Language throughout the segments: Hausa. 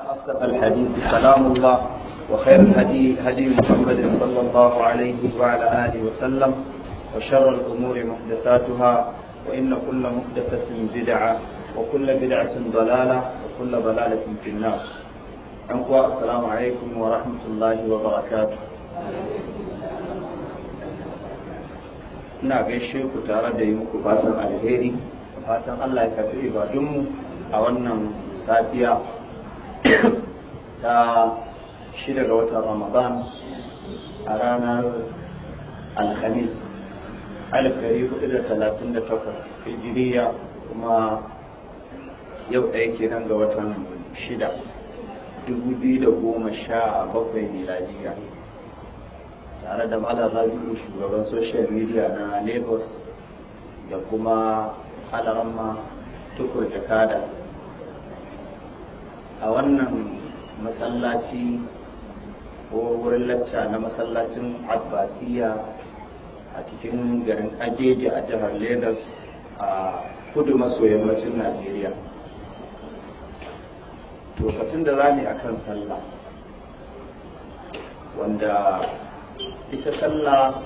فإن أصدق الحديث كلام الله وخير الهدي هدي محمد صلى الله عليه وعلى آله وسلم وشر الأمور محدثاتها وإن كل محدثة بدعة وكل بدعة ضلالة وكل ضلالة في النار أنقوى السلام عليكم ورحمة الله وبركاته ina gaishe ku tare da yi muku fatan alheri fatan Allah ya karbi ibadunmu a wannan safiya ta shida ga watan ramadan a ranar alhamis 1438 hijiriya kuma yau ɗaya nan ga watan shida sha bakwai miladiya tare da malam rabi'u shugaban social media na lagos da kuma alaramma tukur jakada a wannan masallaci ko wurin lacca na masallacin abbasiya a cikin garin ajeji a jihar lagos a kudu maso yammacin najeriya lokacin da za a kan sallah wanda ita sallah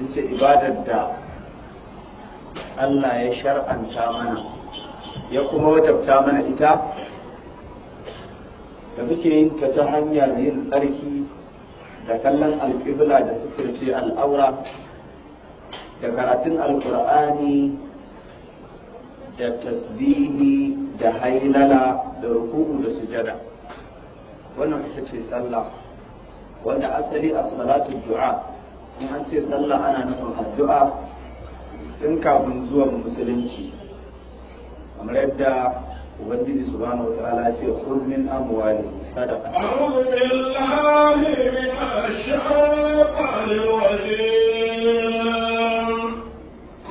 nice ibadar da allah ya shar'anta mana ya kuma wajabta mana ita da suke yin ta ta hanyar yin tsarki da kallon alƙibla da suturce al'aura da karatun alƙur'ani da tasbihi da hailala da ruku'u da sujada wannan ita ce sallah wanda asali a salatu du'a in an ce sallah ana nufin addu'a tun kafin zuwan musulunci kamar yadda ubangiji subhanahu wataala ya ce khudh min amwalihim sadaqa a'udhu billahi minash shaitanir rajim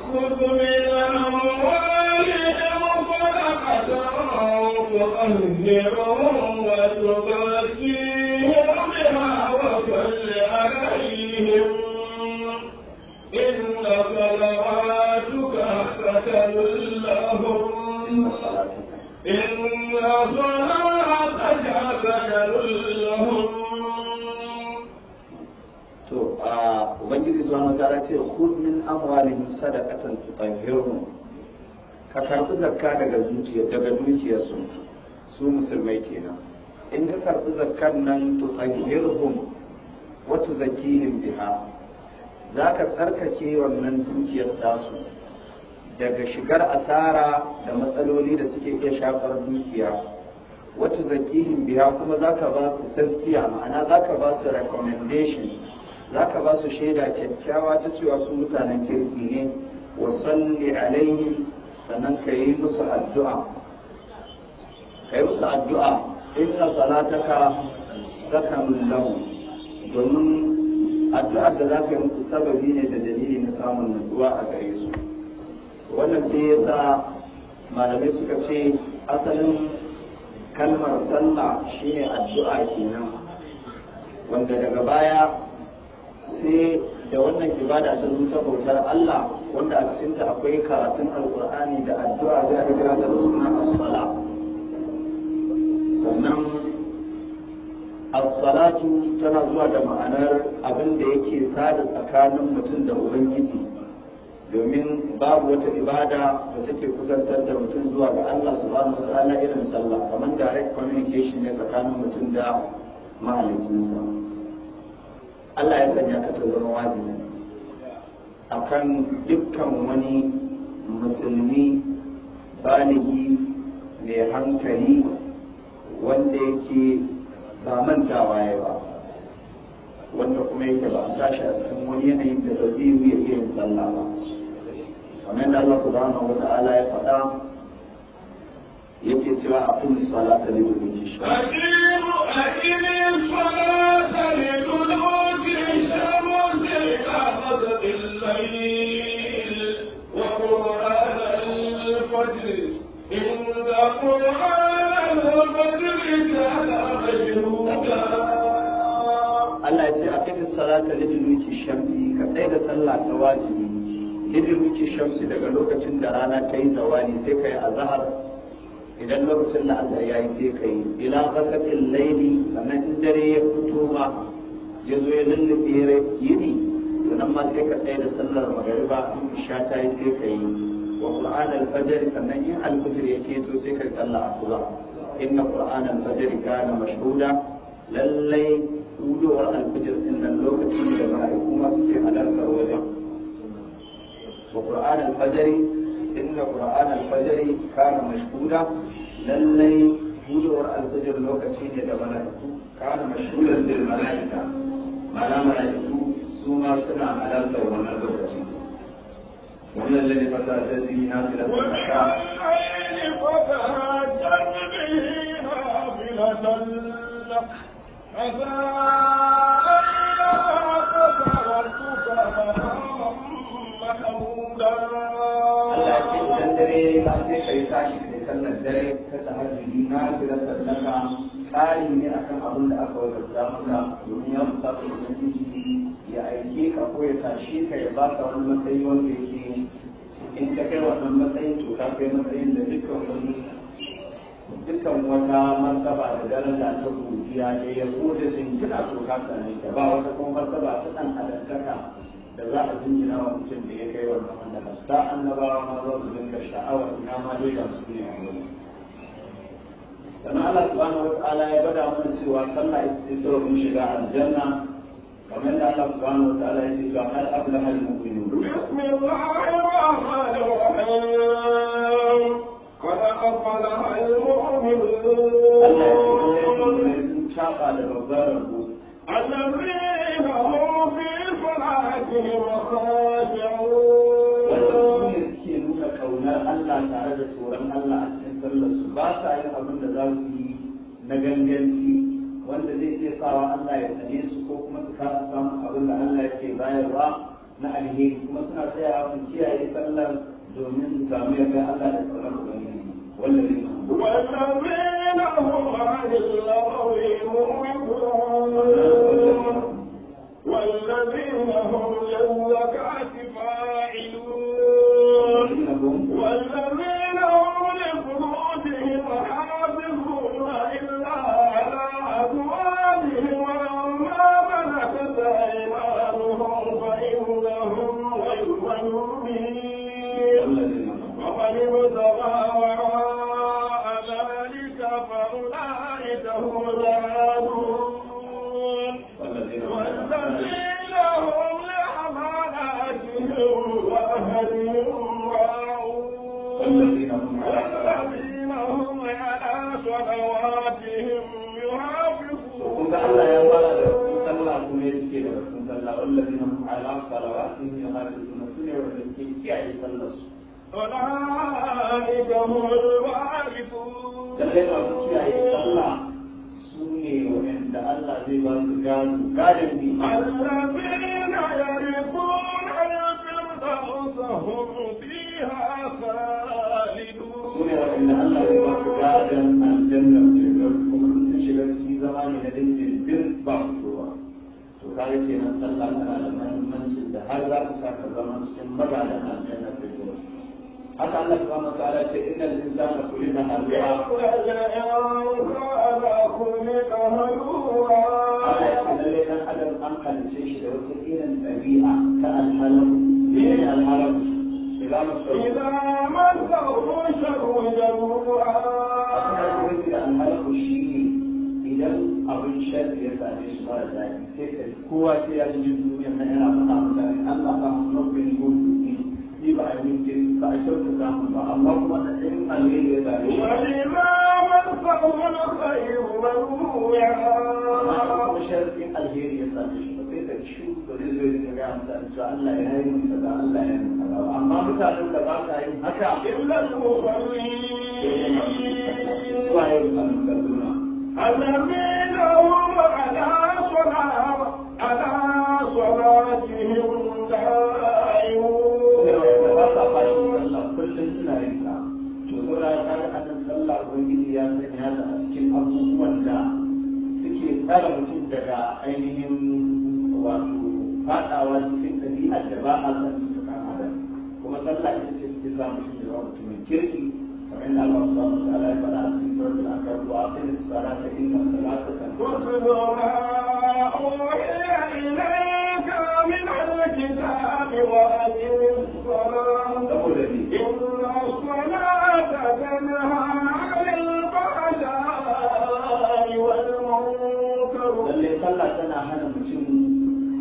khudh min amwalihim sadaqatan tuqahhiruhum wa tubakkihim biha wa salli alayhim إن صلواتك سكن لهم إن صلاتك إن صلاتك بدل لهم to a ubangiji subhanahu wataala ce khudh min amwalihim sadaqatan tutahhiruhum ka karɓi zakka daga zuciya daga dukiyarsu su musulmai kenan in ka karɓi zakkan nan tutahhiruhum wa tuzakkihim biha Za ka tsarkake wannan dukiyar tasu daga shigar asara da matsaloli da suke iya shafar dukiya wata zakihin biya kuma za ka ba su taskiya ma'ana za ka ba su recommendation za ka ba su shaida kyakkyawa ta cewa su mutanen kirki ne wa salli alaihim sannan ka yi musu addu'a ka yi musu addu'a inna salataka sakanun lahu domin addu'ar da za ka yi musu sababi ne da dalili na samun nutsuwa a gare su wannan sai ya sa malamai suka ce asalin kalmar sallah shine addu'a kenan wanda daga baya sai da wannan ibada ta zo ta bautar Allah wanda a cikinta akwai karatun alkur'ani da addu'a da aka da suna as-sala sannan as-salatu tana zuwa da ma'anar abin da yake sada tsakanin mutum da ubangiji domin babu wata ibada da take kusantar da mutum zuwa ga Allah subhanahu wa ta'ala irin sallah kamar direct communication ne tsakanin mutum da mahaliccinsa Allah ya sanya ka ta zama wajibi akan dukkan wani musulmi baligi mai hankali wanda yake ba mantawa ya ba wanda kuma yake ba a tashi a cikin wani yanayin da ba zai iya yin sallah ba kamar da Allah subhanahu wa ta'ala ya faɗa yake cewa a kun salata ne domin shi Akimu akimu salata ne domin kishi mun zai kafa da billahi wa Qur'an fajr inda Qur'an al-fajr kana majhuda. Allah ya ce akimu salata ne domin kishi shamsi ka da sallah ta wajibi hidiruki shamsi daga lokacin da rana ta yi zawani sai ka yi azahar idan lokacin da Allah ya yi sai ka ila ghasaqil laili sannan in dare ya fito ma ya zo ya lullube yini sannan ma sai ka tsaya da sallar magariba in isha ta yi sai ka wa qur'an al-fajr sannan in al-fajr ya keto sai ka yi sallar asuba inna qur'an al-fajr kana mashhuda lallai wa al-fajr inna lokacin da ba kuma suke halartar wajen وقرآن الفجر إن قرآن الفجر كان مشهودا للي بدور الفجر لو يتملائكو كان مشهودا بالملائكة معنى ملائكو سوما سنا على الدور من لوكتين ومن الذي فتح به نافلة لك عسى أن يغفر ربك dare ba sai ka yi tashi da sallar dare ta tahajjudi na kira sallaka tsari ne akan abin da aka wadda maka domin ya musa ka ubangiji ya aike ka ko ya tashi ka ya ka wani matsayi wanda yake in ka kai wannan matsayin to ka kai matsayin da dukkan wani dukkan wata martaba da daraja ta godiya da ya gode sun jira to ka sani ta ba wata kuma martaba ta dan adantaka da za a jinjina wa mutum da ya kai wannan wanda ta annabawa ma za su dinka sha'awa ina ma dai ga su ne a wurin sannan Allah subhanahu wa ta'ala ya bada mana cewa sallah ita ce sababin shiga aljanna kamar da Allah subhanahu wa ta'ala ya ce ga hal aflaha al-mu'minun bismillahir rahmanir rahim qad aflaha al-mu'minun Allah ya ce sun chaba da babbar rabo الذين هم في طاعته وخاشعون suke nuna kaunar Allah tare da tsoron Allah a cikin sallarsu ba sa yin abin da za su yi na ganganci wanda zai iya sawa Allah ya tsane su ko kuma su kasa samun abin da Allah yake bayarwa na alheri kuma suna tsayawa su kiyaye sallar domin su samu yarda Allah da tsoron Ubangiji wallahi والذين هم عن الله مؤمنون قالت إن الإنسان خلق هلوعا قالت للي أن أدم أن قد تشيش له كثيرا ببيئة كأن حلم من الحلم إذا مسه شر جموعا الحلم الشيء إذا أبن شر يسأل إشغال ذلك سيكت قوة سيئة جدا من أن أبن أبن الله فأخذ بالجود دي بعد من جد ka a kyautuka ba amma kuma da in alheri ya same shi walima masfa'un khairu maruya alheri ya same shi ba sai ka ba zai zo da cewa Allah ya yi mun kaza Allah ya yi mun kaza amma mutanen da ba sa yin haka illa al-mukhallin wa ala ala kare mutum daga ainihin wato fadawa cikin ɗabi'ar da ba a san su kama da kuma sallah ita ce suke sa mutum da ba mutumin kirki kamar yadda Allah subhanahu wa ta'ala ya faɗa a cikin suratul al-anfal wa aqimis salata inna salata tanha wa min al-kitabi wa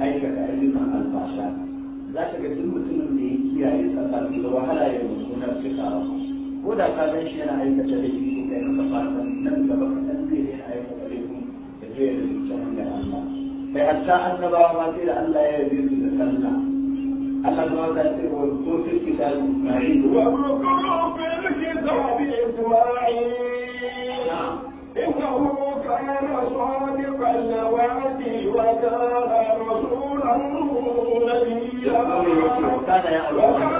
aikata ayyukan albasha za ka ga duk mutumin da ya kiyaye tsakar da wahala ya yi sunan sikawa ko da ka gan shi yana aikata da shi ko kai masa fata nan gaba ka kaɗan zai yi aikata da laifin da zai rubuta da Allah kai hatta annabawa ma sai da Allah ya yi su da sallah Allah ma ta ce wa ko fil kitab da wa ko fil kitab Isma'il إنه كان صادق الوعد وكان رسولا نبيا وكان يأمر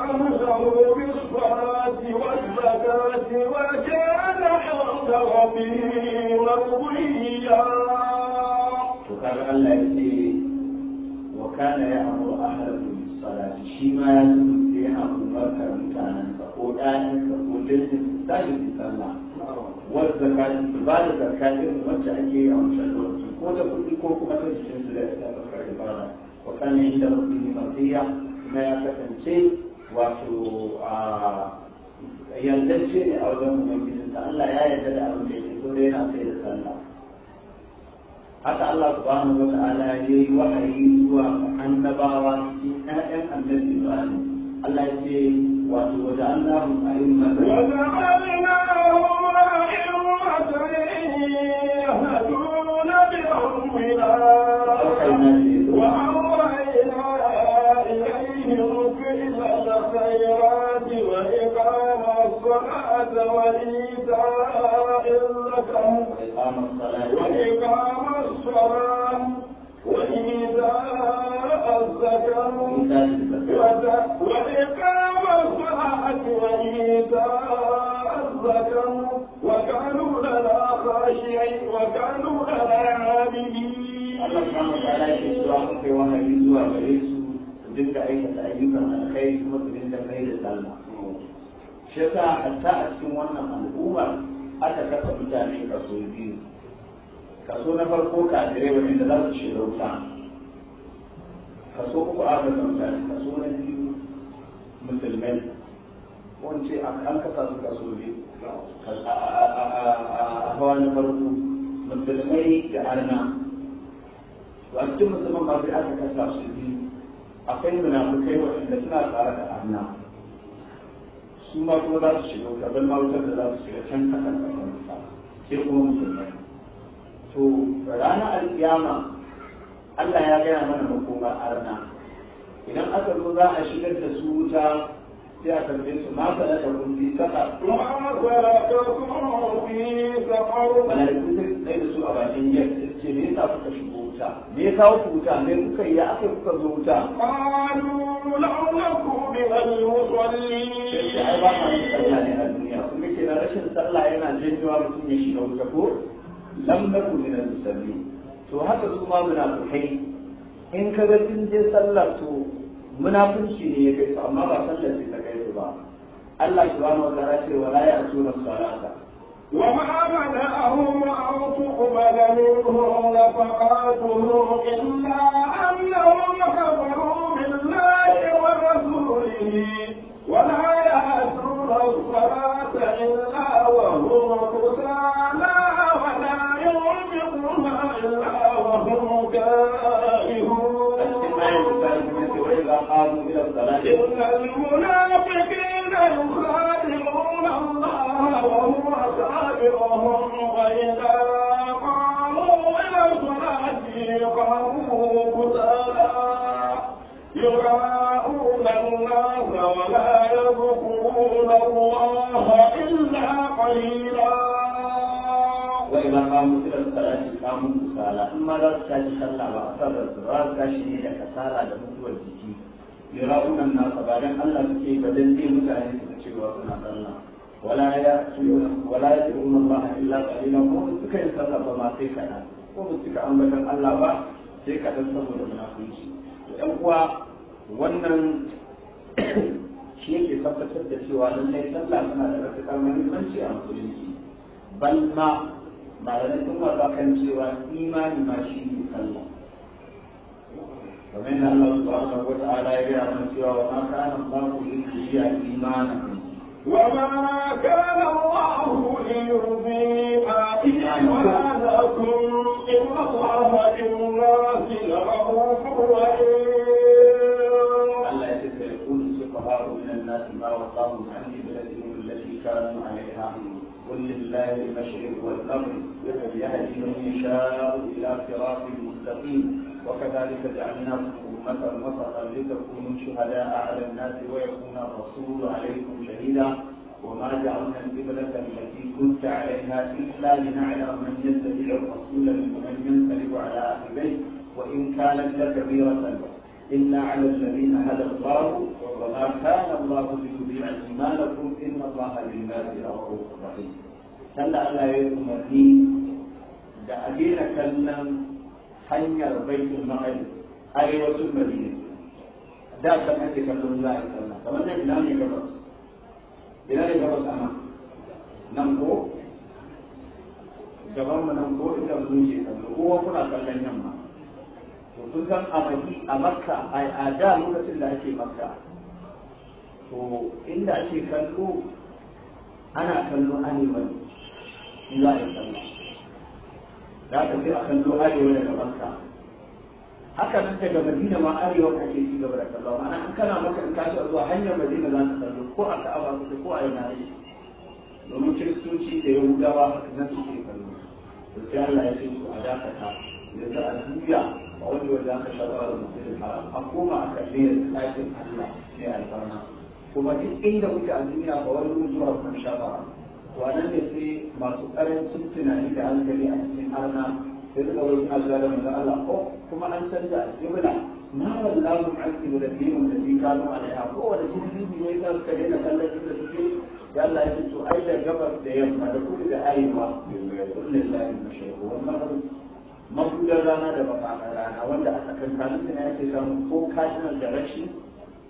أهله بالصلاة والزكاة وكان عند ربه مرضيا وكان الله يسير وكان يأمر أهله بالصلاة شيما يأمر بركة مكانك وآلك وجنة تجد صلاة wata zaka ba da zaka irin wacce ake yi a wancan lokaci ko da kuɗi ko kuma ta cikin su da ta fuskar ibada wa kan yi da mutum mardiya kuma ya kasance wato a yardance ne a wajen ubangijinsa Allah ya yarda da abin da yake so da yana sai da sallah haka Allah subhanahu wa ta'ala ya yi wahayi zuwa annabawa cikin ƴaƴan annabi Ibrahim Allah ya ce وجعلناهم أئمة وجعلناهم أئمة يهدون بأمرنا وأوحينا إليهم فعل الخيرات وإقام الصلاة وإيتاء الزكاة وإقام الصلاة وإيتاء الزكاة وإقام الصلاة وإيتاء الزكاة وكانوا لنا خاشعين وكانوا لنا في واحد shi yasa hatta a cikin wannan al'umma aka kasa mutane kaso biyu kaso na farko kafirai wani da za su shiga ka kaso uku aka ka kaso na biyu musulmai wance an kasa su kaso biyu a hawa na farko musulmai da arna su cikin musulman ba sai aka kasa su biyu akwai munafukai waɗanda suna tsara da arna su ma kuma za su shiga wuta don da za su shiga can kasan kasan ta sai kuma musulmai to ranar alkiyama Allah ya gaya mana makomar arna idan aka zo za a shigar da su wuta sai a tambaye su ma ka da kun fi saka ma da kun fi su tsaye da su a bakin gate sai ce me yasa kuka shigo wuta me ya kawo ku wuta me kuka yi aka kuka zo wuta qalu la'allaku bi al-musallin sai ai ba ka sallah ne a duniya kuma na rashin sallah yana janyowa mutum ya shiga wuta ko lam naku min al-musallin to haka su ma munafikai in kaga sun je sallar to munafunci ne ya su amma ba sallar ce ta kai su ba Allah subhanahu wa ta'ala ce wala ya'tuna salata وما منعهم أن تقبل منهم نفقاتهم إلا أنهم كفروا بالله ورسوله ولا يأتون الصلاة إلا وهم كسالى إلا وهم كارهون إن المنافقين يخادعون الله وهو خادعهم وإذا قاموا إلى الصلاة قاموا كسالى يراءون الناس ولا يذكرون الله إلا قليلا ba mu idza qamu shi salati qamu kusala in ma za su tashi sallah ba a da su za su tashi ne da kasala da mutuwar jiki yura'una nasa ba dan Allah suke ba dan zai mutane su cewa suna sallah wala ya'tuna wala ya'tuna Allah illa qalila ko suka yi sallah ba ma sai kaɗan ko ba suka ambatan Allah ba sai kada saboda munafunci to ɗan uwa wannan shi yake tabbatar da cewa lallai sallah tana da matuƙar muhimmanci a musulunci bal ma malamai sun warba kan cewa imani ma shi ne sallah kamar yadda Allah subhanahu wa ta'ala ya gaya mana cewa wa ma kana Allahu liyudhi'a imanakum وما كان الله ليضيع إيمانكم إن الله بالناس لرؤوف رحيم. ألا يكون السفهاء من الناس ما وصاهم عن بلدهم التي كانوا عليها قل لله المشرق والمغرب يهدي من يشاء الى صراط مستقيم وكذلك جعلناكم امه وسطا لتكونوا شهداء على الناس ويكون الرسول عليكم شهيدا وما جعلنا القبلة التي كنت عليها إلا لنعلم من يتبع الرسول ممن ينقلب على أهل البيت وإن كانت لكبيرة إلا على الذين هدى الله وما كان الله ليضيع إيمانكم إن الله بالعباد رؤوف رحيم سلا ألا يؤمنين da a daina kallon hanyar baitul maqdis arewacin madina da kan ake kallon za a yi kamar nan ina ne gabas ina ne gabas ana nan ko gaban mu nan ko ita mun ke kallo kowa kuna kallon yamma to sun san a maki a makka a da lokacin da ake makka to inda ake kallo ana kallo anewa in ya sallah za ka fi a kallo arewa daga makka haka nan daga madina ma arewa ake ci gaba da kallo ana in kana maka in tashi zuwa hanyar madina za ka kallo ko a ka'aba kuka ko a yi yi domin kiristoci da yahudawa haka nan suke kallo to sai Allah ya sai su a dakata yanzu a duniya أولي وجهك شطر المسجد الحرام أقوم أكبر لكن Allah في الفرنا kuma duk inda kuke a duniya ba wani ruwan zuwa kan sha ba wannan ne sai masu ƙarancin tunani da hankali a cikin arna sai suka wani Allah da manzo Allah ko kuma an canza jibla ma wallahu mu'aqqib da dinin da bi kanu alaiha ko wanda shi ne ne da suka daina kallon su suke ya Allah ya ce to ai da gabas da yamma da kudu da wannan mafudar rana da mafaɗar rana wanda a tsakankanin su ne ake samu ko da rashi.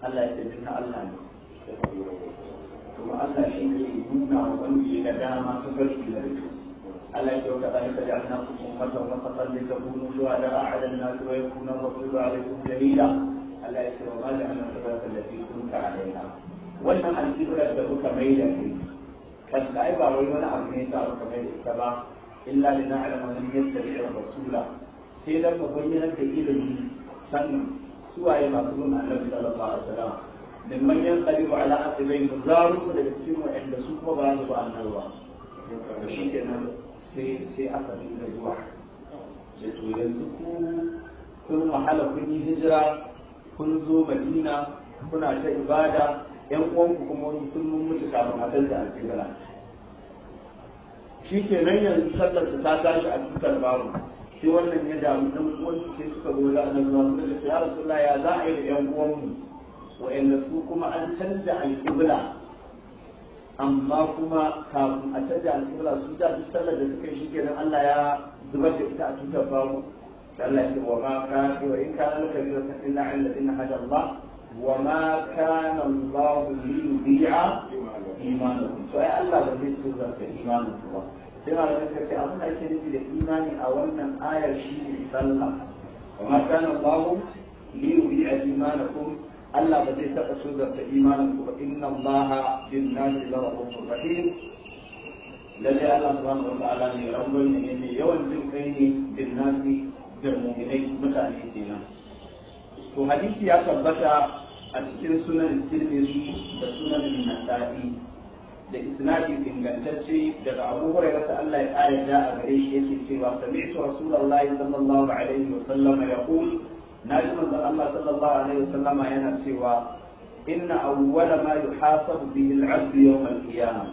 Allah ya ce na Allah ne kuma Allah shi ne nuna wanda ya ga dama ta farki da rikici ألا وكذلك da أمة وسطا لتكونوا شهداء على الناس ويكون الرسول عليكم جميلا ألا يسير ما جعلنا القبلة التي كنت عليها وأن القبلة لك ميلا كان لا يبقى ولا da ita ba? illa lina'lama man yattabi'u rasula sai dan mu bayyana da ilimi sannan suwaye masu bin annabi sallallahu alaihi wasallam da manyan qalibu ala aqibai zaru su daga cikin wa'anda su kuma ba su ba annabi ba shi kenan sai sai aka dinga zuwa sai to yanzu ku kun wahala kun yi hijira kun zo madina kuna ta ibada yan uwanku kuma wasu sun mutu kafin a canza alƙibla shi ke nan yanzu sallarsa ta tashi a dukkan babu sai wannan ya damu dan uwan ke suka zo da annabi sallallahu alaihi wasallam ya rasulullah ya za a yi da yan mu. wa'anda su kuma an canza alƙibla amma kuma kafin a canza alƙibla su ta duk sallar da suka yi shi ke nan Allah ya zubar da ita a tutar babu sai ce wa ma ka wa in kana laka bi wata illa illa inna hada Allah wa ma kana Allah li yudi'a imanakum to ai Allah ba zai tsira ka imanakum ba sai ma da suka ce abin da ake nufi da imani a wannan ayar shi ne sallah kuma kana Allahu li yubi'a imanakum Allah ba zai taɓa tozarta imanin ku ba inna Allah bin nasi la rahmanur rahim lalle Allah subhanahu wa ta'ala ne rabbul ne yawan jin kai ne bin nasi da mu'minai mutane kenan to hadisi ya tabbata a cikin sunan Tirmidhi da sunan Nasa'i da isnadi ingantacce daga Abu Hurairah ta Allah ya kare da a gare shi yake cewa sami'tu Rasulullahi sallallahu alaihi wa sallam na ji manzon Allah sallallahu alaihi wa sallama yana cewa inna awwala ma yuhasabu bihi al-'abd yawm al-qiyamah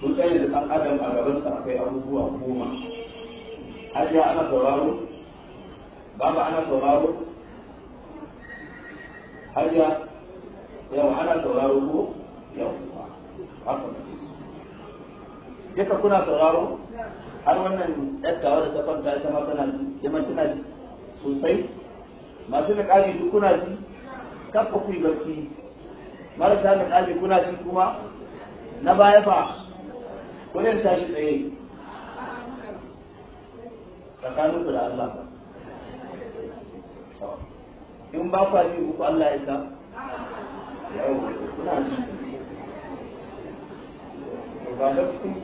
kun da dan adam a gaban sa akwai abubuwa goma ajiya ana sauraro babu ana sauraro ajiya yau ana sauraro ko yau Yaka kuna sauraro har wannan yattawa da ta kwanta ita ma tana ji ita tana ji sosai masu niƙali duk kuna ji kafa ku yi barci marasa niƙali kuna ji kuma na baya fa kunin tashi tsaye tsakanin ku da Allah in ba kwa ji Allah ya sa yau kuna ji ba da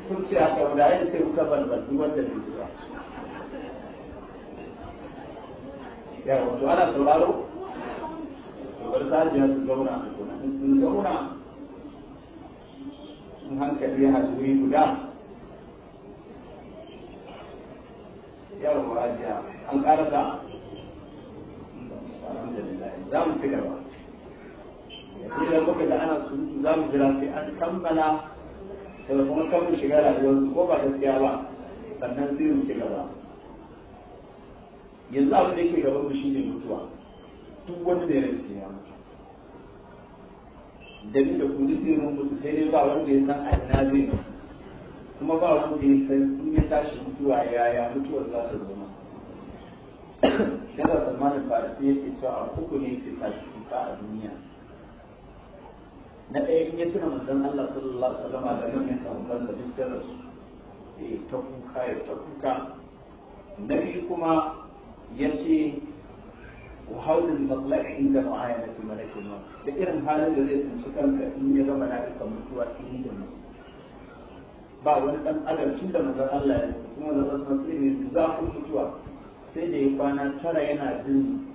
kun ce haka ba da ya ce kuka balbaltu wanda bai ji ba ya wato ana sauraro to bar sajiya su zauna a gona in sun zauna in hankali ya haɗu wuri guda yawon ajiya an ƙarasa alhamdulillah za mu ci gaba yanzu da muka da ana surutu za mu jira sai an kammala daga kuma kan shiga rayuwarsu ko ba gaskiya ba sannan sai mu ci gaba yanzu abin da yake gaban mu shine mutuwa duk wani ne rai sai ya mutu da ni da ku duk sai mun mutu sai dai ba wanda ya san aina zai kuma ba wanda ya san in ya tashi mutuwa yaya mutuwar za ta zama da Salman Farisi yake cewa a uku ne ke sa a duniya. na ɗaya in ya tuna manzon Allah sallallahu alaihi wasallam da manyan sahabbansa sa sun rasu sai ta kuka ya ta kuka na biyu kuma ya ce wahaulin matlaq inda ma'ayanatu malakul maut da irin halin da zai tunci kansa in ya gama mala'ikan mutuwa in da mutu ba wani ɗan adalcin da manzon Allah ya kuma da wasu ne za ku mutuwa sai da ya kwana tara yana jin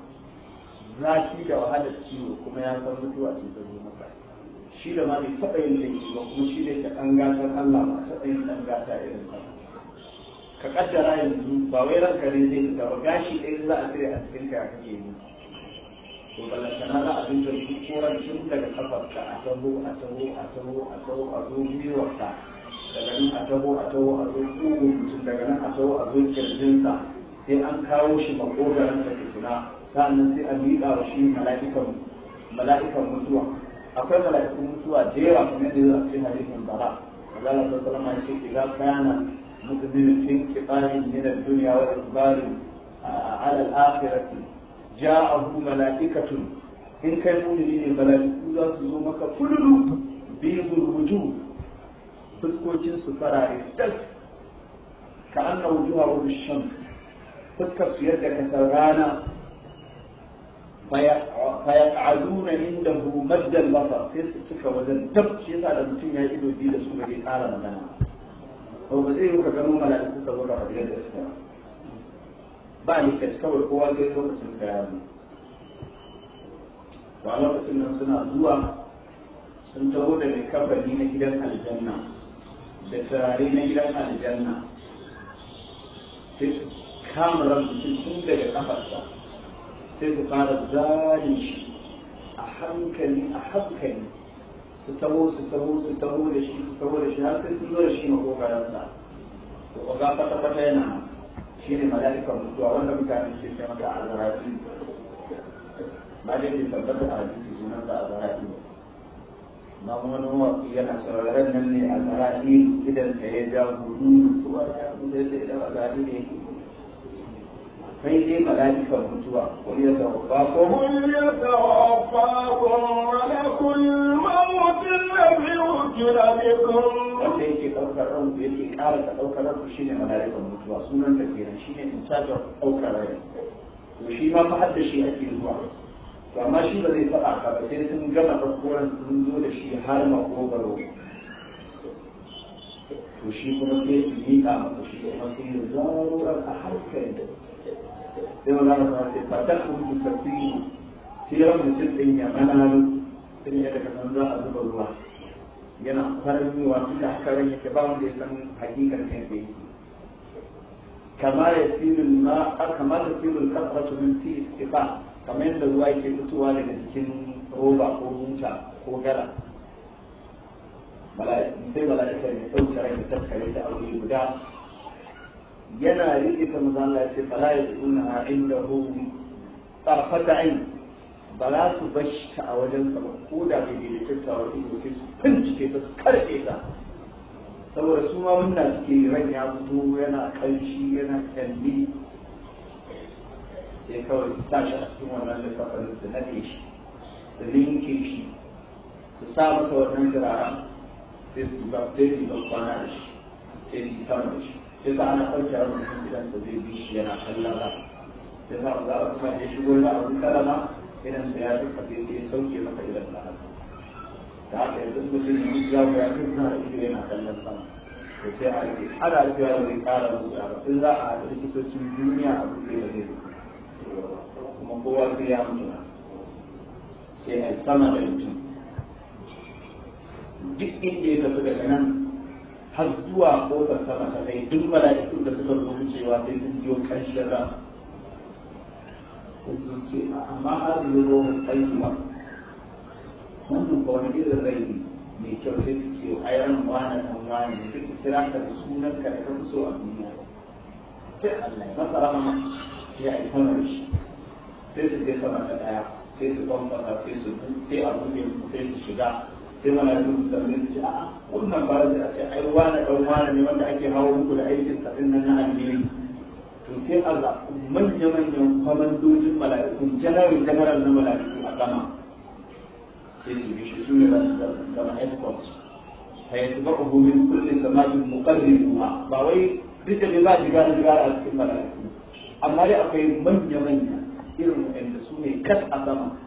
zafi da wahalar ciwo kuma ya san mutuwa ce ta zo masa shi da ma bai taɓa yin laifi ba kuma shi da ta ɗan gatar Allah ba taɓa yin ɗan gata irin sa ka kaddara yanzu ba wai ranka ne zai fita ba gashi ɗaya za a sai a cikin ka kake yi to na za a dinga shi koran tun daga ka a taho a taho a taho a taho a zo ka daga nan a taho a taho a zo tsugun mutum daga nan a taho a zo kirjinsa sai an kawo shi makogaransa tukuna sa'annan sai a miƙa wa shi mala'ikan mutuwa akwai mala'ikun mutuwa da yawa kuma da yawa cikin hadisin bara Allah sallallahu alaihi salama ya ce kana ne da duniya min ad-dunya wa ikbarin ala al-akhirati ja'ahu mala'ikatun in kai mu'mini ne mala'iku za su zo maka kullu bidul wujuh fuskokin su farare tas ka anna wujuha wa shams fuskar su yadda ka rana fayaq'aduna indahu madda al-basar sai su cika wajen dab shi yasa da mutum ya yi ido biyu da su ba zai ƙara magana ba ba zai ruka gano mala'iku da wurin hadiyar suka ba ni kai kawai kowa sai lokacin sa ya zo to lokacin nan suna zuwa sun taho da mai kafani na gidan aljanna da turare na gidan aljanna sai su kama ran mutum tun daga kafarsa sai su fara zari shi a hankali a hankali su taho su taho su taho da shi su taho da shi har sai sun zo da shi makogaransa to oga kwata-kwata yana shi ne mala'ikan mutuwa wanda mutane suke ce maka azarafi ba dai bai tabbata a hadisi sunansa azarafi ba amma wani mawaƙi yana sauraron nan ne azarafi idan ka ya ja hudu to wani abu da ya da azarafi ne فإذا ملائكة المتوى قل يتوفاكم قل يتوفاكم ملك الموت الذي وكل بكم wanda yake ɗaukar ran yake ƙara ka ɗaukar ran shi ne mala'ikar mutuwa sunan sa kenan shi ne insajar ɗaukar rai to shi ma fa hadda shi ake zuwa to amma shi ba zai faɗa ka ba sai sun gama ɗauko ran sun zo da shi har makogaro to shi kuma sai su miƙa masa shi kuma sai ya zaro ran a harkar sai maza da ta ce fatan kudu tafiyu sai mutum ɗin ya manalo ɗin ya daga nan za a zuba ruwa yana faruwa tun da haka ran yake ba wanda ya san hakikar kan da yake kama ya sirrin ma kama da sirrin kafatu min fi istifa kamar yadda ruwa yake fitowa daga cikin roba ko hunta ko gara sai mala'ika ne ɗauke rai da tattare da aure guda yana riƙe ta manzo Allah ya ce ha'in da indahu ƙarfata ainihi ba za su bashi ta a wajen ba ko da bai da tattawar ido sai su fincike ta su karɓe ta saboda su ma munna suke ran ya fito yana ƙarshi yana kalli sai kawai su sa shi a cikin wannan littafin su naɗe shi su linke shi su sa masa wannan turaren sai su yi ba kwana da shi sai su yi sama da shi sai ka ana ɗauke a cikin gidansa zai bi shi yana kallala sai za ku za a ya shigo na a kalama idan da ya duka sai sai sauke maka idan sa da haka yanzu mutum ya mutu ya ku ya fi sa ido yana kallon sama to sai a rike ana rikewa da zai ƙara rubuta ba in za a haɗa likitocin duniya a buɗe da zai kuma kowa sai ya mutu sai a sama da mutum duk inda ya tafi daga nan har zuwa kofar sama ta kai duk mala'ikun da suka zo wucewa sai sun biyo ƙarshen rana sai su ce amma azumin roman tsayuwa wannan ba wani irin rai mai kyau sai su ce ai ran wani kan wani ne duk kira ka da sunan ka da kan so a duniya sai Allah ya masa rahama sai a yi sama shi sai su je sama ta daya sai su bambasa sai su sai a rufe sai su shiga sai malamin su tambaye su ce a wannan ba da ce ai wani ɗan wani ne wanda ake hawo muku da aikin sa nan na addini to sai a zaɓi manya-manyan kwamandojin mala'ikun janarin general na mala'iku a sama sai su bi shi su ne da zama escort ta yi tuba fa yatba'uhu min kulli samajin muqarribuha ba wai duk da ba jiga da jigara a cikin mala'iku amma dai akwai manya-manya irin wanda su ne kat a sama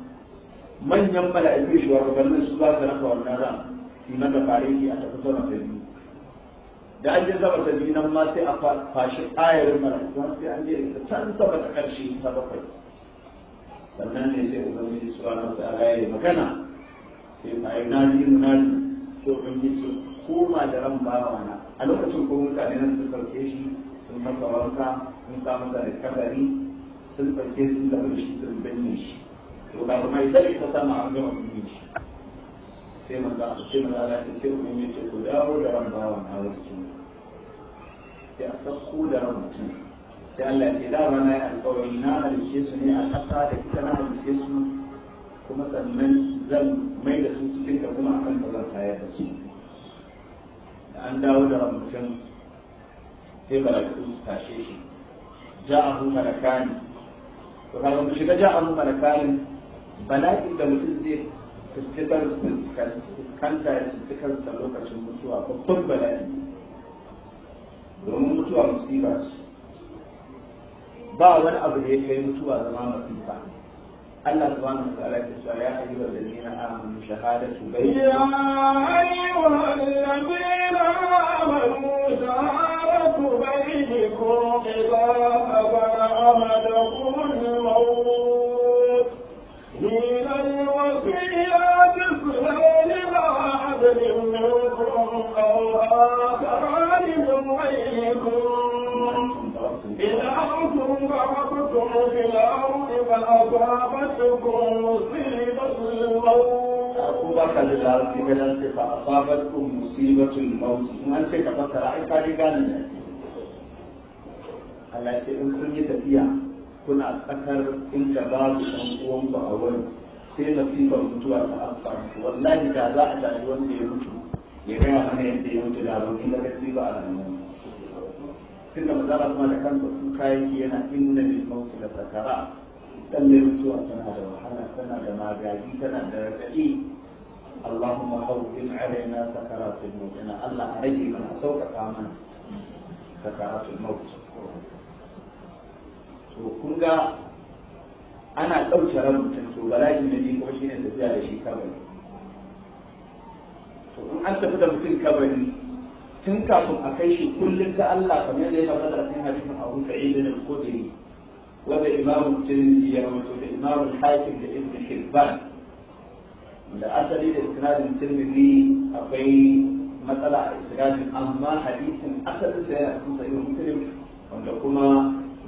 manyan mala'iku shugabannin su ba su raka wannan ran su na da fariki a tafi sauran ta biyu da an je zaba ta biyu nan ma sai a fashi ayarin mala'iku sai an je da can sama ta ƙarshe ta bakwai sannan ne sai ubangiji su rana ta alaye da magana sai ma yi nadi nadi ji ubangiji koma da ran bawa na a lokacin ko mutane nan sun ɗauke shi sun masa wanka sun samu da kadari sun ɗauke sun da shi sun binne shi to mai sai ta sama an gama mutum shi sai manzo sai manzo Allah ya ce ku yi ce ku dawo da ran bawan a wajen sai a sauko da ran mutum sai Allah ya ce da rana ya alƙawari na halice su ne a ƙasa da ita na halice su kuma sannan zan mai da su cikin ka kuma akan ba zan tayar da su da an dawo da ran mutum sai mala'iku su tashe shi ja'ahu malakani to kaga mu shiga ja'ahu malakani bala'in da mutum zai fuskantar fuskanta da cikinsa lokacin mutuwa babban bala'i domin mutuwa musiba su ba wani abu da ya kai mutuwa zama masifa Allah subhanahu wa ta'ala ya ce ya ayyuhal ladina amanu shahadatu bainakum ya ayyuhal ladina amanu shahadatu bainakum idza abana amadakum آخران من غيركم إن أنتم ضربتم في ko ba da larabci in an ce in kun yi tafiya kuna tsakar inda babu ɗan uwan ba a wani sai nasifar mutuwa ta amfani wallahi da za a tafi wanda ya mutu ya gaya mana yadda ya wuce da abokin da kasi ba a nan tunda maza ba su da kansu kayayyaki yana inna lil mawti da sakara lalle mutuwa tana da wahala tana da magagi tana da radadi اللهم هون علينا سكرات الموت انا a عليك من سوق امن سكرات الموت to kun ga ana ɗauke ran mutum to bala'i na biyu kuma shine tafiya da shi kabari to in an tafi da mutum kabari tun kafin a kai shi kullum ta Allah kamar da ya tabbata a cikin hadisin Abu Sa'id al-Khudri wanda Imam Tirmidhi ya rawaito da Imam Hakim da Ibn Hibban da asali da isnadin Tirmidhi akwai matsala a isnadin amma hadisin asalin sa yana cikin sahih Muslim wanda kuma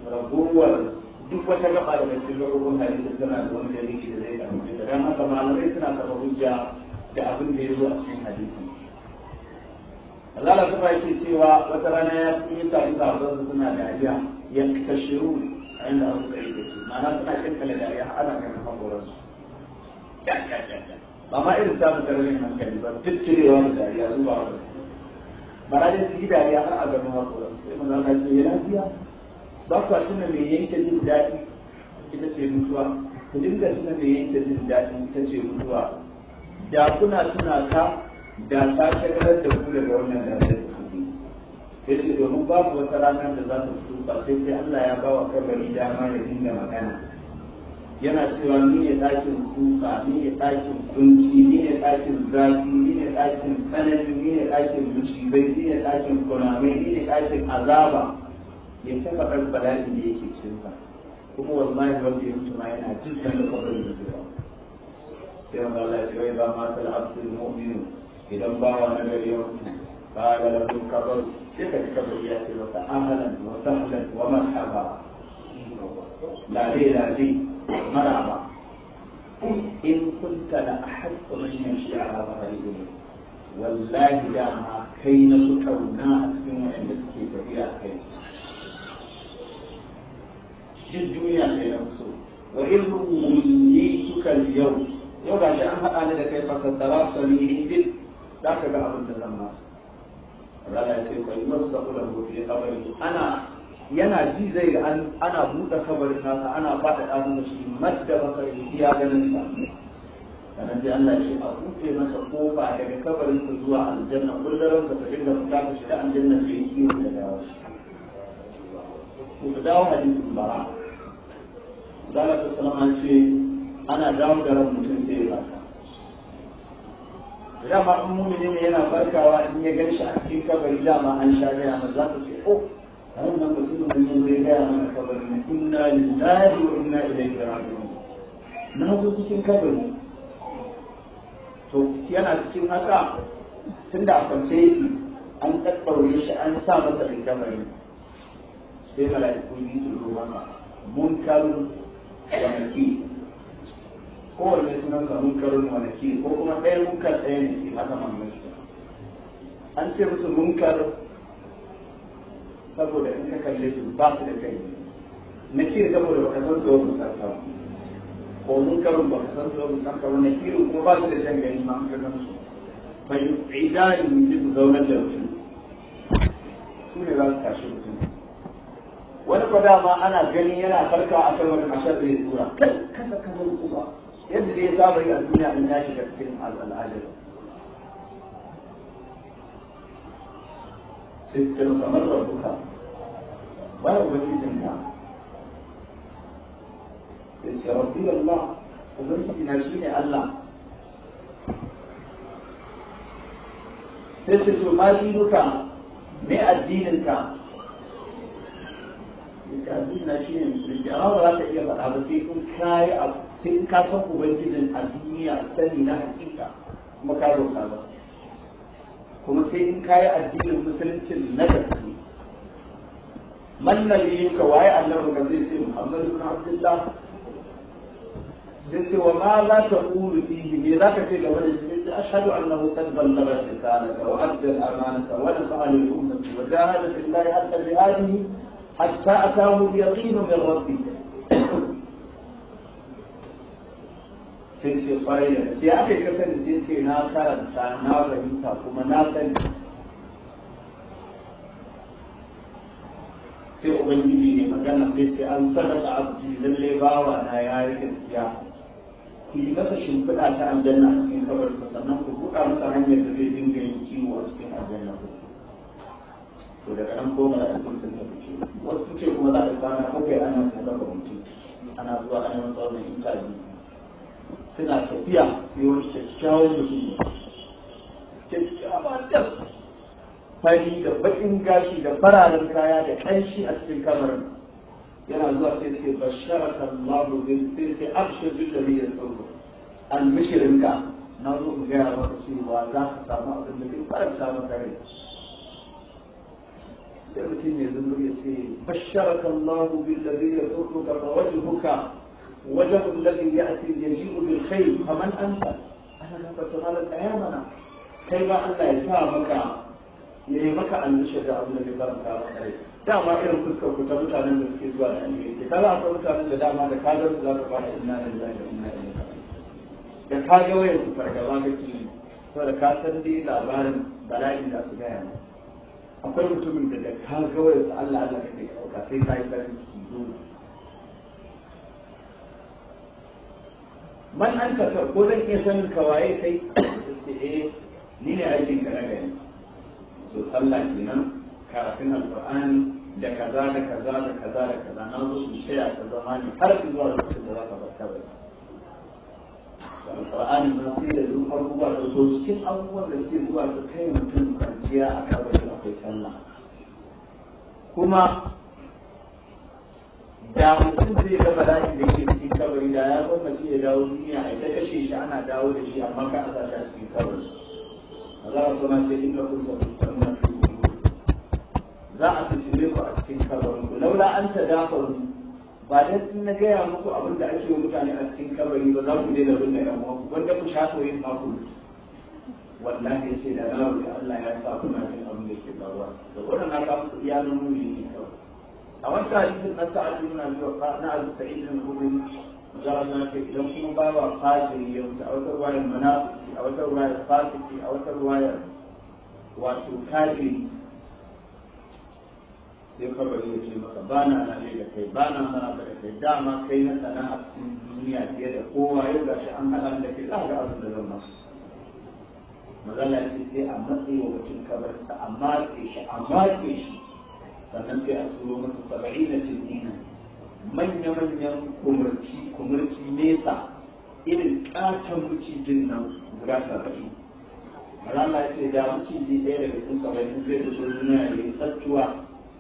raguwar duk wata gaba daga cikin rubutun hadisin tana da wani dalili da zai da dan haka malamai suna kafa hujja da abin da ya zo a cikin hadisi Allah ba yake cewa wata rana ya fi yi sa'i sa'a suna dariya ya kashe kashiru a inda abu sai da su ma'ana suna kankale dariya ana kan ganin hakoransu ba ma irin samun tarihin hankali ba tutturewa da dariya zuwa wa su ba na dai sigi dariya har a ganin hakoransu sai mun zama ce ya lafiya ba ku a tuna mai yanke jin daɗi ita ce mutuwa ku dinga tuna mai yanke jin daɗi ita ce mutuwa da kuna tuna ta da ta shagalar da ku daga wannan gasar da yi sai ce domin babu wata ranar da za ta fito ba sai sai Allah ya ba wa kabari dama ya dinga magana yana cewa ni ne ɗakin tsutsa ni ne ɗakin kunci ni ne ɗakin zafi ni ne ɗakin tsanani ni ne ɗakin musibai ni ne ɗakin kunamai ni ne ɗakin azaba ya ba faɗar bala'in da yake cinsa kuma wallahi wanda ya mutu ma yana da sanin da zuwa sai wanda Allah ya ce wai ba ma sal abdul idan ba wa na gari yau ba ga da kabar sai ka ji kabar ya ce masa ahlan wa sahlan wa marhaba lale mara ba in kunta la ahassu man a ala gudu wallahi dama kai na su kauna a cikin waɗanda suke tafiya a kai duk duniya kai na so wa in yi tukar yau yau da shi an haɗa ni da kai fasaddara salihin za ka ga abin da zan ba. rana ya ce kai masa kula gobe kabari ana yana ji zai ga ana buɗe kabarin nasa ana faɗa ɗan shi madda basari iya ganin sa sannan sai Allah ya ce a buɗe masa kofa daga kabarin sa zuwa aljanna kullaran ka ta dinga fita ka shiga aljanna ta yi kiwo da dawo ku dawo hadisin bara Allah sallallahu alaihi ce ana dawo da ran mutum sai ya farka dama in mumini ne yana farkawa in ya gan shi a cikin kabari dama an sha gaya ma za ta ce oh nan ba su ne zai gaya mana kabari na inna lillahi wa inna ilaihi raji'un na zo cikin kabari to yana cikin haka tunda a kwance yake an ɗaɗɗaure shi an sa masa kabari sai mala'iku biyu su zo mun kalu da maki kowanne sunan sa munkarun wa nakir ko kuma ɗaya munkar ɗaya ne ke haka man musu an ce musu munkar saboda in ka kalle su ba su da kai Na nakir saboda ba ka san su wasu sarka ko munkarun ka san su wasu sarka ba nakirin kuma ba su da jan gani ma ka gan su bai idani mutum su zaunar da mutum su ne za su tashi mutum wani kwa dama ana gani yana farka a kan wani mashar da ya tura kai kasa kamar uba yadda dai saba yi a duniya in ya shiga cikin al'adar sai su kira samar da duka bayan ubangijin ka sai ce da Allah ubangiji na shi ne Allah sai su ce ma dinuka me addinin ka addinin na shi ne musulunci amma ba za ta iya faɗa ba sai kun kayi abu sai ka san ubangijin a duniya sani na hakika kuma ka roƙa ba kuma sai in ka yi addinin musuluncin na gaske mallan yi ka waye annabi ka zai ce muhammad ibn abdullah sai ce wa ma za ta ƙuru fihi me za ka ce game da shi ce ashhadu annahu qad ballagha risalata wa adda al-amanata wa nafa'a lil ummati wa jahada fillahi hatta jihadihi hatta ataahu yaqinu min rabbih sai ce kwarai da sai aka yi kasar da ce na karanta na fahimta kuma na sani sai ubangiji ne magana sai sai an sadaka abdi lalle bawa na ya yi gaskiya ku yi masa shimfiɗa ta aljanna a cikin kabarsa sannan ku buɗa masa hanyar da zai dinga yin kiwo a cikin aljanna to da kaɗan ko mala'ikun sun tafi ce wasu ce kuma za a kwana bakwai ana tattaba mutum ana zuwa ana masa wannan intabi suna tafiya sai wani kyakkyawan mutum kyakkyawan das fari da baƙin gashi da fararen kaya da ƙanshi a cikin kamarin yana zuwa sai ce basharaka Allahu bin sai sai ya sauro. an mishirin ka na zo mu gaya maka cewa za ka samu abin da kai faranta maka rai sai mutum ya zama ya ce da Allahu ya sauro yasuru ka hukka. وجه الذي يأتي يجيء بالخير فمن أنت أنا نفت على الأيامنا كيف أن يسامك yayi maka annishe da abin da ke faranta maka rai dama irin fuskar ku ta mutanen da suke zuwa da annabi ke kaza akwai mutanen da dama da kadar su za ka fara inna lillahi wa inna ilaihi raji'un da ka ga wayar su fargaba kake yi saboda ka san dai labarin bala'i da su gaya maka akwai mutumin da da ka ga wayar su Allah Allah kake ɗauka sai ka yi farin ciki dole man an ka ko zan iya san ka waye kai ce eh ni ne aikin ka na gani to sallah kenan karatun alqur'ani da kaza da kaza da kaza da kaza na zo in shaya ka zamani ne har zuwa lokacin da za ka bar kabari alqur'ani ma sai da duk abubuwa su zo cikin abubuwan da suke zuwa su kai mutum kwanciya a kabari akwai sallah kuma da mutum zai ga bala'i da yake cikin kabari da ya gwamna shi ya dawo duniya a ita kashe shi ana dawo da shi amma ka a sashi a cikin kabari za ya kuma ce in kun kusa kusa na fi za a fitile ku a cikin kabarin ku laula an ta dafaru ba dan in na gaya muku abin da ake wa mutane a cikin kabari ba za ku daina bin da yan uwanku wanda ku sha soyayya ma ku wallahi ce da Allah ya sa kuna jin abin da ke faruwa da wannan na ka muku iyalin mu ne a wancan hadisin na sa'ad ibn abi waqa na abu sa'id ibn hudayr zalla na ce idan kuma bawa fasiri ya mutu a wata ruwayar munafiki a wata ruwayar fasiki a wata ruwayar wato kafiri sai kabari ya ce masa ba na nane da kai ba na maraba da kai dama kai na sana a cikin duniya fiye da kowa yau ga shi an haɗa da kai za ga abin da zama mazala ce sai a matsayi wa mutum kabarsa a matse shi a matse shi sannan sai a turo masa saba'i na tilmina manya-manyan kumurci kumurci nesa irin katon macijin nan guda saba'i Allah ya ce da maciji ɗaya daga saba'i saba'in zai fito duniya da ya sattuwa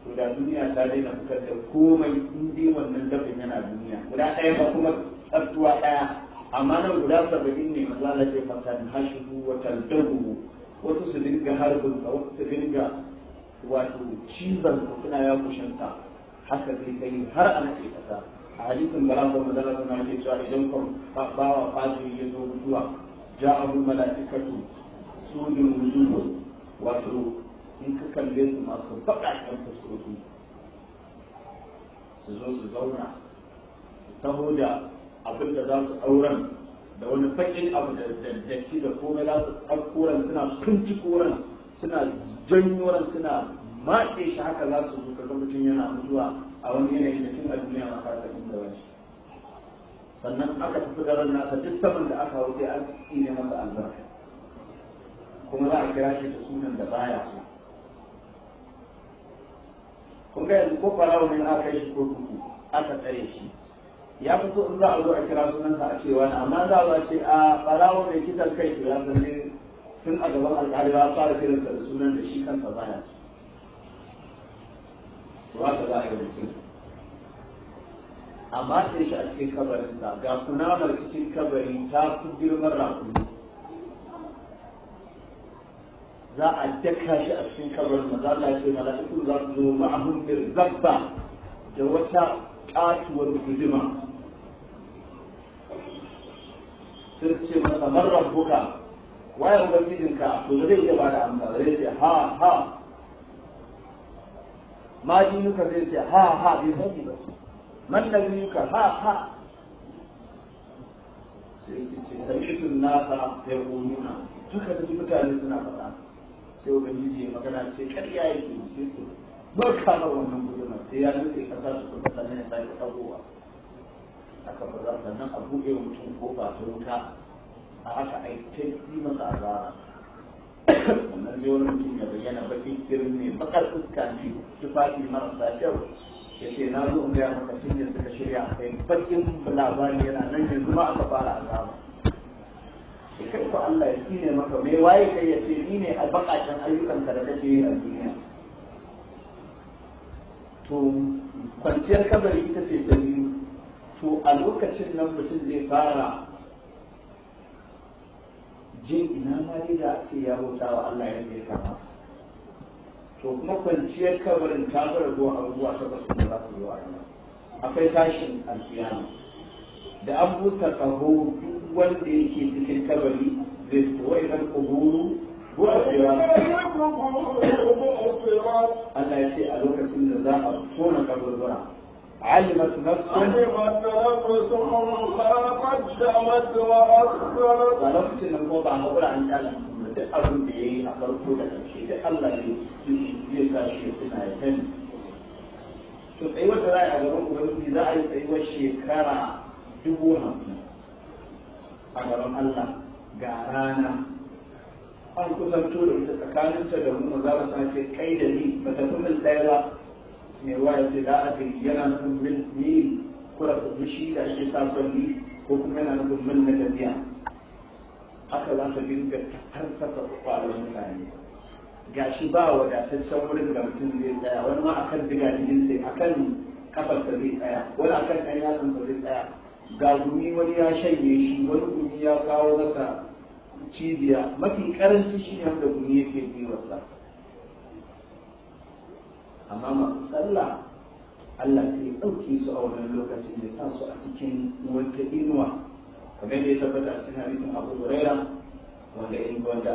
to da duniya ta daina fitar da komai in dai wannan dafin yana duniya guda ɗaya ba kuma sattuwa ɗaya amma nan guda saba'in ne lalace ce da hashi wata dabu wasu su dinga sa wasu su dinga wato cizon suna ya kushin haka zai kai har an nake kasa a hadisin bala ko madara sana yake cewa idan kun bawa fadi ya zo mutuwa ja'ahu malaikatu sudul wujuh wato in ka kalle su masu kan fuskoki su zo su zauna su taho da abin da za su auren da wani faƙin abu da datti da komai za su ɗauko suna kunci koran suna ran suna matse shi haka za su zuka lokacin yana mutuwa a wani yanayi da cikin a duniya ma ka san da wani sannan aka tafi garin nasa duk saman da aka hau sai an ne masa albarka kuma za a kira shi da sunan da baya so kun ga yanzu ko farawa ne na kai shi ko duku aka tsare shi ya fi so in za a zo a kira sunansa a ce wani amma za a zo a ce a farawa mai kisan kai to ya san tun a gaban alƙalai ba fara kiransa da sunan da shi kansa baya su ba ka za a yi mutum a matse shi a cikin kabarin sa ga kunamar cikin kabari ta fi girman rakumi za a daka shi a cikin kabarin ma za ta ce mala'iku za su zo ma'ahun zabba da wata katuwar guduma sai su ce masa marar buka waye ubangijinka to da zai iya ba da amsa ba zai ce ha ha ma dinuka zai ce ha ha bai sani ba man nabiyuka ha ha sai ce ce sami'tun nasa yaquluna duka da mutane suna faɗa sai ubangiji ya magana ce ƙarya yake sai su barka da wannan gudunma sai ya nutse kasa su kuma sannan ya sake tagowa aka fara sannan a buɗe mutum kofa ta wuta a haka a ta yi masa azara Wannan zai wani mutum ya bayyana bakin kirin ne bakar fuska ne tufafi marasa kyau ya ce na zo in gaya maka shi ne suka shirya a kai bakin labari yana nan yanzu ma aka fara azaba ya kai ko Allah ya tsine maka me waye kai ya ce ni ne a bakacin ayyukan da kake yi a duniya to kwanciyar kabari ita ce ta biyu to a lokacin nan mutum zai fara jin ina ma dai da ce ya bauta wa Allah yadda ya kama to kuma kwanciyar kabarin ta ga ragowar abubuwa ta basu da za su yi wa akwai tashin alkiyama da an busa kaho duk wanda yake cikin kabari zai fito wa idan kuburu Allah ya ce a lokacin da za a tona kaburbura علمت نفس علمت نفس ما قدمت وأخرت نفس إن الموضع نقول عن الألم اظن بإيه أقرب كل شيء دخل ليس شيء سنة سنة شوف أيوة لا يعذرون في إذا اي وجه كرع دبوها سنة أقرب الله قارانا an kusanto da ita tsakaninta da mu za mu sace kai da ni ba ta fi min ba mai ruwa ya ce la yana nufin mil mil kura tumishi da ake ta kwalli ko kuma yana nufin mil na jami'a haka za ka dinga karkasa kwakwalwar mutane shi ba wadataccen wurin da mutum zai tsaya wani ma akan diga jikin sai akan kafarsa zai tsaya wani akan ɗan yatsansa zai tsaya ga gumi wani ya shanye shi wani gumi ya kawo masa cibiya mafi karanci shi ne wanda gumi yake biyu wasa amma masu sallah Allah sai ya ɗauke su a wannan lokacin da sa su a cikin wata inuwa kamar da ya tabbata a cikin hadisin Abu Huraira wanda in wanda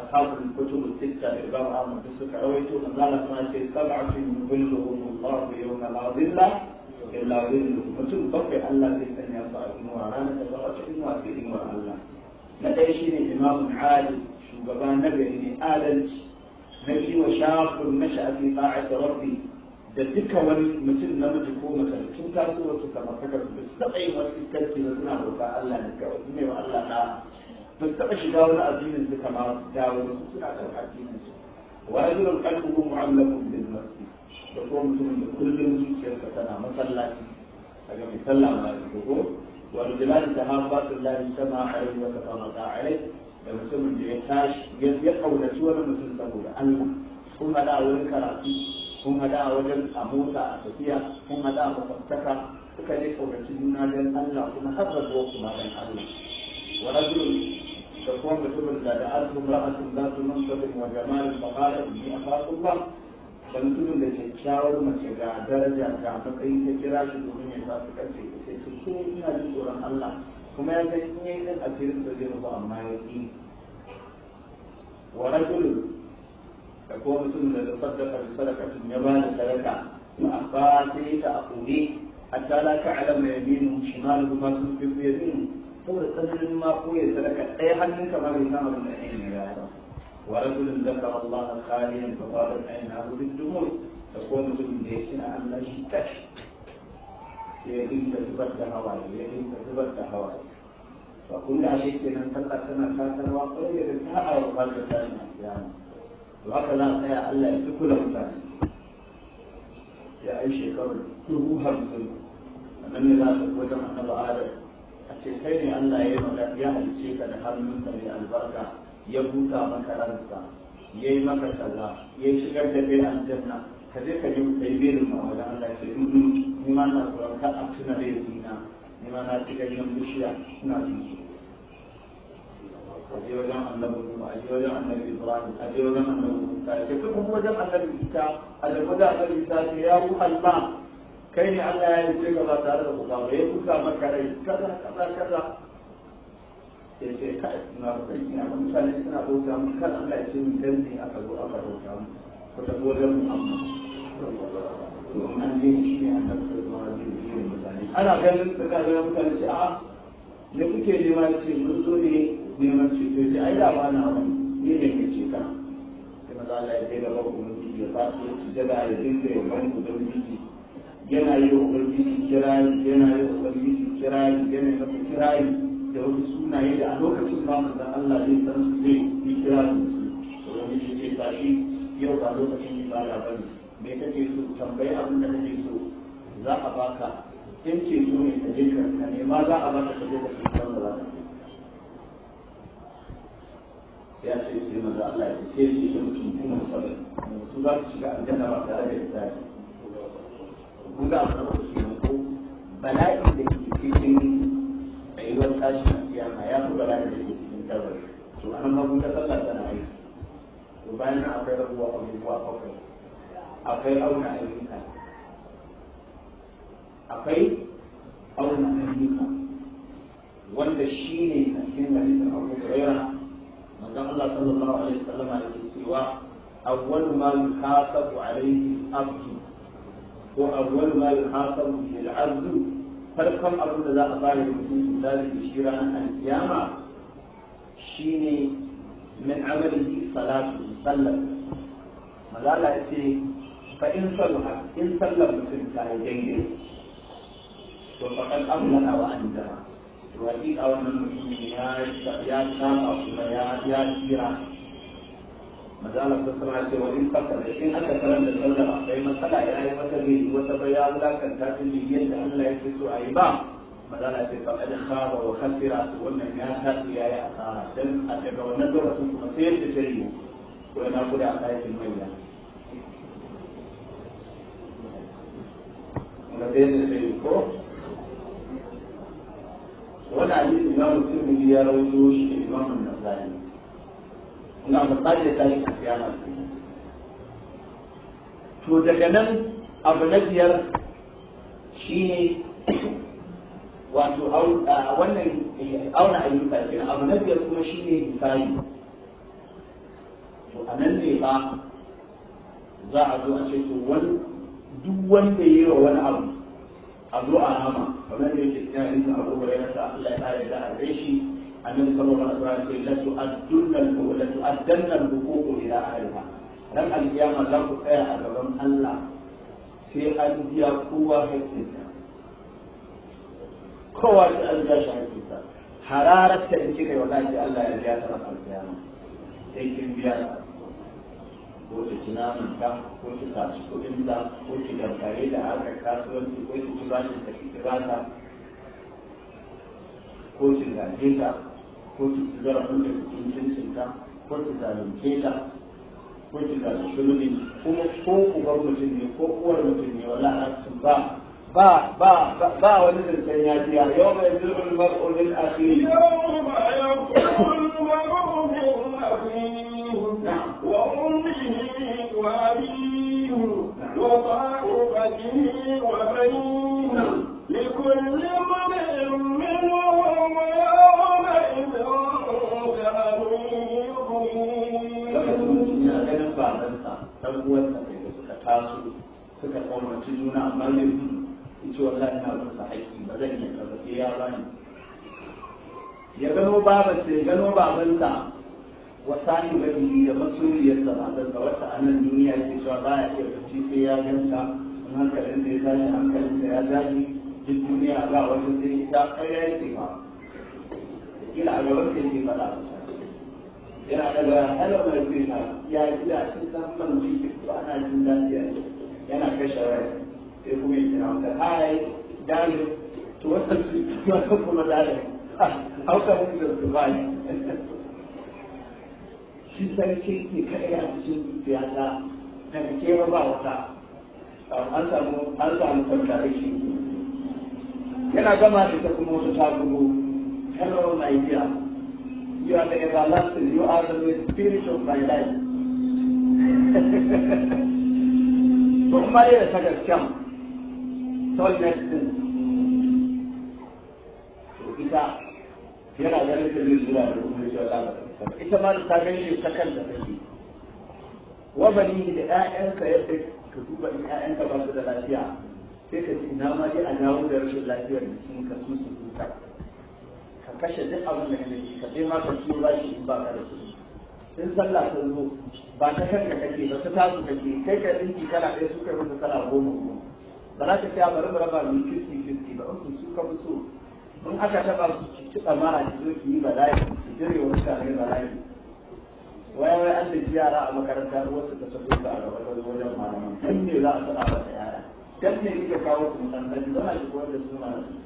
ashabul kutub sitta da Imam Ahmad da suka rawaito manzo Allah sama ce sab'atun yuzilluhum Allah yawma la dhilla illa dhilluh mutum bakwai Allah zai sanya su a inuwa ranar da ba wata inuwa sai inuwa Allah na ɗaya shine Imam Ali shugaba na gari ne adalci na shi wa shafin nasha'a fi da rabbi da duka wani mutum namiji ko mace tun tasowar su kamar haka su su taɓa yin wani iskarci na suna bauta Allah ne kawai su ne wa Allah na ba su taɓa shiga wani addinin su kama dawo su suna kan addinin su wa rajulun qalbuhu mu'allaqun bil masjid da ko mutumin da kullum zuciyarsa tana masallaci daga mai sallah ma da ko wa rijalun tahabbatun la yastama alayhi wa tafarraqa alayhi da mutumin da ya tashi ya kaunaci wani mutum saboda Allah kun hada a wurin karatu kun hada a wajen a mota a tafiya kun hada a makwabtaka suka je kaunaci juna don Allah kuma har rabuwa kuma don Allah wa rajulun da kuma mutumin da da arzikin ra'asin za su mansabin wa jama'in faqala inni ba da mutumin da kyakkyawar mace ga daraja ga matsayin ta kira shi domin ya sa su kace ce ce ina jin tsoron Allah kuma ya san in yayi din asirin sa zai rubu amma ya yi wa rajul da kuma mutum da tasaddaqa bi sadaqatin ya bada sadaka fa akhbara sai ta aquli hatta la ta'lamu yaminu shimalu ma tunfiqu yaminu saboda tsananin ma koyi sadaka ɗaya hannunka ba bai samu da ainihin ya ba ورجل ذكر الله خاليا فطالت عيناه بالدموع تكون من جيشنا ان لا sai ya dinga zubar da hawaye ya dinga zubar da hawaye ba kun da shi kenan sallah tana takarwa kai da ta a wa da ta ne kiyama to haka za a tsaya Allah ya tukula mutane ya ai shekaru dubu hamsin a nan ne za ka wajen na ba'adar a ce kai ne Allah ya magana ya halice ka da hannunsa mai albarka ya busa maka ransa ya yi maka sallah ya shigar da kai aljanna ka je ka yi kai belin ma wajen Allah ce mm, mm, ni ma na tsoron ka a tuna da yanzu na ni ma na cika yin bishiya suna jin a je wajen annabi Nuhu a wajen annabi Ibrahim a wajen annabi Musa ce ka kuma wajen annabi Isa a da wajen annabi Isa ce ya ruhal ma kai ne Allah ya yi ce gaba tare da kuka ba ya kusa maka rai kaza kaza kaza ya ce kai na kai ina ba mutane suna bauta mu kan Allah ya ce mun danne aka zo aka bauta mu ku tafi wajen mu amma to an gani shi ne an tafi zuwa ana ganin tsakanin mutane ce a da kuke nema ce mun zo ne neman ceto ce ai da ba na wani ne ne ke ceta sai maza Allah ya ce gaba ubangiji ya fasu ya sujada ya dinga ya bani ubangiji yana yi wa ubangiji kirayi yana yi wa ubangiji kirayi yana yi masa kirayi da wasu sunaye da a lokacin ba mu da Allah zai san su zai yi kira su su ubangiji ce tashi yau ba lokacin ibada ba ne me kake so tambayi abin da kake so za a baka in ce zo ne ka jinka ka nema za a baka ka zo ka da za ka sai ya a ce sai manzo Allah ya ce shi da mutum kuma sabai su za su shiga aljanna ba tare da hisabi kun ga abin da kuke yi ko bala'in da ke cikin tsayuwar tashin kiyama ya fi bala'i da ke cikin tabbas to an ma kun ga sallah tana aiki to bayan akwai rabuwa abubuwa akwai akwai auna ayyuka akwai auna ayyuka wanda shi ne a cikin hadisin abu hurairah manzon Allah sallallahu alaihi wasallam yake cewa awwal ma yuhasabu alaihi al-abdu ko awwal ma yuhasabu bihi al-abdu farkon abin da za a fara mutum misali da shi ranar alkiyama ne min amalihi salatu sallar mazala ya ce fa in salha in sallar mutum ta yi dangin to fa kan amlana wa an jama to hakika wannan mutum ya ya shafa kuma ya ya tsira mazala ta sana ce wa in fasala in aka karan da sallar akwai matsala ya yi mata bai wata bai ya wulakanta ta ne yadda Allah ya fi so a yi ba mazala ce fa kad khaba wa khasira wannan ya tafi ya yi asara dan a daga wannan dole sun kuma sai da shari'u ko na guda a ɗakin manya matsayin da sai ko wani hadisi imamu tirmidhi ya rawaito shi da imamu nasai kuma nasai a to daga nan abu na biyar ne, wato wannan auna ayyuka kenan abu na biyar kuma shine hisabi to a nan ne ba za a zo a ce to wani duk wanda yi wa wani abu a zo a rama kamar da yake cikin hadisin Abu sa Allah ya kare da gare shi annabi sallallahu alaihi wasallam sai latu addunnal la tu'addannal huququ ila ahliha dan alkiyama za ku tsaya a gaban Allah sai an biya kowa haƙƙinsa kowa sai an biya shi haƙƙinsa hararar ta in kika yi wallahi Allah ya biya ta al alkiyama sai kin biya ta ko ta ci naman ka ko ta saci kuɗin ta ko ta dankare da harkar kasuwanci ko ta ci bashin ta ki kira ta ko ta gaje ta ko ta ci zarafin da cikin cincin ta ko ta zalunce ta ko ta zalunce sulubi kuma ko uban mutum ne ko uwar mutum ne wala a ba ba ba با با با ولد الجنيات يوم يزول المرء للأخير يوم يقول وعلي وصاحبته وبنيه لكل امرئ منهم يومئذ كانوا suka suka kaunaci juna amma laifin ce wallahi na rusa haƙƙi ba zan iya karɓa sai ya bani ya gano babansa ya gano babansa Wasani وصاحبته da sama da wacce a nan duniya ke cewa ba ya iya bacci sai ya ganta in hankalin da ya hankalin da ya tashi duk duniya ba wata sai ita ya yake ba kila a gaban ka yake faɗa yana daga sai na ya yi da cikin samun jiki ba ana jin daɗi yana kashe rai sai kuma ya na wata hai dalil to wata su yi kuma dalil hauka mutu da su ba shi sarki ce kaɗai a cikin zuciya ta daga kewa ba wata an samu an samu kwanta shi yana gama da ta kuma wata ta gugu hello my dear you are the everlasting you are the spirit of my life to kuma yi da ta sol next medicine to ita yana ganin ta zai zuwa da kuma shi Allah ba ita ma ta gani ta kanta ta ke. wa bani da ƴaƴanka yadda ka duba in ƴaƴanka ba su da lafiya sai ka ji na ma dai a dawo da rashin lafiyar jikin ka su su huta ka kashe duk abin da kake ka sai ma ka ciwo ba shi in ba ka da su in sallah ta zo ba ta kanka kake ba ta tasu kake kai ka dinki kana ɗaya su kai masa kana goma goma ba za ka ce a ah, bari mu raba mu 50 50 ba in su ka fi so in aka taba su ci tsamara ki zo ki yi bala'i ki jire wa mutane bala'i wai wai an da yara a makaranta wasu ta taso su a gaba ta wajen malaman kan? ne za a tsara ta yara dan ne kike kawo su makarantar zama ki koyar da su malaman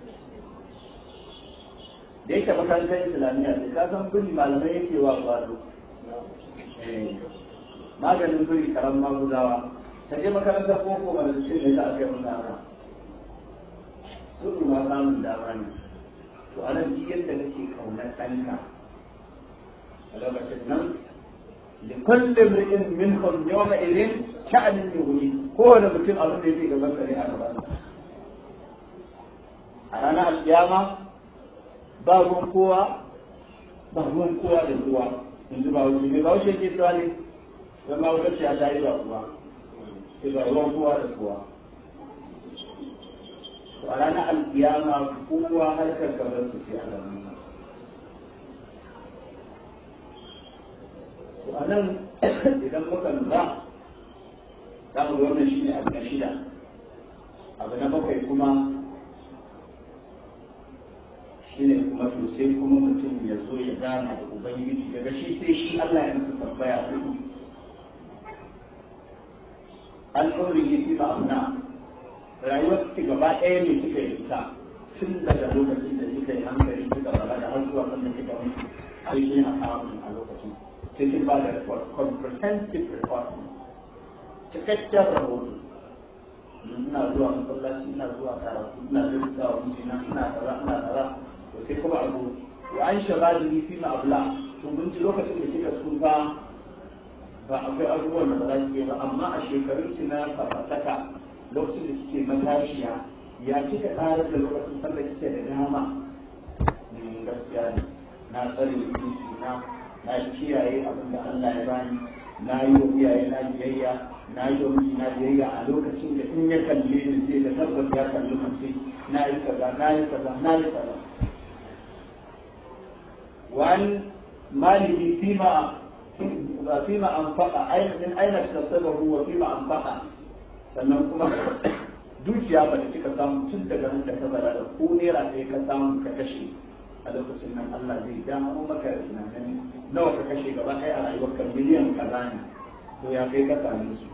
da yake makarantar islamiyya da ka san biri malamai yake wa ƙwaro eh, maganin biri karan maguzawa ta je makarantar koko mana da ce da za a kai mun haka su ma samun dama ne to a nan yadda nake kaunar ɗanka a lokacin nan لكل امرئ منهم يومئذ شأن يغنيه ko ده mutum abin da yake gaban kare a gaban a ranar alkiyama ba ruwan kowa ba ruwan kowa da in ji ba wuce ne ba wuce ke cewa ne don ba wuce ya tare ba kowa sai ba ruwan kowa da ruwa to a ranar alkiyama kowa harkar gaban su sai Allah ne a nan idan muka lura za mu wannan shi ne abu na shida abu na bakwai kuma shi ne kuma to sai kuma mutum ya zo ya gana da ubangiji daga shi sai shi Allah ya masa tambaya hudu al'urri ya fi ba'una rayuwar su gaba ɗaya ne suka yi ta tun daga lokacin da suka yi hankali suka fara da har zuwa kan da kika wani sai na samun a lokacin sai shi ba da report comprehensive report cikakken rahoto ina zuwa masallaci ina zuwa karatu ina zuwa wa mijina ina tara ina tara to sai kuma abu wa an da fi ma abla to mun ji lokacin da kika tsufa ba akwai abubuwan da ba za ki yi ba amma a shekarun ki na sabataka lokacin da kike matashiya ya kika tsara da lokacin sallar kike da dama ne gaskiya ne na tsare mutunci na na kiyaye abin da Allah ya bani na yi wa iyaye na biyayya na yi wa na biyayya a lokacin da in ya kalle ni sai da tabbas ya kalli mace na yi kaza na yi kaza na yi kaza وعن fima فيما فيما انفق من اين wa fima انفقه sannan kuma dukiya ba ta kika samu tun daga nan da ka bara da ko naira ɗaya ka samu ka kashe a lokacin nan Allah zai dama maka da ne. nawa ka kashe gaba ɗaya a rayuwarka miliyan kaza ne to ya kai ka same su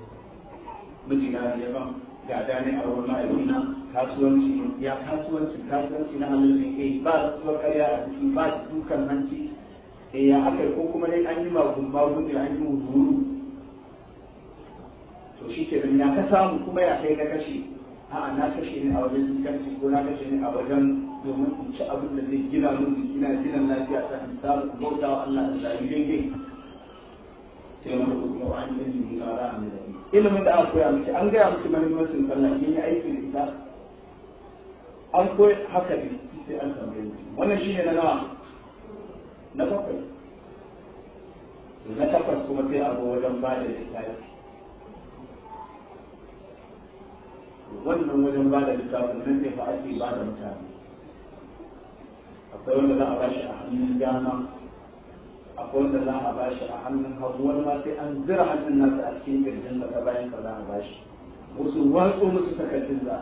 miji na ya ba Ga da ne a wurin ma'aikina kasuwanci ya kasuwanci kasuwanci na halin ne eh ba rasuwar karya a ciki ba dukan hanci eh ya aka ko kuma dai an yi magun magun an yi wuzuru to shi ke ya ka samu kuma ya kai na kashe a'a na kashe ne a wajen jikanci ko na kashe ne a wajen domin in ci abin da zai gina min na gina lafiya ta in samu in bauta wa Allah da zai daidai sai mun rubu kuma an yi ne ga ra'a mai ina ilimin da aka koya miki an gaya miki mahimmancin sallah kin yi aiki da ita an koyi haka ne sai an tambaye wannan shine na nawa na bakwai na takwas kuma sai a wajen ba da littafi wannan wajen ba da littafin nan ne fa ake ba da mutane akwai wanda za a bashi a hannun dama akwai wanda za a bashi a hannun hagu wani ma sai an zira hannun nasa a cikin kirjin sa ta bayan ka za a bashi. wasu watsu musu sakatun za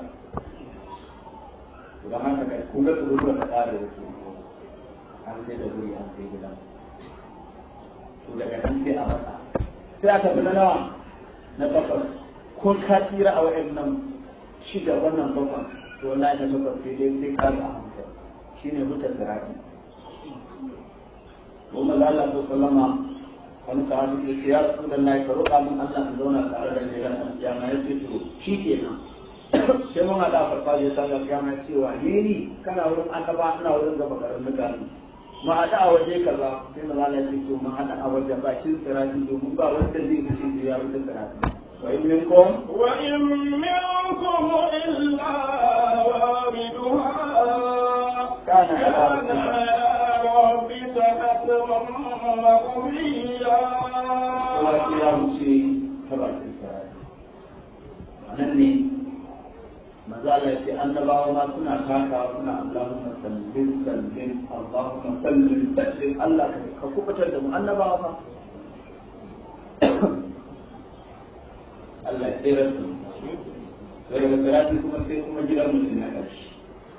da haka kai ku ga su ruwa ta ƙara da su an sai da guri an sai gida to daga nan sai a matsa sai aka fi na nawa na takwas ko ka tsira a wa'annan da wannan bakwai to na yi takwas sai dai sai ka a hankali ne wuce sirati kuma da Allah sallama wani sahabi sai ce da na yi karo kamun Allah da zauna tare da ni ran alƙiyama ya ce to nan sai mun haɗa farfaje ta ga kiyama cewa ni ni kana wurin annaba ana wurin gaba garin mutane Mun haɗa a waje kaza sai ya lalace to ma haɗa a waje bakin tsirafi domin ba wanda zai shi ya wuce tsirafi وإن منكم وإن منكم إلا واردها كان على ربك حتما مقضيا nan ne mazala ce annabawa ma suna taka, suna Allahumma sallin sallin Allahumma sallin sallin Allah ka kubutar da mu annabawa ma Allah ya tsere su sai da kuma sai kuma gidan na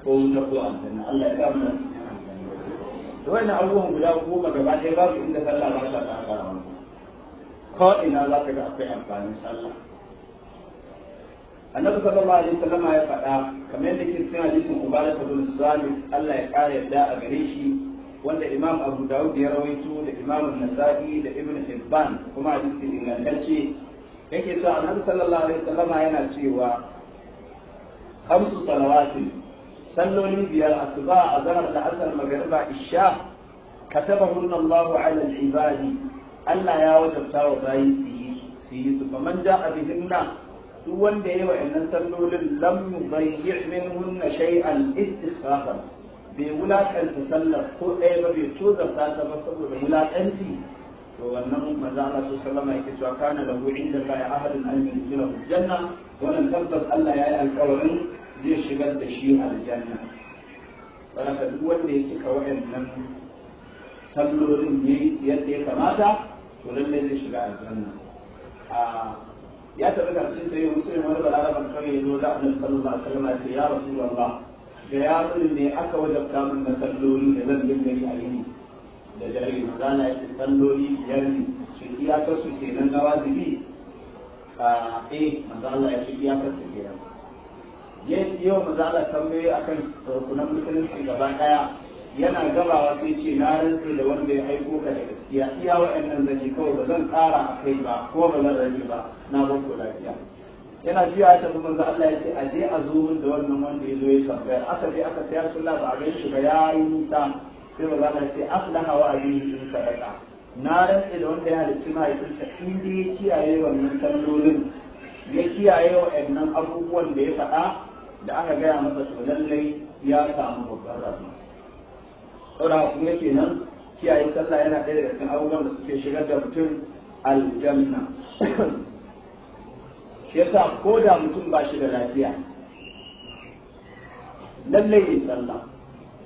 ko wuta Allah ya da sallah ba ta ko za ka ga akwai amfanin sallah annabi sallallahu alaihi wasallam ya faɗa kamar yadda ke cikin hadisin ubadah bin salih Allah ya ƙara yadda a gare shi wanda imam abu dawud ya rawaito da imam nasa'i da ibn hibban kuma hadisi ingantacce yake cewa annabi sallallahu alaihi wasallama yana cewa khamsu salawati sallolin biyar asuba azhar da asar magariba isha katabahunna Allah ala al-ibadi Allah ya wajabta wa bayi su yi su faman ja'a bihinna duk wanda ya yi wa'annan sallolin lam yubayyi minhunna shay'an istisqaqan bai wulakanta sallar ko ɗaya ba bai tozarta ta ba saboda wulakanci to wannan manzo Allah su sallama yake cewa kana lahu da Allah ahadun an yudkhila aljanna wannan tabbas Allah yayi alƙawarin zai shigar da shi aljanna baraka duk wanda ya cika waɗannan sallolin ne yadda ya kamata to lalle zai shiga aljanna ya taɓa karshen sai musulmi wani balaraban kawai ya zo da annabi sallallahu alaihi wasallam ya ce ya rasulullah da yaron ne aka wajabta min na salloli da zan yi yi a yini da dare magana ya yake salloli biyar ne shi iyakar su kenan na wajibi a e eh, mazala ya ce iyakar su kenan yin yau mazala tambaye kan rukunan musulunci gaba daya yana gabawa sai ce na rantse da wanda ya aiko ka da gaskiya iya wa'annan zaki kawai ba zan kara a kai ba ko ba zan rage ba na ba lafiya yana jiya ta tafi manzo Allah ya ce a je a zo da wannan wanda ya zo ya tambaya aka je aka sayar sallah ba a gan ba ya yi nisa sai ba za ce aslaha wa abihi in sadaka na rantse da wanda ya halicci mahaifinsa in dai ya kiyaye wannan sallolin ya kiyaye wa nan abubuwan da ya faɗa da aka gaya masa to lallai ya samu babbar rahama saboda kuma yake nan kiyaye sallah yana ɗaya daga cikin abubuwan da suke shigar da mutum aljanna shi yasa ko da mutum ba shi da lafiya lallai ya sallah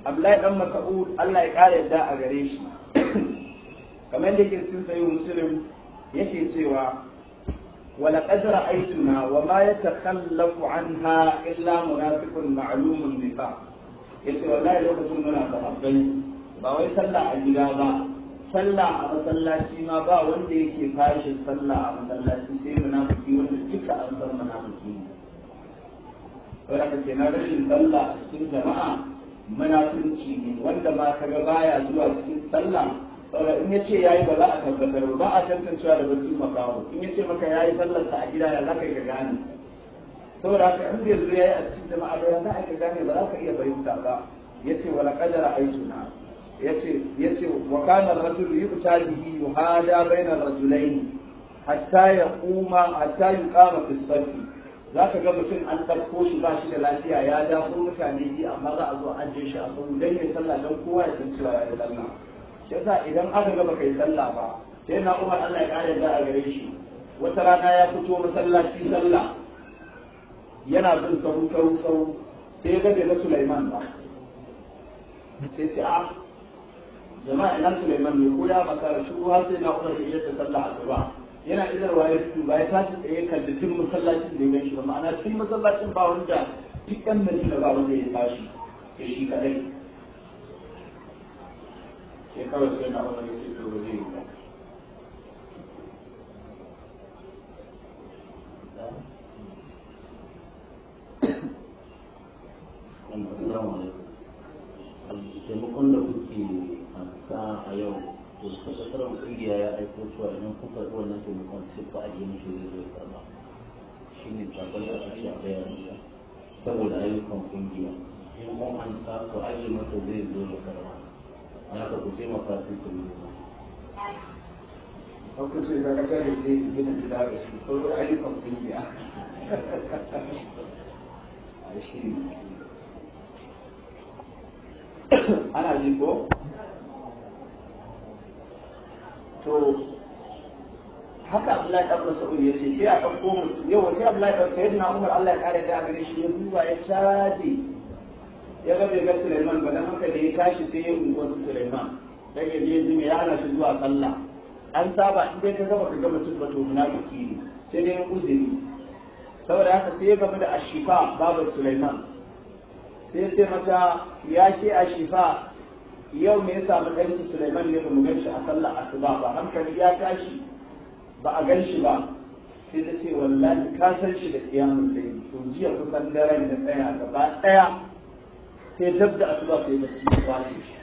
abdullahi dan mas'ud Allah ya kare yadda a gare shi kamar da yake cikin sayyid muslim yake cewa wa ولقد رأيتنا وما يتخلف عنها إلا منافق معلوم النفاق yace wallahi lokacin muna sahabbai ba wai sallah a gida ba sallah a masallaci ma ba wanda yake fashin sallah a masallaci sai munafiki wanda duka an san munafiki ne. Wanda ke na rashin sallah a cikin jama'a munafunci ne wanda ma ga baya zuwa cikin sallah in ya ce ya yi ba za a tabbatar ba a tantancewa da barci makaho in ya ce maka ya yi sallarsa a gida ya za ka yi ka gane saboda haka in bai zo ya yi a cikin jama'a ba ya za a ka gane ba za ka iya fahimta ba ya ce wala kadara aituna ya ce ya ce wa kana rajul yubta bihi yuhada baina rajulaini hatta yaquma hatta yuqama fi safi za ka ga mutum an ɗauko shi ba shi da lafiya ya dafo mutane yi amma za a zo an je shi a sau don yin sallah don kowa ya san cewa ya yi sallah yasa idan aka ga baka yi sallah ba sai na umar Allah ya kare da a gare shi wata rana ya fito masallaci sallah yana bin sau sau sau sai ya ga na Sulaiman ba sai sai a ah, jama'a ina Sulaiman ne ko ya makara shi har sai na umar ya yi sallah asuba yana idarwa ya fito ba ya tashi tsaye kalli tun masallacin da ya gan shi ba ma'ana tun masallacin ba wanda duk ɗan da ba wanda ya tashi sai shi kadai sai kawai sai na wani sai to ba zai yi ba Assalamu alaikum. Taimakon da kuke a yau to sun kungiya ya aiko cewa idan kun karɓi wannan taimakon sai zai zo shi ne sabon da a bayan saboda ayyukan kungiya in kuma an sa masa zai zo ya karɓa na ka ku su ne zai gina gida su ko ayyukan kungiya. Ana jin ko? to haka Abdullahi dan ya ce sai a ɗauko mutum yau sai Abdullahi dan na Umar Allah ya kare da gare shi ya duba ya caje ya ga bai ga Sulaiman ba dan haka da ya tashi sai ya su Sulaiman dan ya je dinga ya hana shi zuwa sallah an saba in ta ka gaba ka ga mutum ba to munafiki ne sai dai uzuri saboda haka sai ya gama da ashifa babu Sulaiman sai ya ce mata ya ke ashifa yau me ya samu ɗansu Suleiman ne ba mu gan shi a sallar asuba ba hankali ya tashi ba a gan shi ba sai na ce wallahi ka san shi da kiyamun da to jiya kusan daren da tsaya gaba ɗaya sai dab da asuba sai bacci ya kwashe shi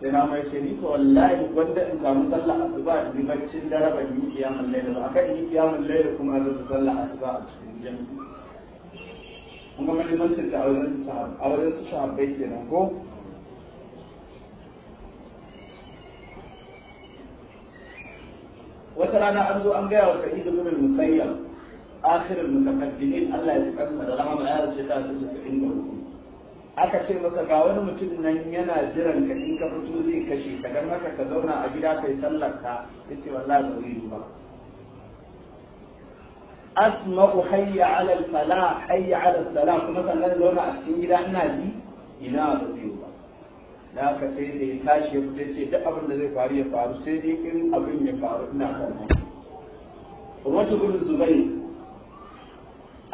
sai na mai ce ni ko wallahi wanda in samu sallar asuba da baccin dare ban yi kiyamun laila ba akan yi kiyamun laila kuma da sallar asuba a cikin jami'a. Kuma ga muhimmancin ta a wajen su a wajen su sahabbai kenan ko wata rana an zo an gaya wa sa'id ibn al-musayyab akhir al-mutaqaddimin Allah ya kansa da rahama ya rasu ta 94 aka ce masa ga wani mutum nan yana jiran ka in ka fito zai kashe ka dan haka ka zauna a gida kai sallar ka yace wallahi ba zai yi ba asma'u hayya ala al-fala hayya ala salam kuma sannan zauna a cikin gida ina ji ina ba zai ba da haka sai da ya tashi ya fita ce duk abin da zai faru ya faru sai dai irin abin ya faru ina kalma Ruwatu bin Zubair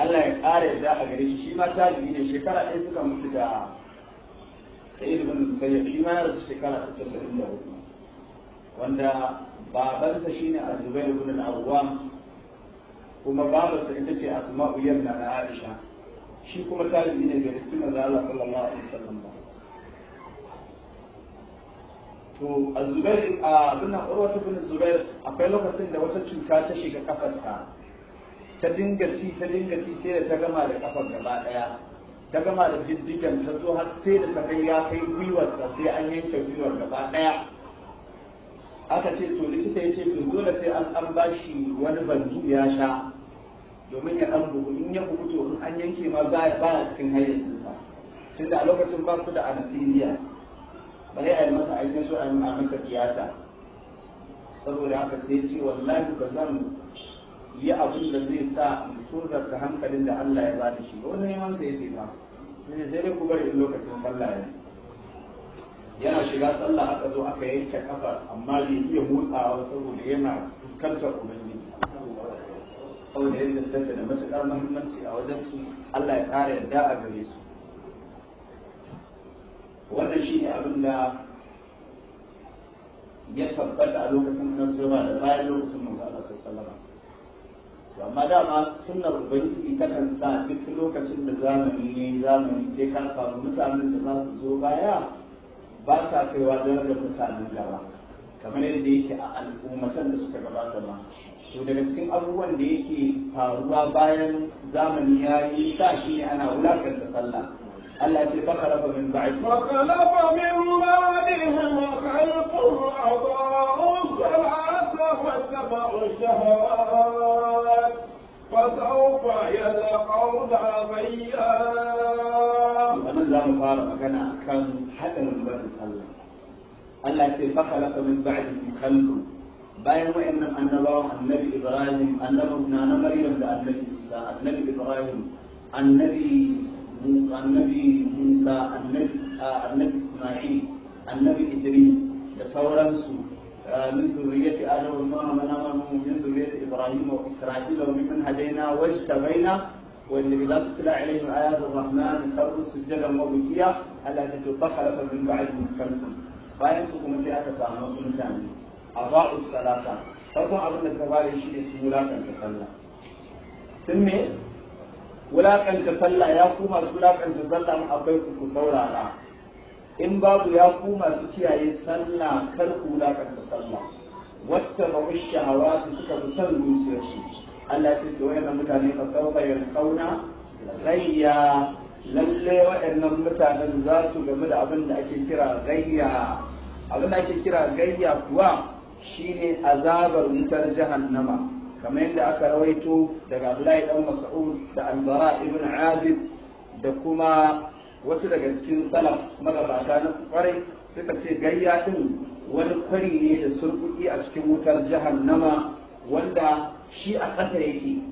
Allah ya ƙara yadda a gare shi shi ma tabi'i ne shekara ɗaya suka mutu da Sa'id bin Musayyab shi ma ya rasu shekara ta 94 wanda babansa shine Azubair bin Al-Awwam kuma babarsa ita ce asma'u yamna na aisha shi kuma talibi ne bai riski manzo Allah sallallahu alaihi wasallam to az-zubair abin nan urwatu bin zubair akwai lokacin da wata cuta ta shiga kafarsa ta dinga ci ta dinga ci sai da ta gama da kafar gaba daya ta gama da jiddigan ta zo har sai da ta kai ya kai gwiwarsa sai an yanke gwiwar gaba daya aka ce to likita ya ce to dole sai an an bashi wani bandu ya sha domin ya ɗan bugu in ya bugu to in an yanke ma ba ya cikin hayyacinsa da a lokacin ba su da anesthesia ba ya yi masa aikin su a yi masa tiyata saboda haka sai ce wallahi ba zan yi abin da zai sa ta hankalin da Allah ya da shi wani neman sai ce ba sai sai dai ku bari in lokacin sallah ya yana shiga sallah aka zo aka yanke kafa amma bai iya motsawa saboda yana fuskantar umarni saboda yadda suka da matuƙar muhimmanci a wajen su Allah ya ƙara yarda a gare su wannan shi ne abin da ya tabbata a lokacin nan sura da bayan lokacin manzo Allah sallallahu alaihi amma dama sunnar ubangiji ta sa duk lokacin da zamani ne zamani sai ka samu mutanen da za su zo baya ba ta kaiwa da mutanen gaba kamar yadda yake a al'ummatan da suka gabata ma to daga cikin abubuwan da yake faruwa bayan zamani ya yi sa shi ne ana wulakar da sallah Allah ce fa khalafa min ba'd fa khalafa min ba'dihim khalqun adaa'u salata wa tabu'u shahawat فسوف يلقون غيا wannan za mu fara magana kan haɗarin barin sallah Allah ce fa khalaqa min ba'dihi khalqun bayan wa'annan annabawan annabi ibrahim annabi na maryam da annabi isa annabi ibrahim annabi musa annabi annabi annabi idris da sauransu min zurriyyati adam wa ma na ma min zurriyyati ibrahim wa isra'il wa min hadayna wa istabaina wa annabi la tusla alayhi ayatu rahman sabu sujada wa bukiya alla tatu min ba'd mukallam bayan su kuma sai aka samu sunan aba'u salata farkon abin da suka fara shi ne sun wulakanta sallah sun sallah ya kuma su wulakanta sallah mu akwai ku saurara in babu ya kuma su kiyaye sallah kar ku wulakanta sallah wata ba'u shahawa su suka fi son su? Allah ce to wayannan mutane ba sauka kauna gayya lalle wayannan mutanen za su gamu da abin da ake kira gayya abin da ake kira gayya kuwa Shi shine azabar wutar jahannama kamar yadda aka rawaito daga Abdullahi dan Mas'ud da Albara ibn Azib da kuma wasu daga cikin salaf magabata na kwarai suka ce gayya din wani kwari ne da surkuki a cikin wutar jahannama wanda shi a ƙasa yake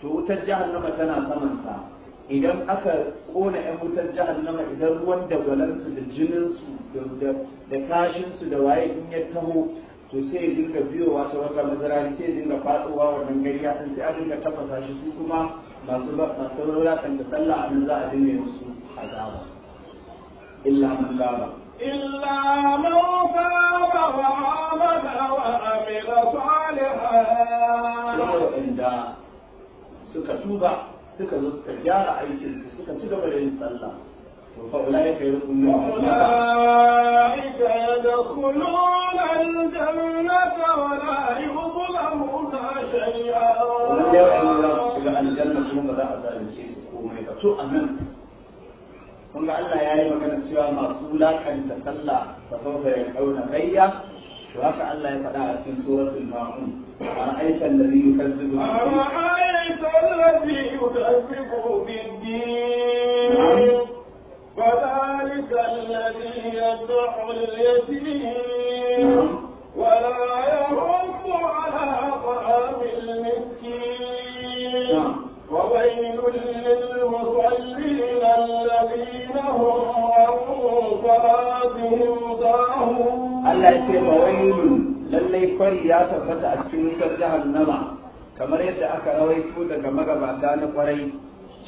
to wutar jahannama tana samansa idan aka ƙona 'yan wutar jahannama idan ruwan dagwalansu da jininsu da kashinsu da waye in ya taho to sai ya dinga biyo ta wata mazarari sai ya dinga faɗowa wannan gariya ɗin sai a dinga tafasa shi su kuma masu masu wulatan da sallah a nan za a dinga musu azaba illa man gaba illa man gaba wa amana wa amila salihan wanda suka tuba suka zo suka gyara aikinsu suka ci gaba da yin sallah to fa ulai ka yarquluna ulai ka yadkhuluna الجنة ولا يظلمون شيئا ولو أن لا تصل الجنة ثم لا أزال شيء كومي فتؤمن kun ga Allah ya yi magana cewa masu wulakanta sallah ta sau da ya kauna gayya to haka Allah ya faɗa a cikin suratul ma'un a aikan da zai kazzubu a aikan da zai kazzubu biddin فذلك الذي يدعو اليتيم Allah ya ce lallai fari ya tabbata a cikin wutar jahannama kamar yadda aka rawaito daga magabata na kwarai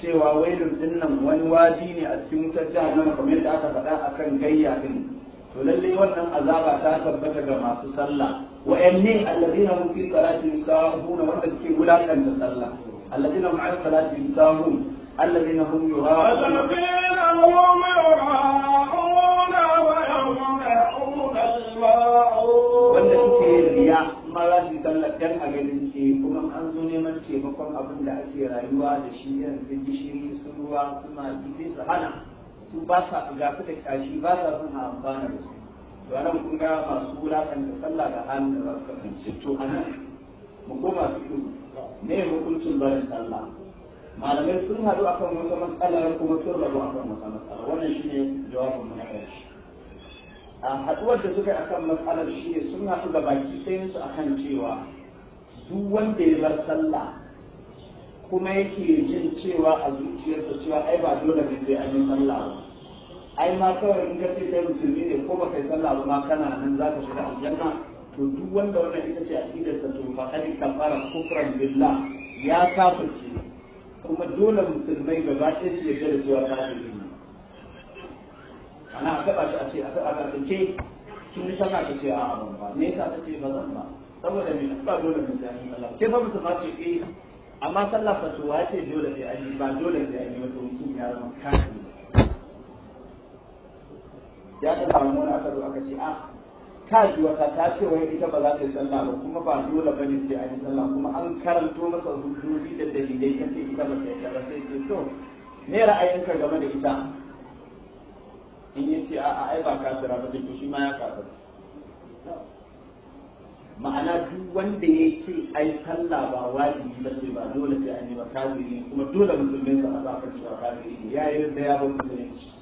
cewa wailun dinnan wani wadi ne a cikin wutar jahannama kamar yadda aka faɗa akan gayya din to lalle wannan azaba ta tabbata ga masu sallah Wa wa'anne alladhina hum fi salatihim sahun wanda suke wulakanta sallah alladhina hum an salatihim sahun alladhina hum yura'un wanda suke riya kuma za su sallar dan a gani suke kuma an zo neman taimakon abin da ake rayuwa da shi yanzu gishiri su ruwa su magi sai su hana su ba sa ga su da kashi ba sa son amfana da su to anan kun ga masu wulakanta sallah da hannu da za su kasance to anan mu koma fito ne hukuncin barin sallah malamai sun haɗu akan wata matsala kuma sun rabu akan wata matsala wannan shine jawabin mu na ƙarshe a haɗuwar da suka akan matsalar shine sun haɗu da baki ɗayansu akan cewa duk wanda ya bar sallah kuma yake jin cewa a zuciyarsa cewa ai ba dole ne sai an yi sallah ba ai ma kawai in ka ce kai musulmi ne ko baka yi sallah ba ma kana nan za ka shiga aljanna to duk wanda wannan ita ce aqidarsa to fa kad kafara kufran billah ya kafirce kuma dole musulmai gaba ɗaya su yarda da cewa kafirci ne ana a taɓa shi a ce a taɓa ka ce ke kin yi sallah ka ce a'a ban ba ne ka ta ce ba zan ba saboda me ba dole mu sai sallah ke fa musulma ce eh amma sallah fatu wa ce dole sai an yi ba dole sai an yi wato mutum ya zama kafin ya ta samu wani aka zo aka ce a ah, ka ji wata ta ce wai ita ba za ta yi sallah ba kuma ba dole ba ne sai an yi sallah kuma an karanto masa hujjoji da dalilai ce ita ba ta ba sai ce to me ra'ayinka game da ita in yi ce a'a ai ba kafira ba sai to shi ma ya kafira ma'ana duk wanda ya ce ai sallah ba wajibi ba ce ba dole sai an yi ba kafiri kuma dole musulmi su ka kan wa kafiri ne ya yi da ya ba musulunci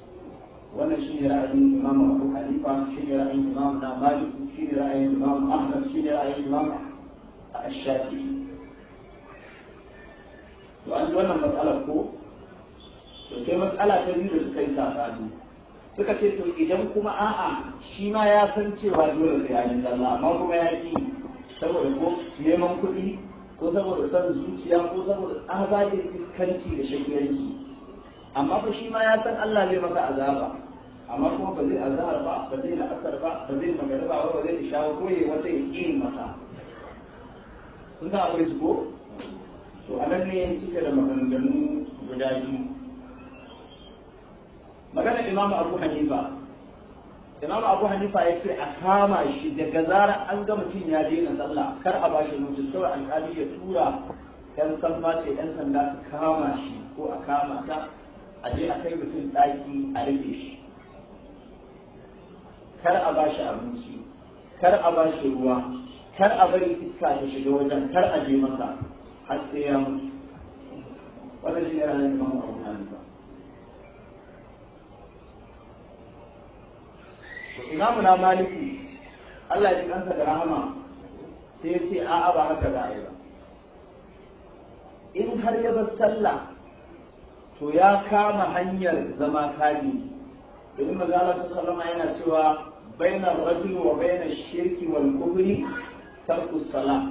wannan shi ne ra'ayin imam abu hanifa shi ne ra'ayin imam na malik shi ne ra'ayin imam ahmad shi ne ra'ayin imam ashafi to an wannan matsalar ko to sai matsala ta biyu da suka yi saɓani suka ce to idan kuma a'a shi ma ya san cewa dole sai ya dinga Allah, amma kuma ya ki saboda ko neman kuɗi ko saboda san zuciya ko saboda tsabagen iskanci da shakiyanci amma ko shi ma ya san Allah zai masa azaba amma kuma ba zai azhar ba ba zai la'asar ba ba zai magana ba ba zai shawo ko yayi wata yakin masa kun ga akwai su ko to anan ne suke da maganganu guda biyu magana imamu abu hanifa imamu abu hanifa ya ce a kama shi daga zarar an ga mutum ya daina sallah kar a bashi lokacin kawai alƙali ya tura yan sanda ce yan sanda su kama shi ko a kama ta a je a kai mutum ɗaki a rufe shi kar a bashi abinci kar a bashi ruwa kar a bari iska ta shiga wajen kar a je masa har sai ya mutu wannan shi ne ranar imamu abu hanifa imamu na maliki Allah ya kansa da rahama sai ce a'a ba haka da ba in har ya bar sallah to ya kama hanyar zama kani domin su sallama yana cewa bainar rajul wa bainar shirki wal kubri tarku sala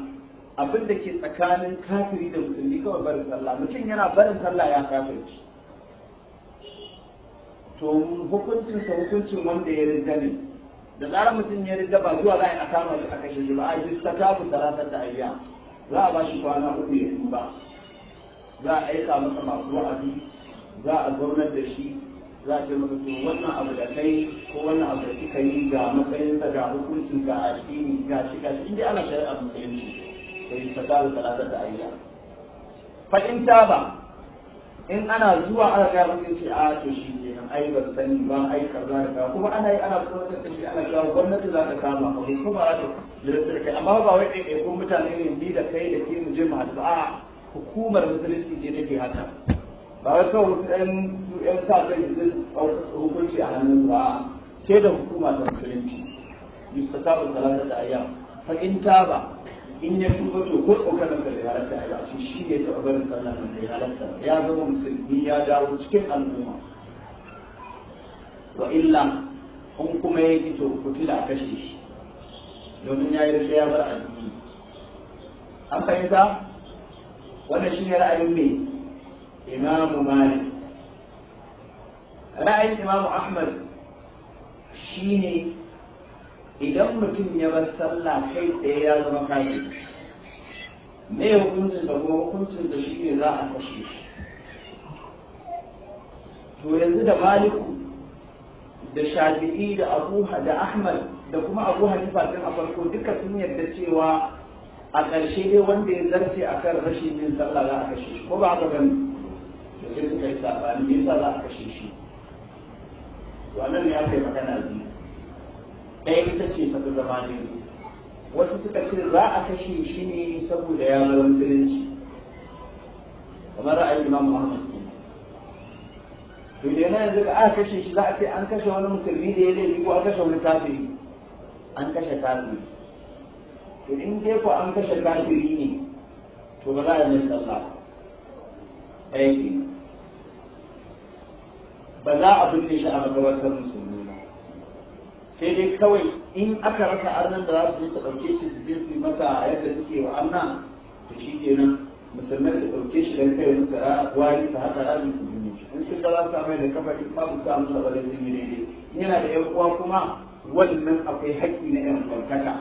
abin da ke tsakanin kafiri da musulmi kawai barin sallah mutum yana barin sallah ya kafirci to hukuncin sa hukuncin wanda ya rinda ne da zarar mutum ya rinda ba zuwa za a kama shi a kashe shi ba a yi ta tafi talatar da ayya za a ba shi kwana uku ya ba za a aika masa masu wa'azi za a zaunar da shi za a ce masa to wannan abu da kai ko wannan abu da kika yi ga matsayinsa ga hukunci ga addini ga shi ga shi inda ana shari'a musulunci sai ta tafi talatar da ayya fa in ba in ana zuwa aka kai mutum ce a to shi ne ai ba sani ba ai za da kaza kuma ana yi ana tsoratar da shi ana cewa gwamnati za ta kama ka hukuma kuma ta lura kai amma ba wai ko mutane ne bi da kai da ke mu je mu a ba hukumar musulunci ce take haka ba wai kawai wasu ɗan su ɗan sa kai su hukunci a hannun ba sai da hukuma ta musulunci yustatabu salata da ayyam fa in ba, in ya fi mutu ko tsokar da bai halatta a yi a shi ne ta barin sallah da bai halatta ya zama musulmi ya dawo cikin al'umma wa illa kun kuma ya ji to da a kashe shi domin ya yi rike ya bar addini an fahimta wannan shine ra'ayin me imamu malik ra'ayin imamu ahmad shine idan mutum ya bar sallah kai tsaye ya zama kafi me sa kuma hukuncinsa shine za a kashe shi to yanzu da maliku da shafi'i da abu da ahmad da kuma abu hanifa tun a farko duka sun yarda cewa a ƙarshe dai wanda ya zarce a kan rashin yin sallah za a kashe shi ko ba haka gani Da sai suka yi saɓani me za a kashe shi wannan ne aka yi magana biyu ɗaya ita ce ta zama ne wasu suka ce za a kashe shi ne saboda ya zama musulunci kamar ra'ayin imam muhammad to da yana yanzu da aka kashe shi za a ce an kashe wani musulmi da ya laifi ko an kashe wani kafiri an kashe kafiri to in dai ko an kashe kafiri ne to ba za a yi sallah a ke ba za a binne shi a makabartar musulmi ba sai dai kawai in aka rasa arnan da za su su ɗauke shi su je su masa yadda suke wa to shi kenan musulmai su ɗauke shi don kai musu wari su haɗa a su gini shi in sun za su amai da kafa in ba su samu musu ba da sun yi daidai yana da yan uwa kuma wannan akwai haƙƙi na yan kwantaka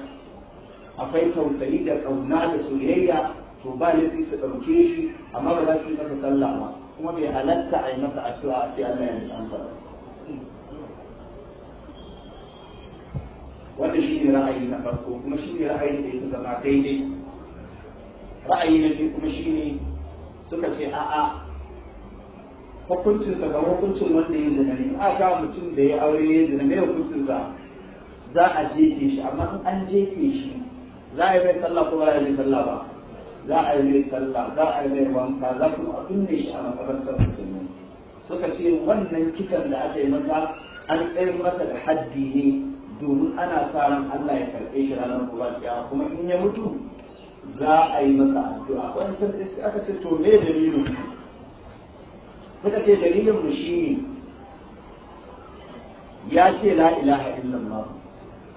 akwai tausayi da ƙauna da soyayya to ba laifi su ɗauke shi amma ba za su yi masa sallah ba kuma bai halatta a yi masa addu'a ce Allah ya yi ansa ba wannan shi ne ra'ayi na farko kuma shi ne ra'ayi da ya zama daidai ra'ayi na biyu kuma shi ne suka ce a'a hukuncinsa ga hukuncin wanda yin zina ne a ga mutum da ya aure ya zina mai hukuncinsa za a jefe shi amma in an jefe shi za a yi mai sallah ko ba a yi mai sallah ba za a yi mai sallah za a yi mai wanka za kuma a binne shi a makarantar musulmi suka ce wannan kitan da aka yi masa an tsayar masa da haddi ne domin ana sa ran Allah ya karɓe shi ranar kuma kuma in ya mutu za a yi masa addu'a sai aka ce to me dalilin suka ce dalilin mu shine ya ce la ilaha illallah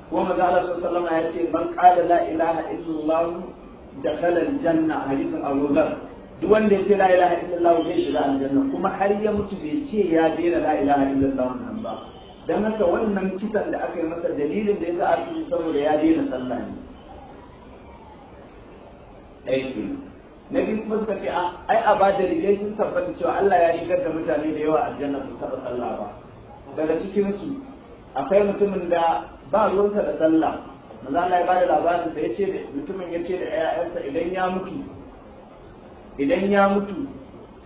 ko manzo Allah sallallahu alaihi ya ce man qala la ilaha illallah dakhala aljanna hadisin Abu Dhar duk wanda ya ce la ilaha illallah zai shiga aljanna kuma har ya mutu bai ce ya daina la ilaha illallah nan ba dan haka wannan kisan da aka yi masa dalilin da ya sa saboda ya daina sallah ne ɗaya na kuma suka ce ai a ba da rigai sun tabbata cewa Allah ya shigar da mutane da yawa aljanna su taɓa sallah ba daga cikinsu akwai mutumin da ba ruwansa da sallah manzo Allah ya bada labarin sa yace mutumin yace da 'ya'yansa idan ya mutu idan ya mutu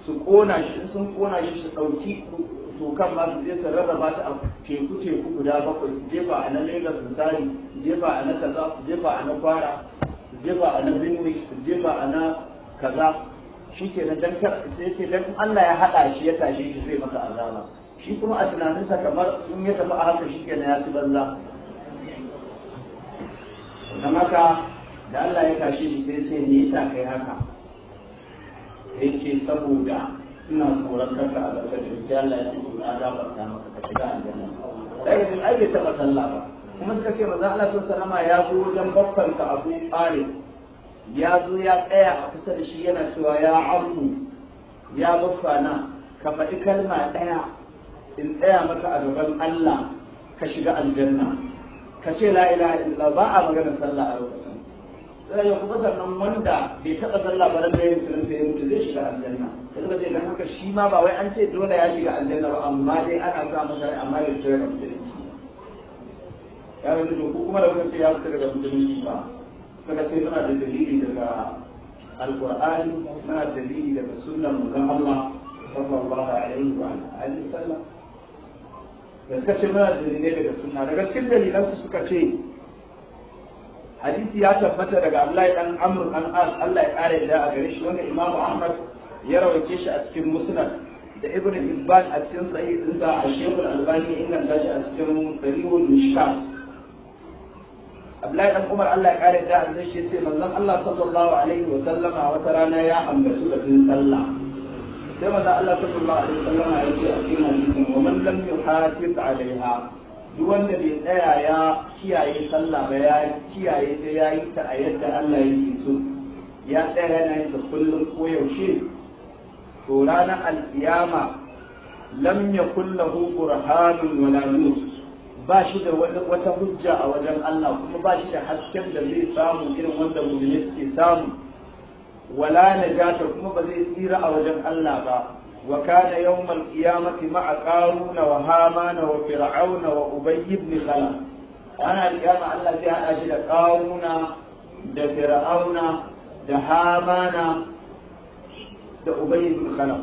su kona shi sun kona shi su dauki tokan ma su je su rarraba ta a teku teku guda bakwai su jefa a na Lagos misali su jefa a na kaza su jefa a na Kwara jefa a na zinwi jefa a na kaza shi ke nan dankar sai ce dan Allah ya haɗa shi ya tashe shi zai masa azaba shi kuma a tunaninsa kamar in ya tafi a haka shi kenan ya ci banza don ka da Allah ya tashi shi sai ce me sa kai haka sai ce saboda ina tsoron kanka a ƙarƙashin sai Allah ya ce ina gafarta maka ka shiga aljanna sai ai bai taɓa sallah ba kuma suka ce manzon Allah sallallahu alaihi ya zo wajen baffansa Abu Talib ya zo ya tsaya a kusa da shi yana cewa ya ammu ya baffana ka faɗi kalma ɗaya in tsaya maka a gaban Allah ka shiga aljanna ka ce la ilaha illallah ba a magana sallah a lokacin sai ya kuma sannan wanda bai taɓa sallah ba lalle ya sunan sai mutu zai shiga aljanna sai suka ce dan haka shi ma ba wai an ce dole ya shiga aljanna ba amma dai ana sa masa amma bai tsaya musulunci ya zai to kuma da kuka ce ya fita daga musulunci ba suka ce muna da dalili daga alkur'ani muna da dalili daga sunnan manzon Allah sallallahu alaihi wa alihi sallam da suka ce muna da dalilai daga sunna daga cikin su suka ce hadisi ya tabbata daga Abdullahi dan Amr dan Allah ya kare da a gare shi wanda Imam Ahmad ya rawace shi a cikin Musnad da Ibn Hibban a cikin Sahih dinsa a Sheikh Al-Albani inganta shi a cikin Sahihul Mishkat Abdullahi dan Umar Allah ya kare da Allah shi sai manzon Allah sallallahu alaihi wa sallama wata rana ya ambaci batun sallah sai manzon Allah sallallahu alaihi wa sallama ya ce a cikin hadisin wa man lam yuhafiz alaiha duk wanda bai tsaya ya kiyaye sallah ba ya kiyaye ta ya yi ta a yadda Allah ya yi so ya tsaya yana yin ta kullum ko yaushe to ranar alkiyama lam yakun lahu burhanun wala nur ba shi da wata hujja a wajen Allah kuma ba shi da hasken da zai samu irin wanda mu'mini suke samu wala najata kuma ba zai tsira a wajen Allah ba wa kana yawmal qiyamati ma'a qaruna wa hamana wa fir'auna wa ubay ibn khalaf ana alƙiyama Allah zai hada shi da qaruna da fir'auna da hamana da ubay ibn khalaf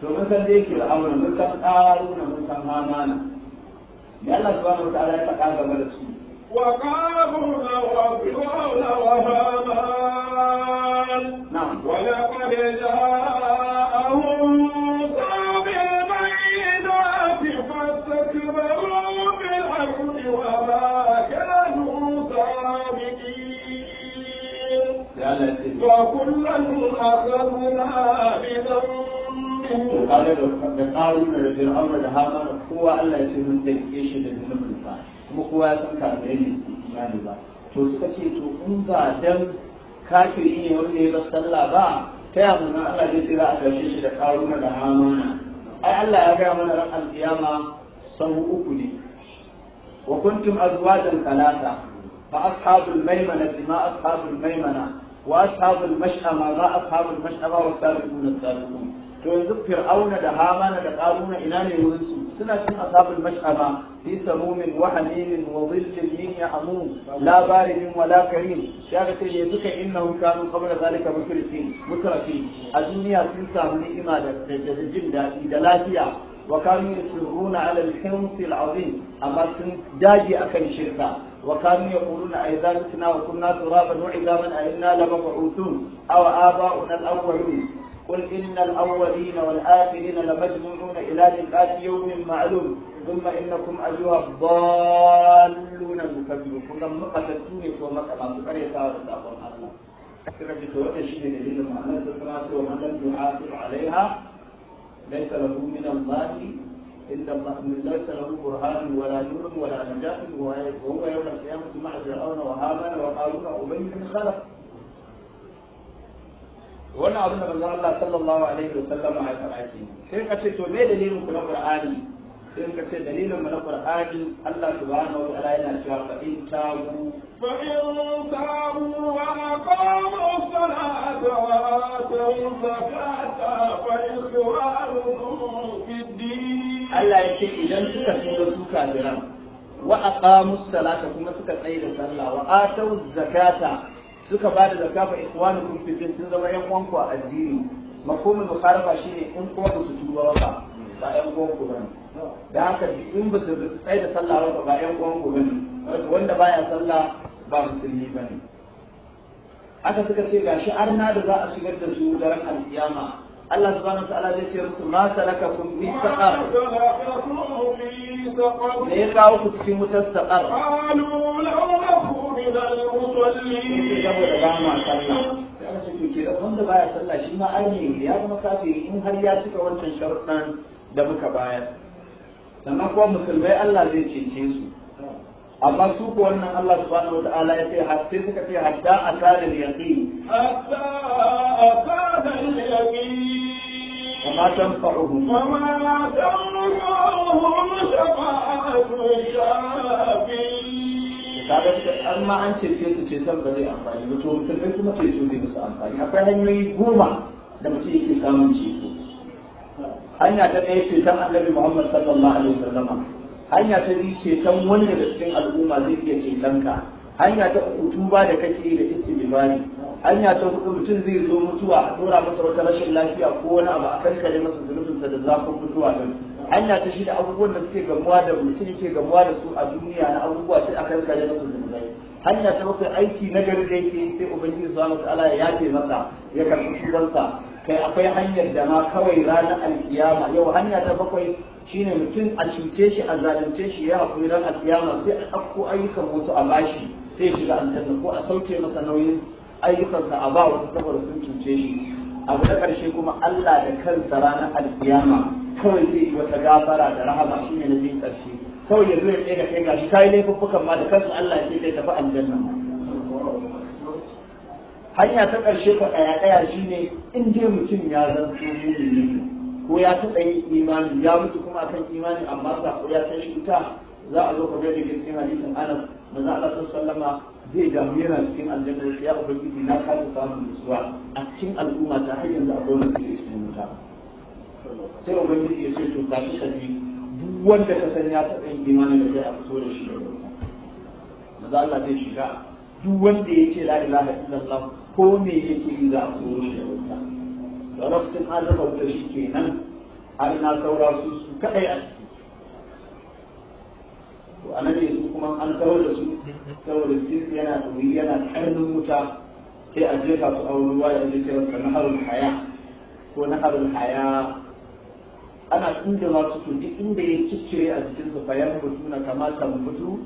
to mun san dai fir'auna mun san qaruna mun san hamana الله سبحانه وتعالى يتقال من السوء وقالوا لو أطلعنا وهامان نعم ولقد جاءهم موسى بالبينات فاستكبروا في الأرض وما كانوا سابقين وكلا أخذنا بذنب to kaga da ƙaruna da fir'auna da hama da kowa Allah ya ce mun dalike shi da sa, kuma kowa ya san kafirai ne su imani ba to suka ce to in ba dan kafiri ne wanda ya bar sallah ba ta ya mun Allah ya ce za a tashe shi da ƙaruna da hama na? ai Allah ya ga mana ran alƙiyama sau uku ne wa kuntum azwajan thalatha fa ashabul maimana ma ashabul maimana wa ashabul mash'ama ma ashabul mash'ama wa sabiquna sabiqun to yanzu fir'auna da hamana da qaruna ina ne wurin su suna cin ashabul mash'ama fi samumin wa haminin wa dhillin min ya'mun la baridin wa la karim ya ga sai yanzu kai innahu kanu qabla zalika mutrifin mutrafi a duniya sun samu ni'ima da jin daɗi da lafiya wa kanu yusirruna 'ala al-hims al-'azim amma sun daji akan shirka wa kunna أئذا متنا وكنا ترابا وعظاما أئنا لمبعوثون أو آباؤنا الأولون قل إن الأولين والآخرين لمجموعون إلى ذات يوم معلوم ثم إنكم أيها الضالون المكذبون كنا مقتلتوني وما كما سكر يتاوى سابون الله سكر بتوقع شيء دليل مع الناس الصلاة ومن لم يحافظ عليها ليس له من الله إلا من ليس له برهان ولا نور ولا نجاة وهو يوم القيامة مع فرعون وهامان وقارون وأبي بن خلف wannan abin da manzo Allah sallallahu alaihi wasallam ya faɗa sai ka ce to me dalilin ku na Qur'ani sai suka ce dalilin mu na Qur'ani Allah subhanahu wa ta'ala yana cewa fa in tabu fa in tabu wa aqamu salata wa atu zakata fa ikhwanukum fid din Allah ya ce idan suka tuba su kafiran wa aqamu salata kuma suka tsaya da sallah wa atu zakata suka ba da zakka fa ikhwanukum kun din sun zama yan uwanku a addini mafhumul mukhalafa shine in kuma ba su tuba ba ba yan uwanku ba da haka in ba su tsaye da sallah ba ba yan uwanku ba ne wanda baya sallah ba musulmi ba ne aka suka ce gashi arna da za a shigar da su daren alkiyama Allah subhanahu ta'ala zai ce musu ma salakakum fi saqar me ya kawo ku cikin wutar saqar wanda baya sallah shi ma ainihi ya zama kafiri in har ya cika wancan sharuɗan da muka bayar sannan kuma musulmai Allah zai cece su amma su ko wannan Allah subhanahu wata'ala ya ce sai suka ce hatta a tare da yaƙi hatta a tare da yaƙi وما تنفعهم وما تنفعهم شفاعة الشافعين kaga an ma an cece su ceton ba zai amfani ba to musulmai kuma ceto zai musu amfani akwai hanyoyi goma da mutum yake samun ceto hanya ta ɗaya ceton annabi muhammad sallallahu alaihi wasallam hanya ta biyu ceton wani daga cikin al'umma zai iya ceton ka hanya ta uku tuba da kake da istighfari hanya ta hudu mutum zai zo mutuwa a dora masa wata rashin lafiya ko wani abu a kankare masa zunubinsa da zafin mutuwa din hanya ta shida abubuwan da suke gamuwa da mutum yake gamuwa da su a duniya na abubuwa sai aka rika da nasu zunubai hanya ta bakwai aiki na gari da yake sai ubangiji subhanahu ala ya yafe masa ya karɓi tubansa kai akwai hanyar da ma kawai ranar alkiyama yau hanya ta bakwai shine mutum a cuce shi a zalunce shi ya haƙuri ran alkiyama sai a ɗauko ayyukan wasu a bashi sai ya shiga aljanna ko a sauke masa nauyin ayyukansa a ba wasu saboda sun cuce shi abu na ƙarshe kuma Allah da kansa ranar alkiyama kawai zai yi wata gafara da rahama shi ne na biyun ƙarshe kawai yanzu ya tsaye ga kai gashi yi laifuffukan ma da kansu Allah ya ce kai tafi aljanna hanya ta ƙarshe ka ɗaya ɗaya shi ne in dai mutum ya zanto mumini ko ya taɓa yin imani ya mutu kuma kan imani amma sako ya ta shi za a zo ka gani da cikin hadisin Anas da za Allah sallama zai damu yana cikin aljanna sai ya ubangiji na kasa samun nutsuwa a cikin al'umma ta har yanzu akwai wani da cikin mutane sai ubangiji ya ce to gashi ka ji duk wanda ka san ya taɓa yin imanin da kai a fito da shi daga wuta maza Allah zai shiga duk wanda ya ce la ilaha illallah ko me yake yi za a fito da shi daga wuta da lokacin an rufe wuta shi kenan har na saura su su kaɗai a ciki to a nan ne su kuma an kawar da su saboda jinsi yana ɗuri yana ƙarnin wuta sai a jefa su a wani ruwa ya je kiran na harin haya ko na harin haya ana tunda masu kundi inda ya ciccire a jikinsu bayan mutuna kamar mutu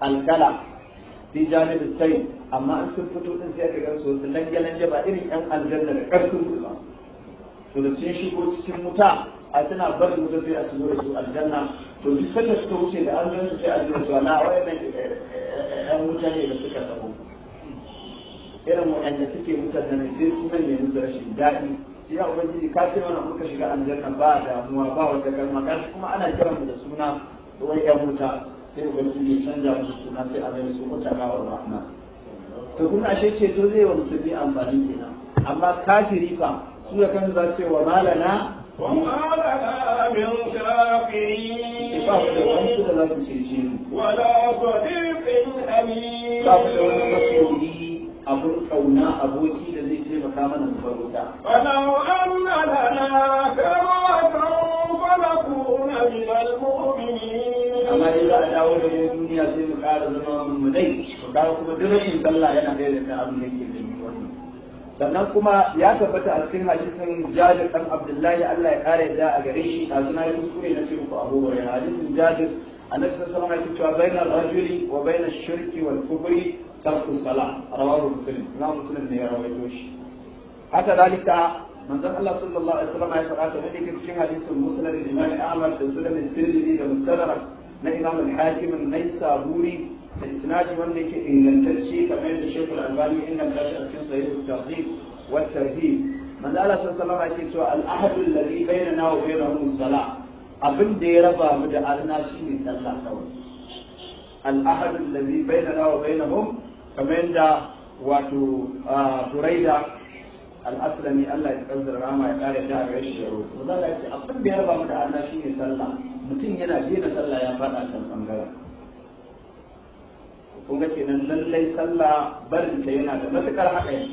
alkala fi janibi sai amma an sun fito din sai aka gansu wasu lange-lange ba irin yan aljanna da karfin su ba to da sun shigo cikin wuta a suna barin wuta sai a su da su aljanna to duk sanda suka wuce da an sai a jira su na wayannan eh, eh, eh, yan wuta ne da suka tabo irin waɗanda suke wutar sai su nan su rashin daɗi sai ya ubangiji ka ce mana muka shiga aljanna ba damuwa ba wata kalma gashi kuma ana kiran mu da suna da wani yan wuta sai ubangiji ya canja musu suna sai a mai su mutaka wa rahman to kun ashe to zai wa musulmi amfani kenan amma kafiri fa su da kansu za ce wa malana وما لنا من شافعين ولا صديق أمين abun kauna aboki da zai taimaka mana mu bar wuta falau anna lana karatan falakuna min almu'minin amma dai za a dawo da mu duniya sai mu ƙara zama mu dai kawo kuma duk rashin sallah yana ɗaya da abin da yake sannan kuma ya tabbata a cikin hadisin jabir ɗan abdullahi Allah ya ƙara yadda a gare shi a zuna kuskure na cikin abubuwa, ya hadisin jabir annabi sallallahu alaihi wasallam ya ce bayna rajuli wa bayna shirki wal kufri tarku sala rawahu muslim na muslim ne ya rawaito shi haka zalika manzon Allah sallallahu alaihi wasallam ya faɗa ta dake cikin hadisin musnad al-imam Ahmad da sunan Tirmidhi da mustadrak na imam al-Hakim an-Naisaburi da isnadi wanda yake ingantacce kamar da Sheikh al-Albani inganta shi a cikin sahih al-Targhib wa tarhib manzon Allah sallallahu alaihi wasallam yake cewa al-ahad alladhi bainana wa bainahum as-salah abin da ya raba mu da arna shine sallah kawai kamar yadda wato Buraida al-Aslami Allah ya kazzar rama ya kare da gare shi yaro to za ce abin da ya raba mu da Allah shine sallah mutum yana daina sallah ya fada can bangaren kun ga kenan lallai sallah barin ta yana da matukar haƙari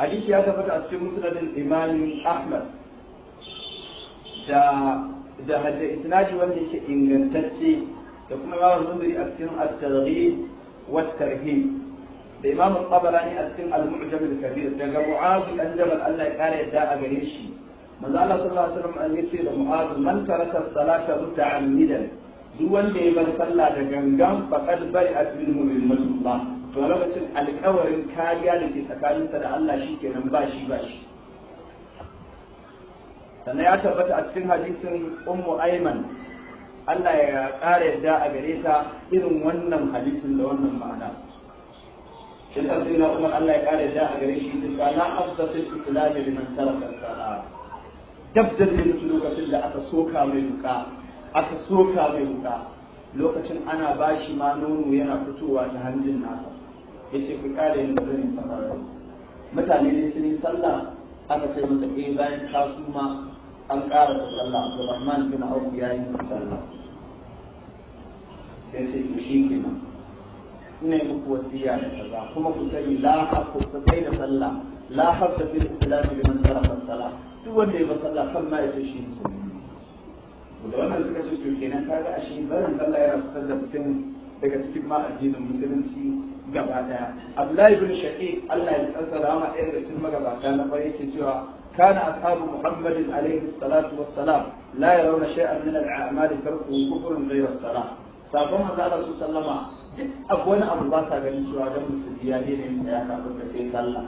hadisi ya tabbata a cikin musulmanin imami Ahmad da da hadda isnadi wanda yake ingantacce da kuma yawon zumbiri a cikin at-targhib wat-tarhib da kabara tabarani a cikin al-mu'jam kabir daga mu'az dan jabal Allah ya kare yadda a gare shi manzo Allah sallallahu alaihi wasallam ya ce da mu'az man taraka salata muta'ammidan duk wanda ya bar sallah da gangan faqad bari'at minhu mimmatullah to lokacin alƙawarin kariya da ke tsakaninsa da Allah shi kenan ba shi ba shi sannan ya tabbata a cikin hadisin ummu aiman Allah ya ƙara yadda a gare ta irin wannan hadisin da wannan ma'ana shin na umar Allah ya ƙara da a gare shi duk na afta fil islam liman taraka salat dab da mutu lokacin da aka soka mai duka aka soka mai duka lokacin ana bashi ma nono yana fitowa ta hannun nasa yace ku kare ni gurin fara mutane ne sun yi sallah aka ce masa eh bayan kasuma an ƙara da sallah Abdulrahman bin Auf ya yi sallah sai sai shi kenan ina muku wasiya da kaza kuma ku sani la haqqu da sallah la haqqu fil islam liman taraka salah duk wanda ya ba sallah kan ma ya tashi musulmi da wannan suka ce to kenan kaga barin sallah yana fitar da mutum daga cikin ma addinin musulunci gaba daya Abdullahi bin shaqi Allah ya tsantsara ma ɗaya da cikin magabata na fara yake cewa كان أصحاب محمد عليه الصلاة والسلام لا يرون شيئا من الأعمال تركه كفر غير الصلاة sabon manzala su sallama duk abu wani abu ba sa ganin cewa dan musulmi ya daina yin ya kafin da sai sallah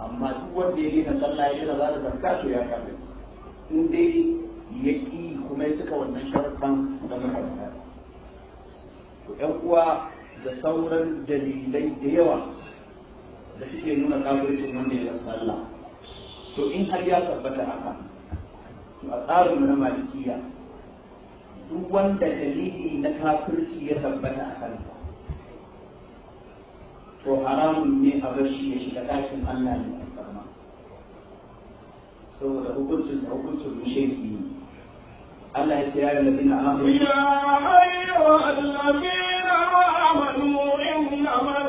amma duk wanda ya daina sallah ya ba da zakka to ya kafa in dai ya ƙi kuma ya cika wannan sharban da muka faɗa to ƴan uwa da sauran dalilai da yawa da suke nuna kafircin wanda ya sallah to in har ya tabbata haka to a tsarin na malikiya duk wanda dalili na kafirci ya tabbata a kansa to haramun ne a bashi ya shiga ɗakin Allah ne alfarma saboda hukuncin sa hukuncin mushriki ne Allah ya ce ya ladina amanu ya ayyuhallazina amanu innamal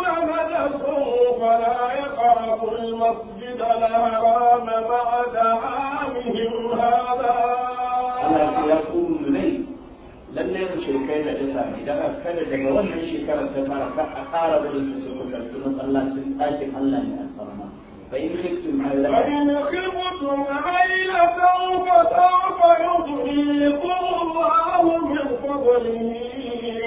na najasun fala yaqrabu المسجد الحرام بعد يقوم mai lallai mushrikai da dasa idan aka kada daga wannan shekarar ta fara ka a fara gurin su su kusanci masallacin ɗakin Allah ne alfarma fa in khiftum ala fa in khiftum ala sawfa sawfa yudhikum Allahu min fadlihi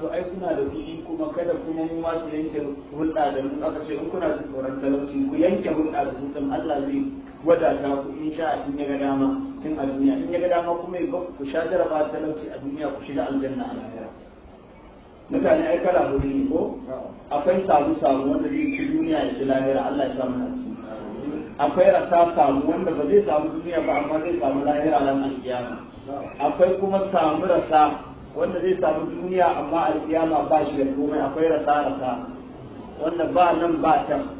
to ai suna da kuɗi kuma kada kuma mu ma su yanke hulɗa da mu aka ce in kuna tsoron talauci ku yanke hulɗa da su dan Allah zai wadata ku in sha a ya ga dama tun a duniya in ya ga dama kuma ya ku sha jaraba talauci a duniya ku shiga aljanna a lahira mutane ai kala hudu ne ko akwai samu samu wanda zai ci duniya ya ci lahira Allah ya samu nasu akwai rasa samu wanda ba zai samu duniya ba amma zai samu lahira ran kiyama akwai kuma samu rasa wanda zai samu duniya amma alkiyama ba shi da komai akwai rasa rasa wanda ba nan ba can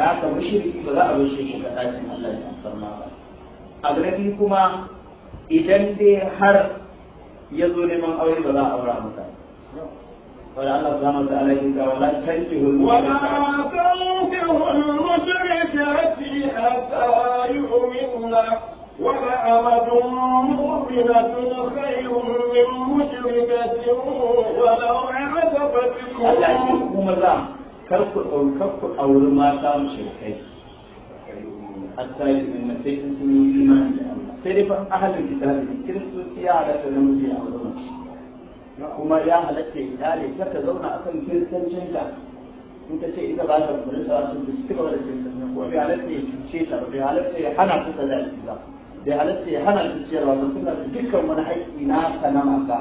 da haka mushriki ba za a rushe shi ga ɗakin Allah da alfarma ba abu na biyu kuma idan dai har ya zo neman aure ba za a aura masa wanda Allah subhanahu wa ta'ala yake cewa la tankihu wa la tankihu al-mushrikati مؤمنة خير من مشركة ولو أعجبتكم kar ku kar ku auri mata mushrikai hatta na sai in sun yi imani da Allah sai dai fa ahalin kitabi kiristoci ya halatta namiji ya auri mace kuma ya halatta ya ne Kar ta zauna akan kiristancinta in ta ce ita ba ta musulun ta su ci gaba da kiristancin kuma bai halatta ya cuce ta ba bai halatta ya hana ta ta zai ba bai halatta ya hana ta ciyarwa ba suna da dukkan wani haƙƙi na ta na mata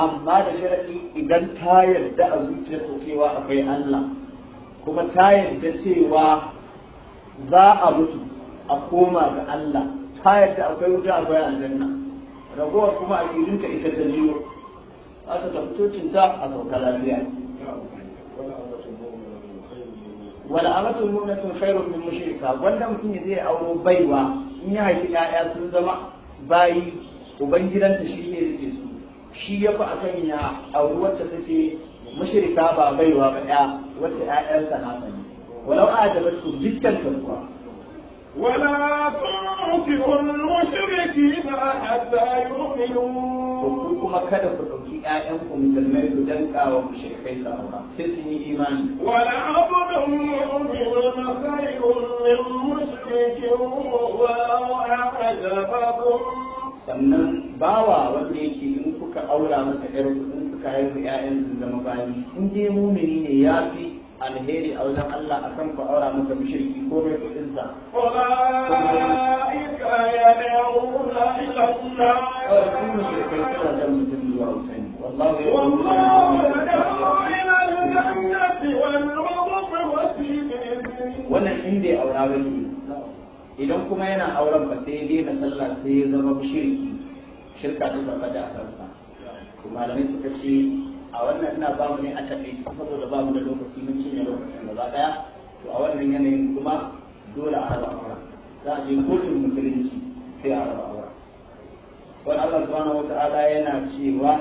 amma da sharaɗi idan ta yarda a zuciyarta cewa akwai Allah kuma ta yarda cewa za a mutu a koma ga Allah ta yarda akwai wuta akwai aljanna ragowar kuma aƙidinta ita ta jiyo za ta tafi cocinta a sauka lafiya wala amatul mu'minatun khairun min mushrika wanda mutum ya zai auro baiwa in ya haifi 'ya'ya sun zama bayi ubangidanta shi ne rike su shi ya a akan ya auri wacce take مشركة بابي وابعاء وسعائلت هاتني ولو أعجبتكم جدا تبقى ولا تنكروا المشركين حتى يؤمنوا كما كان فرقم في آيانكم مثل ملك جنكا ومشرك خيسا وقا سيسني إيمان ولا عبد مؤمن خير من مشرك ولو أعجبكم sannan bawa wanda yake in kuka aura masa yar in suka haihu ƴaƴan sun zama bayi in dai mumini ne ya fi alheri a wajen Allah akan ku aura maka mushriki ko mai kuɗin sa wannan inda ya aura wani idan kuma yana auren ba sai ya daina sallah sai ya zama shirki shirka ta tabbata da kansa to malamai suka ce a wannan ina ba mu ne a tafi saboda ba mu da lokaci mun cinye lokacin gaba daya to a wannan yanayin kuma dole a raba aure za a je kotun musulunci sai a raba aura wani Allah subhanahu wa ta'ala yana cewa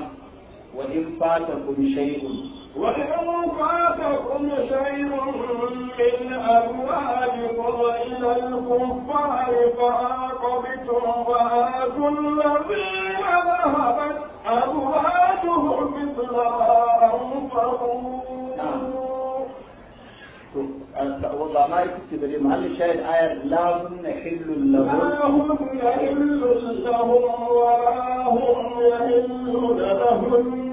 wa in fatakum shay'un وامرأتكم شيء من أبوابكم إلى الكفار فعاقبتم وآتوا الذين ذهبت أبوابهم مثل ما أنفقوا والله ما يكتب لي محل الشاهد آية لا هم حل لهم لا هم يحل لهم ولا هم يحل لهم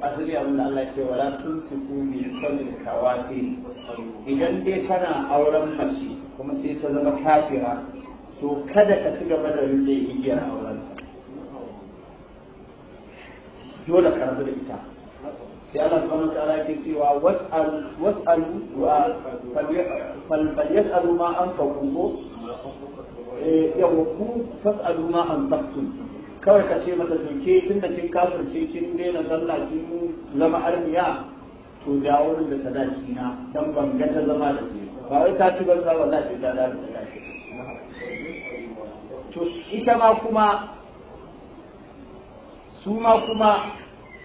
asali abin da Allah ce wala tun tunsiku bi sabil kawafi idan dai kana auren mace kuma sai ta zama kafira to kada ka ci gaba da rinde igiyar auren dole ka rabu da ita sai Allah subhanahu wa ta'ala ke cewa was'al was'al wa yas'alu ma anfaqu ko eh yawa ku fas'alu ma anfaqtum kawai ka ce mata doke tun da kin kafirce kin daina sallah kin zama armiya to da wurin da sadaki na dan ban zama da ke ba wai ta ci banza wallahi sai ta da sadaki to ita ma kuma su ma kuma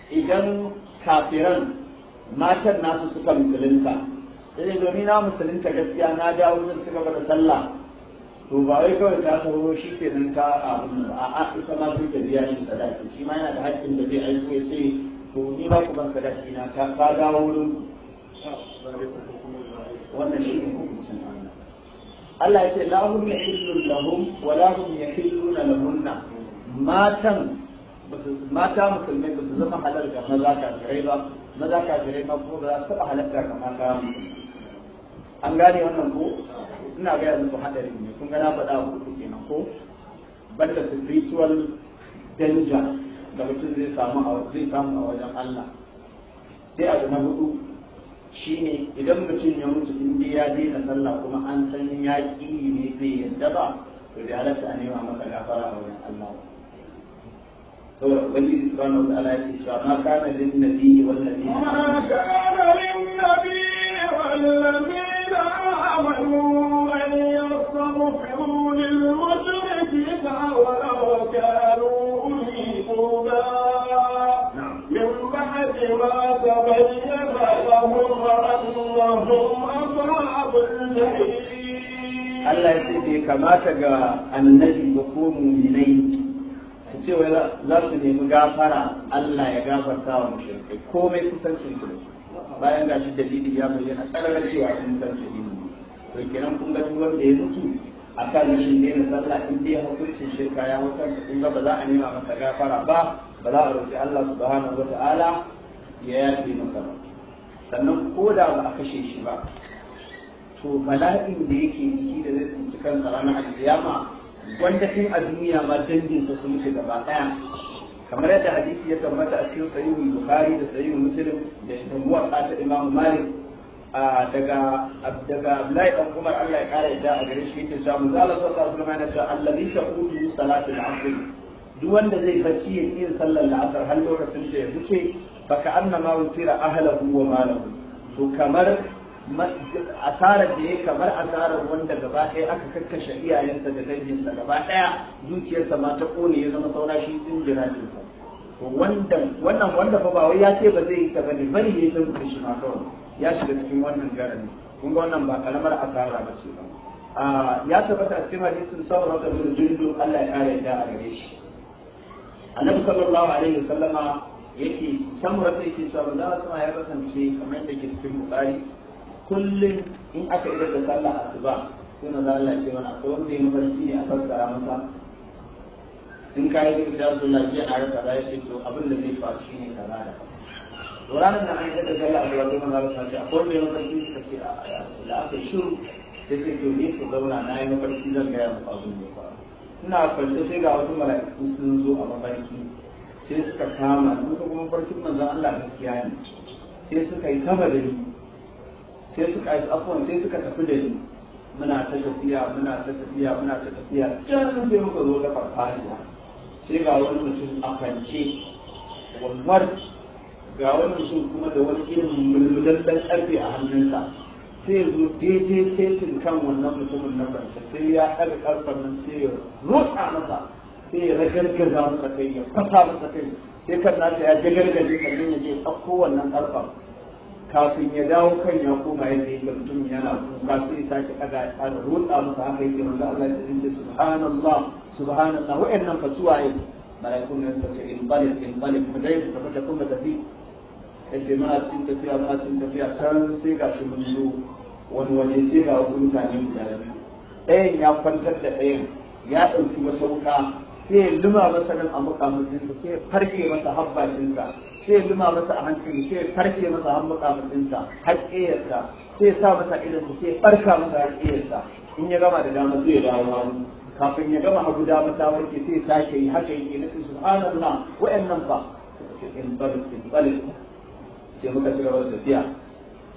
idan kafiran matan nasu suka musulunta sai eh, domin na musulunta gaskiya na dawo zan ci gaba da sallah to ba wai kawai ta sauro shi ke nan ta a a ita ma duk da biya shi sadaki shi ma yana da haƙƙin da zai aiko ya ce to ni ba ku ban sadaki na ta ka dawo wurin wannan shi ne hukuncin Allah ya ce la hum yahillun lahum wa la hum yahilluna lahunna matan mata musulmai ba su zama halal ga maza kafirai ba maza kafirai ma ko ba za su taɓa halatta ga mata an gane wannan ko ina ga yanzu hadarin ne kun ga na faɗa hudu kenan ko banda spiritual danger da mutum zai samu a zai samu a wajen Allah sai abu na hudu shine idan mutum ya mutu in dai ya daina sallah kuma an san ya ƙi ne bai yadda ba to da halatta a nema masa gafara a wajen Allah saboda wani subhanahu wa ta'ala ya ce cewa ma kana lin nabiyyi wal ladina ma kana lin nabiyyi wal ladina آمنوا أن يستغفروا للمشركين ولو كانوا أولي قربى من بعد ما تبين لهم أنهم أصحاب Allah ya ce bai kamata ga annabi ba ko muminai su ce wai za su nemi gafara Allah ya gafarta wa mushrikai komai kusancin su bayan shi dalili ya bayyana tsarar cewa in san shahidi to kenan kun ga duk wanda ya mutu a shi rashin daina sallah in dai hukuncin shirka ya hukar da kun ga ba za a nema masa gafara ba ba za a roƙi Allah subhanahu wata'ala ya yafe masa ba sannan ko da ba a kashe shi ba to bala'in da yake ciki da zai tsinci kansa ranar alkiyama wanda tun a duniya ma dangin su shiga gaba ɗaya kamar yadda hadisi ya tabbata a cikin sahihu bukhari da sahihu muslim da muwatta ta imamu malik daga daga abdullahi dan umar Allah ya kara yadda a gare shi yake cewa manzo Allah sallallahu alaihi wasallam yana cewa allazi taqudu salatul asr duk wanda zai bacci ya yi sallar la'asar har lokacin da ya wuce baka annama wutira ahlahu wa malahu to kamar asarar da ya kamar asarar wanda gaba ɗaya aka kakkashe iyayensa da danginsa gaba ɗaya dukiyarsa ma ta ƙone ya zama saura shi ɗin jiraginsa wannan wanda fa ba wai ya ce ba zai yi ta ne bari ya ta kashi ma kawai ya shiga cikin wannan garani kun ga wannan ba karamar asara ba ce ba ya tabbata a cikin hadisin sauran wata bin jirgin Allah ya ƙara da a gare shi annabi sallallahu alaihi wasallama yake samura yake cewa da sama ya kasance kamar yadda ke cikin bukari kullum in aka idar da sallah asuba sai na lalace mana akwai wanda ya mafarki ne a fassara masa in ka yi zai ta na iya a rasa zai ce to abin da zai faru shi ne kaza da to ranar da an yi da sallah asuba sai maza su ce akwai wanda ya mafarki suka ce a yasu da aka shiru sai ce to ne ku zauna na yi mafarki zan gaya muku abin da ya faru ina kwance sai ga wasu mala'iku sun zo a mafarki sai suka kama sun san kuma farkin manzon Allah gaskiya ne sai suka yi sama da ni sai suka afwan sai suka tafi da ni muna ta tafiya muna ta tafiya muna ta tafiya can sai muka zo da farfajiya sai ga wani mutum a kwance wangwar ga wani mutum kuma da wani irin dan karfe a hannunsa sai zo daidai setin kan wannan mutumin na kwance sai ya ɗaga karfen nan sai ya rotsa masa sai ya ragargaza masa kai ya fasa masa kai sai kan nasa ya jagargaje sannan ya je ɗauko wannan karfen kafin ya dawo kan ya koma yadda yake mutum yana kuka sai sake kada a ƙara rutsa musu haka yake manzo Allah ya rinje subhanallah subhanallah wa'annan fasuwa ne mala'ikun nan suka ce in balin in balin mu dai ka fita kuma tafi kace ma sun tafiya ma sun tafiya can sai ga shi mun zo wani waje sai ga wasu mutane guda biyu ɗayan ya kwantar da ɗayan ya ɗauki masauka, sai ya luma masa nan a muƙamukinsa sai ya farke masa habbacinsa sai luma masa a hancin sai farce masa hammuka mutunsa har ƙeyarsa sai sa masa idansa sai barka masa har ƙeyarsa in ya gama da dama sai ya dawo hannu kafin ya gama hagu dama ta warke sai sake yi haka yake na subhanallah nan ba suka ce in bal in bal sai muka ci gaba da tafiya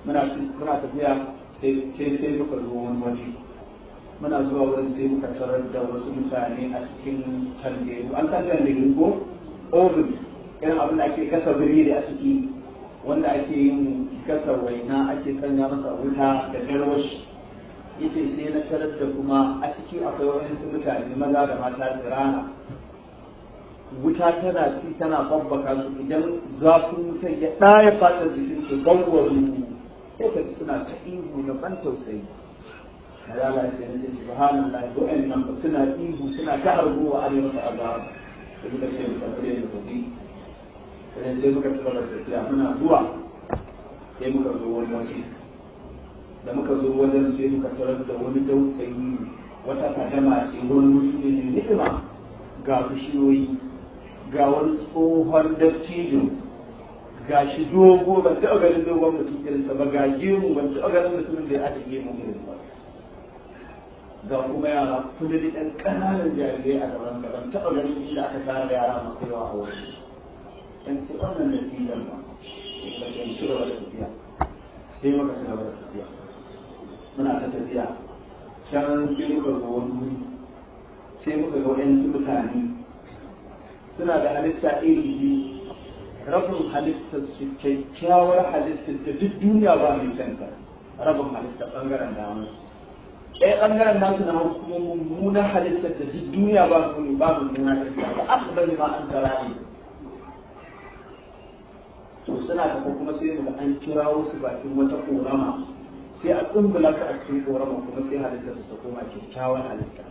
muna muna tafiya sai sai sai muka zo wani waje muna zuwa wurin sai muka tarar da wasu mutane a cikin tanderu an san tanderu ko oven irin abin da ake kasar biriri da a ciki wanda ake yin waina ake sanya masa wuta da garwashi yace sai na tarar da kuma a ciki akwai waɗansu mutane maza da mata rana wuta tana ci tana babbaka su idan zafin wutar ya ɗaya fatar jikin su gangwar sai ka suna ta ihu na ban tausayi halala ce na sai subhanallah wa'annan suna ihu suna ta harbuwa a ne masa sai ce da da kuɗi sai sai muka ci gaba da tafiya muna zuwa sai muka zo wani waje da muka zo wajen sai muka tarar da wani dausayi wata kadama ce wani mutu ne ni'ima ga bishiyoyi ga wani tsohon dattijo ga shi dogo ban taɓa ganin dogon mutum sa ba ga gemu ban taɓa ganin mutumin da ya aka gemu sa ga kuma yara kuma da ɗan ƙananan jarirai a sa ban taɓa ganin inda aka tara yara masu yawa a wurin. can ce wannan natijar ba da kan shi gaba da tafiya sai muka ci gaba da tafiya muna ta tafiya can sai muka ga wani wuri sai muka ga wayansu mutane suna da halitta iri biyu rabin halittar su kyakkyawar halittar da duk duniya ba mai canta rabin halitta bangaren damar su ɗaya ɓangaren nasu na kuma mummunan halittar da duk duniya ba su ne ba mummuna da ba a ba ma an tara ne to suna tafi kuma sai daga an kira wasu bakin wata korama sai a tsumbula su a cikin korama kuma sai halitta su ta koma kyakkyawan halitta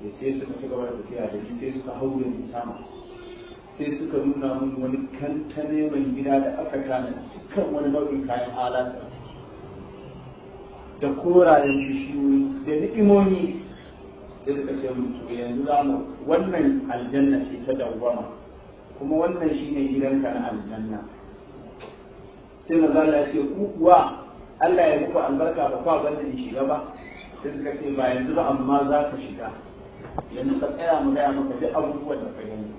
sai sai suka ci gaba da tafiya da ni sai suka hau yanzu sama sai suka nuna mun wani kantane mai gida da aka kana dukkan wani nau'in kayan alata a ciki da korayen bishiyoyi da ni'imomi sai suka ce mun yanzu za mu wannan aljanna ce ta dawwama kuma wannan shi shine gidanka na aljanna sai na zala ya ce ku kuwa Allah ya muku albarka ba kwa banda ni shiga ba sai suka ce ba yanzu ba amma za ka shiga yanzu ka tsaya mu gaya maka duk abubuwan da ka gani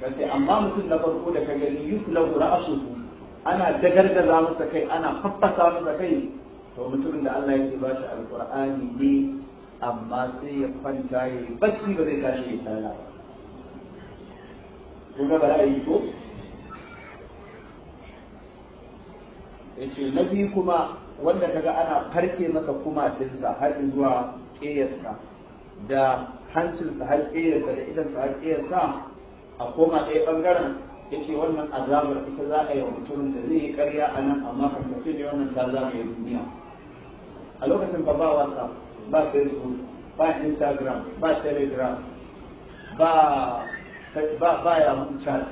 ka ce amma mutum na farko da ka gani yuslahu ra'suhu ana dagargaza masa kai ana faffasa masa kai to mutumin da Allah yake ba shi alqur'ani ne amma sai ya kwanta ya bacci ba zai tashi ya sallah ba kun ga yi ko yace na biyu kuma wanda kaga ana farke masa kumacinsa har zuwa ƙeyarsa da hancinsa har ƙeyarsa da idansa har ƙeyarsa a koma ɗaya ɓangaren ya ce wannan azabar ita za a yi mutumin da zai yi ƙarya a nan amma karkace ne wannan ta za yi duniya a lokacin ba ba wasa ba facebook ba instagram ba telegram ba ba ya mutunta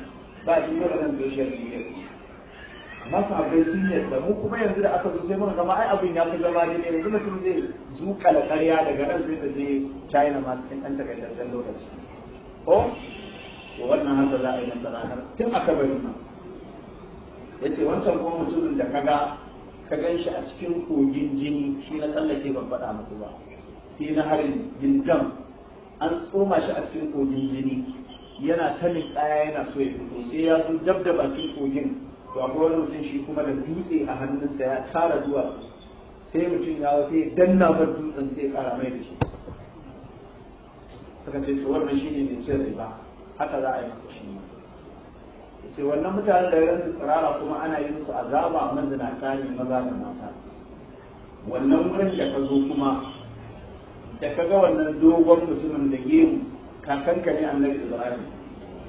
ba shi ne wannan social media amma sahabbai sun yadda mu kuma yanzu da aka zo sai mun zama, ai abin ya fi zama ne yanzu mutum zai zuƙa da ƙarya daga nan sai ta je China ma cikin ɗan takaitaccen lokaci ko to wannan haka za a yi masa ranar tun aka kabarin ma? ya ce wancan kuma mutumin da kaga ka gan shi a cikin kogin jini shi na tsallake ban faɗa muku ba sai na harin gindam an tsoma shi a cikin kogin jini yana ta tsaya yana so ya fito sai ya zo dab da bakin kogin to akwai wani mutum shi kuma da dutse a hannunsa ya tara zuwa sai mutum ya wasu ya danna bar dutsen sai ya kara mai da shi suka ce to wannan ne mai cin riba haka za a yi masa shi ce wannan mutanen da ya tsirara kuma ana yi musu azaba mazinata kani maza da mata wannan wurin da ka zo kuma da ka ga wannan dogon mutumin da gemu kakanka ne annabi ibrahim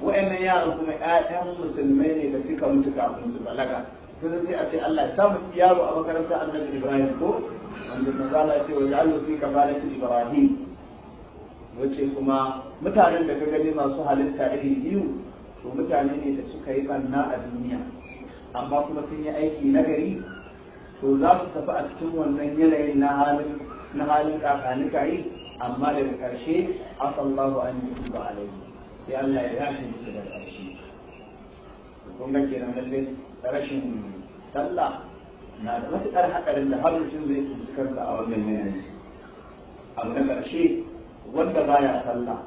wa'annan yaran kuma ƴaƴan musulmai ne da suka mutu kafin su balaga to sai a ce Allah ya samu yaro a makarantar annabi ibrahim ko wanda manzala ce wa ja'alu fi kafalati ibrahim wace kuma mutanen da ka gani masu halitta iri biyu to mutane ne da suka yi banna a duniya amma kuma sun yi aiki nagari to za su tafi a cikin wannan yanayin na halin na halin amma daga ƙarshe asallahu an yi ba alaihi sai Allah ya yafe musu da ƙarshe kun ga kenan lalle rashin sallah na da matuƙar haɗarin da har mutum zai tsinci kansa a wannan yanayi abu na ƙarshe wanda baya sallah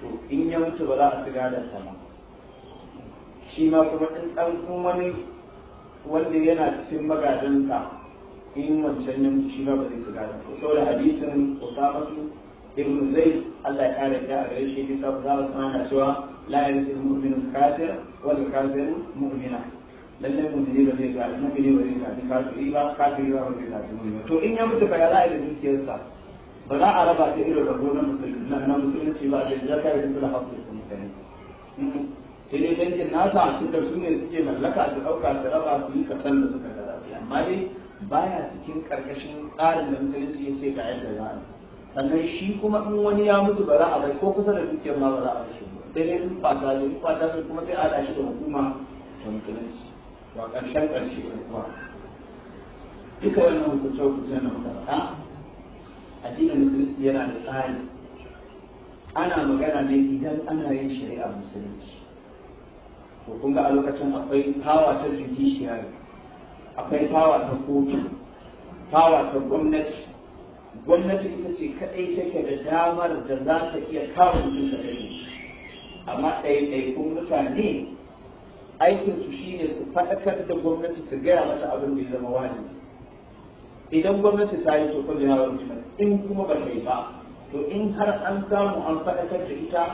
to in ya mutu ba za a ci da sama shi ma kuma ɗan ɗan wani wanda yana cikin magajinsa. in wancan nan shi ba zai shiga da su saboda hadisin usamatu ibn zaid Allah ya kare ya a gare shi da sabu za su mana cewa la yanzu mu'minu kafir wal kafir mu'mina lalle mun ne da zai ga annabi ne ba zai ga kafiri ba kafiri ba zai ga mu'mina to in ya mutu fa ya la a yi ba za a raba ta irin rabo na musulmi na musulunci ba da zakar da sulhu haƙƙin mutane sai dai dangin nasa tunda su ne suke mallaka su ɗauka su raba su yi kasan da suka gaza su amma dai baya cikin karkashin tsarin da musulunci ya ce ga yadda za a sannan shi kuma in wani ya mutu ba za a bai ko kusa da dukiyar ma ba za a bashi sai dai in fata da in fata kuma sai a dashi da hukuma ta musulunci wa ƙarshen ƙarshe ko kuma duka wannan hukuncin hukuncin na makarata addinin musulunci yana da tsari ana magana ne idan ana yin shari'a musulunci to kun ga a lokacin akwai hawa ta judiciary akwai fawa ta kotu fawa ta gwamnati gwamnati ita ce kaɗai take da damar da za ta iya kawo mutum da gani amma ɗaiɗaikun mutane aikinsu shine su faɗakar da gwamnati su gaya mata abin da ya zama wajibi idan gwamnati ta yi to da yawon mutum in kuma ba ta yi ba to in har an samu an faɗakar da ita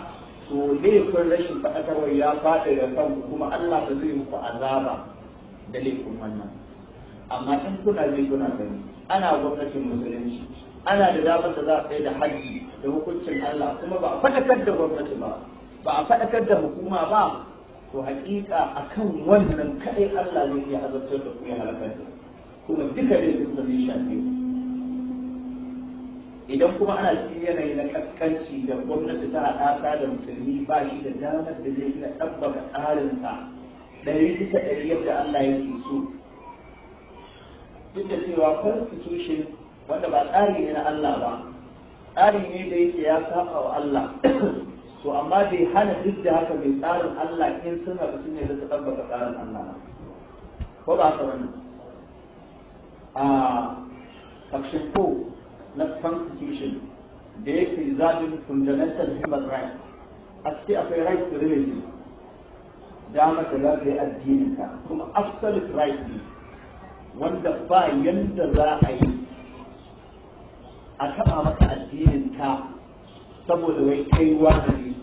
to laifin rashin faɗakarwa ya faɗa da kanku kuma Allah ba zai muku azaba da laifin wannan amma in kuna ji kuna gani ana gwamnatin musulunci ana da damar da za a tsaye da hajji da hukuncin Allah kuma ba a faɗakar da gwamnati ba ba a faɗakar da hukuma ba to haƙiƙa akan wannan kaɗai Allah zai iya azabtar da ku ya halakar da kuma duka da yin zai shafi. idan kuma ana cikin yanayi na kaskanci da gwamnati ta haɗaka da musulmi ba shi da damar da zai iya ɗabbaka tsarinsa ɗari bisa ɗari yadda Allah yake so duk da cewa constitution wanda ba tsari ne na Allah ba tsari ne da yake ya saba wa Allah to amma bai hana duk da haka mai tsarin Allah in sun haɗu sun ne da su ɗabbaka tsarin Allah ko ba ka wannan a section 4 na constitution da yake zaɓin fundamental human rights a ciki akwai right to religion dama da za ka yi addininka kuma absolute right ne wanda ba yanda za a yi a taɓa maka addinin ta saboda wai kai wani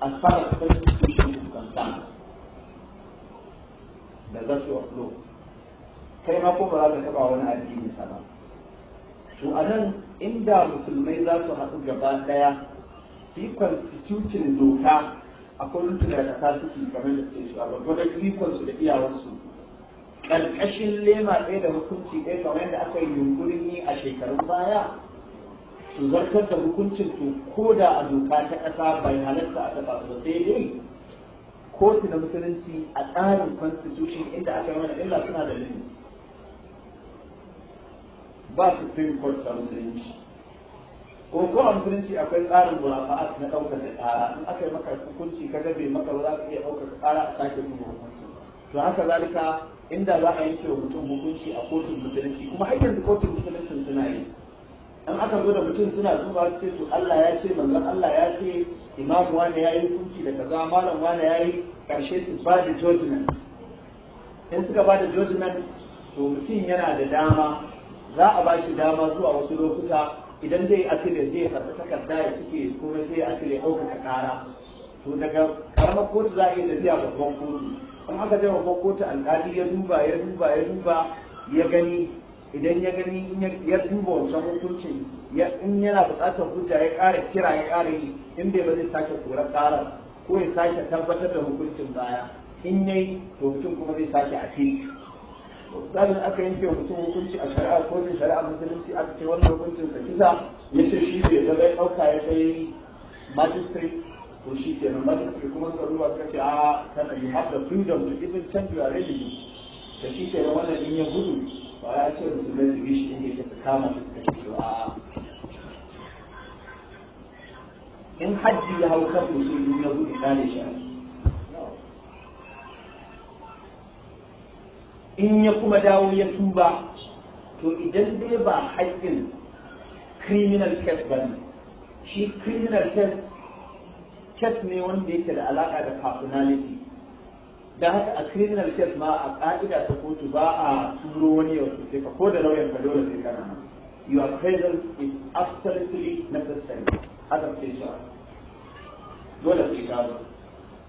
as far as su kan sa, da za su aflo kai ma ko ba za ka taɓa wani addini sa ba to a nan inda musulmai za su haɗu gaba ɗaya su yi constitution doka akwai rukun da ta suke kamar da suke shi a gwargwadon ikonsu da iyawarsu ƙarƙashin lema ɗaya da hukunci ɗaya kamar yadda aka yi yunkurin yi a shekarun baya su zartar da hukuncin to ko da a doka ta ƙasa bai halatta a taɓa su sai dai kotu na musulunci a tsarin constitution inda aka yi mana illa suna da limit ba su court a musulunci ko ko a musulunci akwai tsarin murafa'at na ɗaukar da ƙara in aka yi maka hukunci ka gabe maka ba za ka iya ɗaukar ƙara a sake kuma hukunci to haka zalika inda za a yanke wa mutum hukunci a kotun musulunci kuma aikin su kotun musulunci suna yi in aka zo da mutum suna duba sai to Allah ya ce manzon Allah ya ce imam wani ya yi hukunci da kaza malam wani ya yi karshe su ba da judgment in suka ba da judgment to mutum yana da dama za a ba shi dama zuwa wasu lokuta idan zai asiri zai karɓi takarda ya cike kuma zai ya ɗaukaka ƙara to daga karamar kotu za a iya tafiya babban kotu kuma aka je ko kotu alƙali ya duba ya duba ya duba ya gani idan ya gani ya duba wancan hukuncin in yana buƙatar hujja ya ƙara kira ya ƙara yi in bai ba zai sake tsoron ƙara ko ya sake tabbatar da hukuncin baya in yayi to mutum kuma zai sake a ce misalin aka yanke mutum hukunci a shari'a ko min shari'a musulunci aka ce wannan hukuncin sa kisa ya ce shi bai ga bai ɗauka ya kai magistrate to shi ke nan majalisar kuma suka duba suka ce a kana yi have the freedom to even change your religion da shi ke nan wannan in ya gudu ba ya ce su ne su gishi inda ya kama su suka ce a in hajji ya hau kan mutum ya gudu kare shi in ya kuma dawo ya tuba to idan dai ba haƙƙin criminal case ba ne shi criminal case kes ne wanda yake da alaka da personality da haka a criminal kes ma a ƙa'ida ta kotu ba a turo wani yau sosai ka ko da lauyan ka dole sai kana your presence is absolutely necessary haka suke special, dole sai ka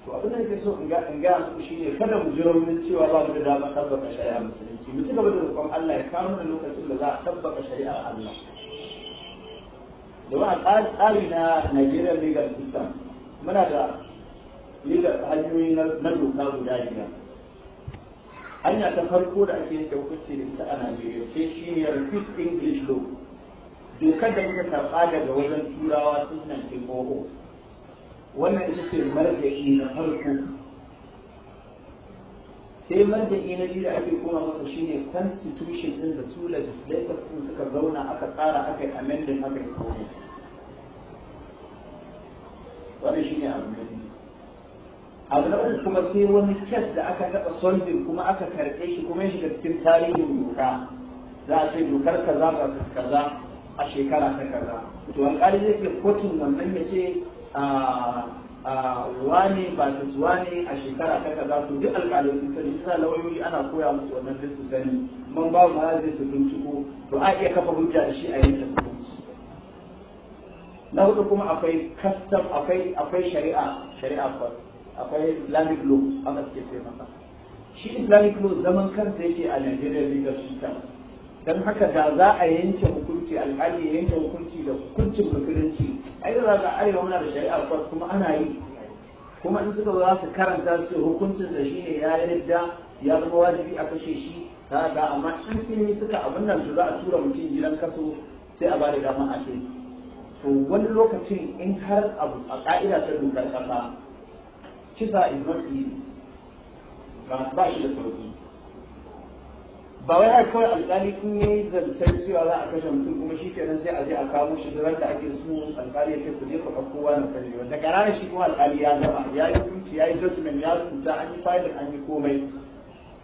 to abin da nake so in ga in ga muku shine kada mu jira mun cewa ba mu da dama tabbata shari'a musulunci mu ci gaba da roƙon Allah ya kawo mana lokacin da za a tabbata shari'a Allah ba a tsari na Nigeria legal system muna da yadda hanyoyi na doka guda biyar hanya ta farko da ake yanke hukunci da ita a Najeriya ce shi ne Refit English Law dokar da muka karɓa daga wajen turawa sun nan tekoho oh. wannan ita ce marja'i na farko sai marja'i na biyu da ake koma masa shi ne constitution ɗin da su legislators ɗin suka zauna aka tsara aka yi amendin aka yi wani shi ne abu kuma sai wani kek da aka taɓa solving kuma aka karɓe shi kuma ya shiga cikin tarihin doka za a ce dokar kaza ba kaza a shekara ta kaza to an ƙari zai ke kotun wannan ya ce ah, ah, wane ba su wane a shekara ta kaza to duk alƙalai sun sani ta lauyoyi ana koya musu wannan duk su sani man mu ma zai su binciko to a iya kafa hujja da shi a yin tafiya na hudu kuma akwai custom akwai akwai shari'a shari'a akwai islamic law aka suke ce masa shi islamic law zaman kansa yake a Nigeria legal system dan haka da za a yanke hukunci alƙali ya yanke hukunci da hukuncin musulunci ai da za a arewa muna da shari'a ko kuma ana yi kuma in suka za su karanta su hukuncin da shi ne ya yarda ya zama wajibi a kashe shi kaga amma in sun yi suka abin nan to za a tura mutum gidan kaso sai a ba da dama a kai to wani lokacin in har abu a ka'ida ta dokar kasa kisa in not ba ba shi da sauki ba wai har kawai alƙali in yi zancen cewa za a kashe mutum kuma shi kenan sai a je a kawo shi da da ake so alƙali ya ce ku je ku ɗauko wani kashe wanda ƙananan shi kuma alƙali ya zama, ya yi hukunci ya yi judgment ya rubuta an yi filin an yi komai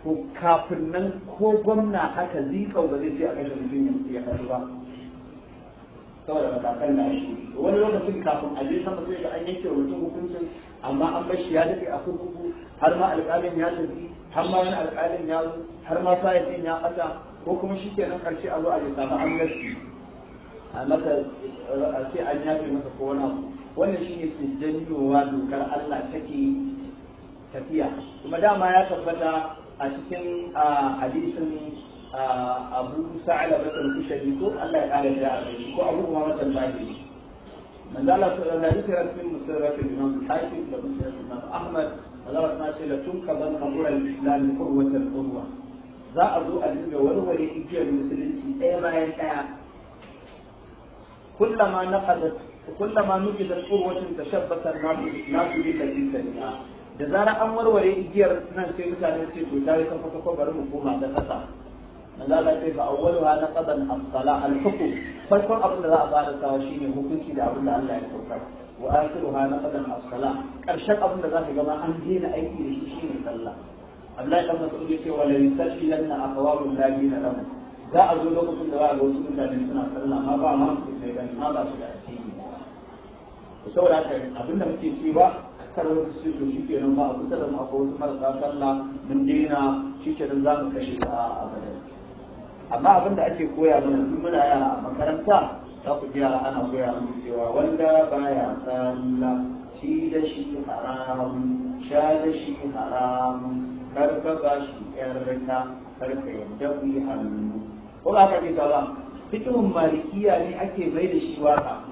to kafin nan ko gwamna haka zikau ba zai ce a kashe mutum ya kasu ba saboda matakan na shi wani lokacin kafin a je sama zai ga an yanke mutum hukuncin amma an bar shi ya daɗe a kurkuku har ma alƙalin ya tafi har ma wani alƙalin ya zo har ma sa'in din ya ɓata ko kuma shi kenan ƙarshe a zo a je samu an gaske a masa a ce an yafe masa ko wani abu wannan shi ne ke janyowa dokar Allah take tafiya kuma dama ya tabbata a cikin hadisin abu sa'ala batan kushe ne ko Allah ya kare da abin ko abu kuma batan bani ne man da Allah sallallahu alaihi wasallam sai rasulun musallatin da al-hakim da musallatin imam ahmad Allah ta ce la tun ka ban kabura al-islam qurwat al-qurwa za a zo a dinga warware igiyar musulunci ɗaya bayan ɗaya kullama naqadat kullama nujidat qurwatin na ma'a nasu bi tajiddani da zarar an warware igiyar nan sai mutane sai to tare ka fasa ko bari mu da kasa manzo Allah ce fa awwaluha naqadan as-sala al-hukm farkon abin da za a fara sawa shine hukunci da abin da Allah ya saukar wa akhiruha naqadan as-sala karshen abin da za ka gama an daina aiki da shi shine sallah Abdullahi dan Mas'ud ya ce wa la yusallilanna aqwalul na lam za a zo lokacin da za a ga wasu mutane suna sallah ma ba ma su da gani ba su da addini kar wasu su to shikenan ba a kusa da mu akwai wasu marasa sallah mun daina nan za mu kashe ta a abada amma abin da ake koya mana duk muna a makaranta za ku yara ana koya musu cewa wanda baya sallah ci da shi haramun sha da shi haramun karka ba shi yarka karka yadda ku yi hannu ko ba ka ce sauran fikirin malikiya ne ake mai da shi waka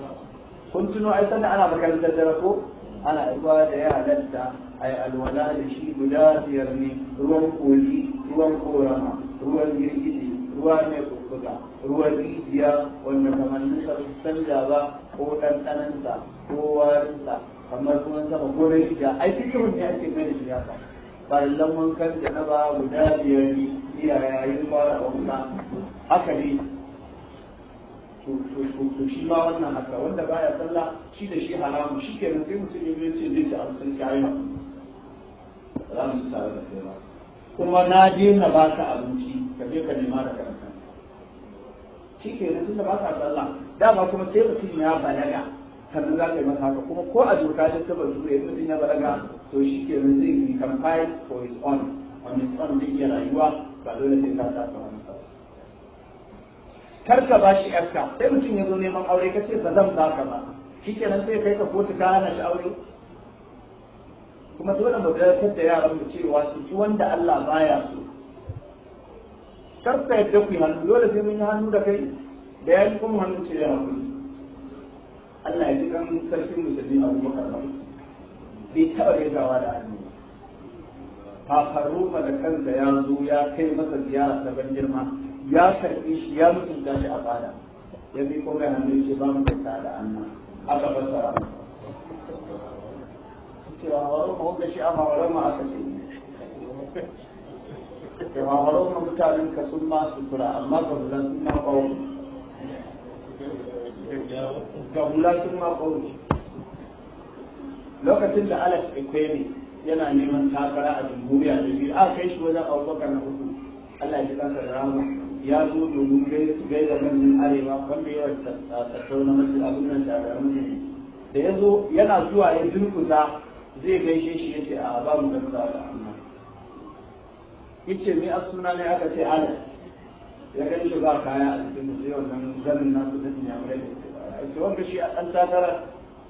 kun tuno ai sanda ana makarantar dare ko ana ruwa da ya halatta ai alwala da shi guda biyar ne ruwan koli ruwan korama ruwan girgije ruwa mai kukkuka ruwan rijiya wanda kamanninsa su canza ba ko ɗanɗanansa ko warinsa kamar kuma sama ko na rijiya ai duk ne ake mai da shi haka farallan wankan da na ba guda biyar ne iya yayin fara wanka haka ne to shi ma wannan haka wanda baya sallah shi da shi haramu shi kenan sai mutum ya ce zai ci abu sun ci za mu ci tare da kai ba kuma na dena ba ka abinci ka je ka nema da kanka shi ke nan tunda ba ka sallah dama kuma sai mutum ya balaga sannan za ka yi masa haka kuma ko a doka da ta bazu ya mutum ya balaga to shi ke nan zai yi campaign for his own on his own zai iya rayuwa ba dole sai ka sa ka masa kar ka ba shi yarka sai mutum ya zo neman aure ka ce ba zan ba ka ba shi ke nan sai kai ka kotu ka hana shi aure kuma dole mu ga da yaran mu cewa su ki wanda Allah baya so kar ka yadda ku yi hannu dole sai mun yi hannu da kai da ya yi kuma hannu ce ya hannu Allah ya ji kan sarkin musulmi a kuma karɓar bai taɓa gaisawa da hannu Fafaruma da kansa ya zo ya kai masa ziyara ta ban girma ya karɓi shi ya mutunta shi a fada ya bi kuma hannu ce ba mu gaisa da Allah aka fassara masa cewa wa ma wanda shi amma wa ma aka ce sai ma waro ma mutanen ka sun ma sutura amma ba mu sun ma bawo ga hula sun ma ne lokacin da Alex Ekwemi yana neman takara a jamhuriya da biyu a kai shi wajen abubakar na hudu Allah ya kansa da rama ya zo domin da ganin arewa wanda yawan sassau na masu abin nan da da da ya zo yana zuwa ya durkusa zai gaishe shi yace a ba mu gaskiya amma yace ni as suna ne aka ce Alex, ya gani shi ba kaya a cikin sai wannan zanin nasu da inyamurai da suke ba ce wanda shi a ɗan takara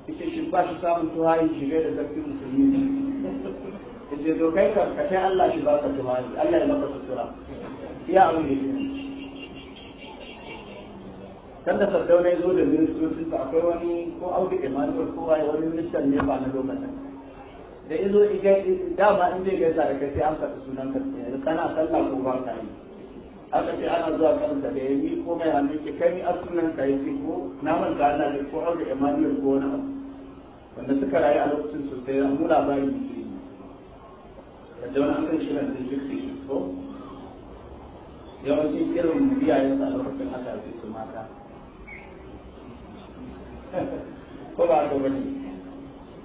yace shi ba shi samun tuhayi shige da sarki musulmi yace to kai ka kace Allah shi ka tuhayi Allah ya maka sutura iya abin da yake sanda sardauna ya zo da ministocinsa akwai wani ko audi emmanuel kowa wani ministan ne ba na lokacin da izo iga dama in zai gaisa da kai sai an faɗi sunan ka yanzu kana sallah ko ba ka yi aka ce ana zuwa kan da ya yi ko mai hannu ce kai ni asunan ka yi sai ko na manta na da ko aure Emmanuel ko wani abu wanda suka rayu a lokacin sosai an mu labari ne ke yi kaje wani akan shi da shi ko yawancin irin biyayensu a lokacin aka su mata ko ba ka bane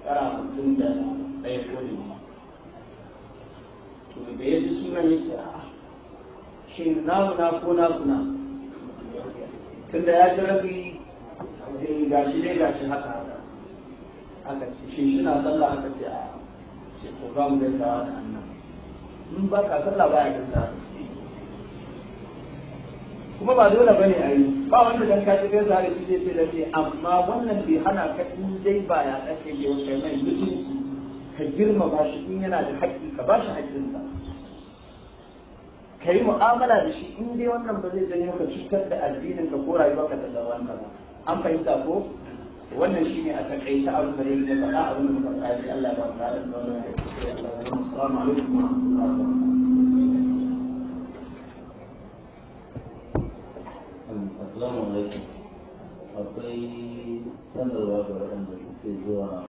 shekara hamsin da ɗaya ko to da ya ji sunan ya ce a shin namu na ko nasu na tunda ya ji rabi eh, gashi dai gashi haka aka ce shi shi na sallah haka ce a ce to ba mu da tsawa da annan in ba ka sallah ba ya gaisa kuma ba dole bane a yi ba wanda dan kaji zai zare shi zai ce da amma wannan bai hana ka in dai ba ya tsake ke wata mai mutunci ka girmama shi in yana da haƙƙi ka ba shi haƙƙinsa ka yi mu'amala da shi in dai wannan ba zai janyo ka cutar da addinin ka ko rayuwa ka da sauran ka ba an fahimta ko wannan shine a takaice abin da yake da faɗa abin da muka tsaya Allah ya ba mu da sauran assalamu alaikum wa rahmatullahi wa barakatuh Assalamu alaikum. Akwai sanarwa ga waɗanda suke zuwa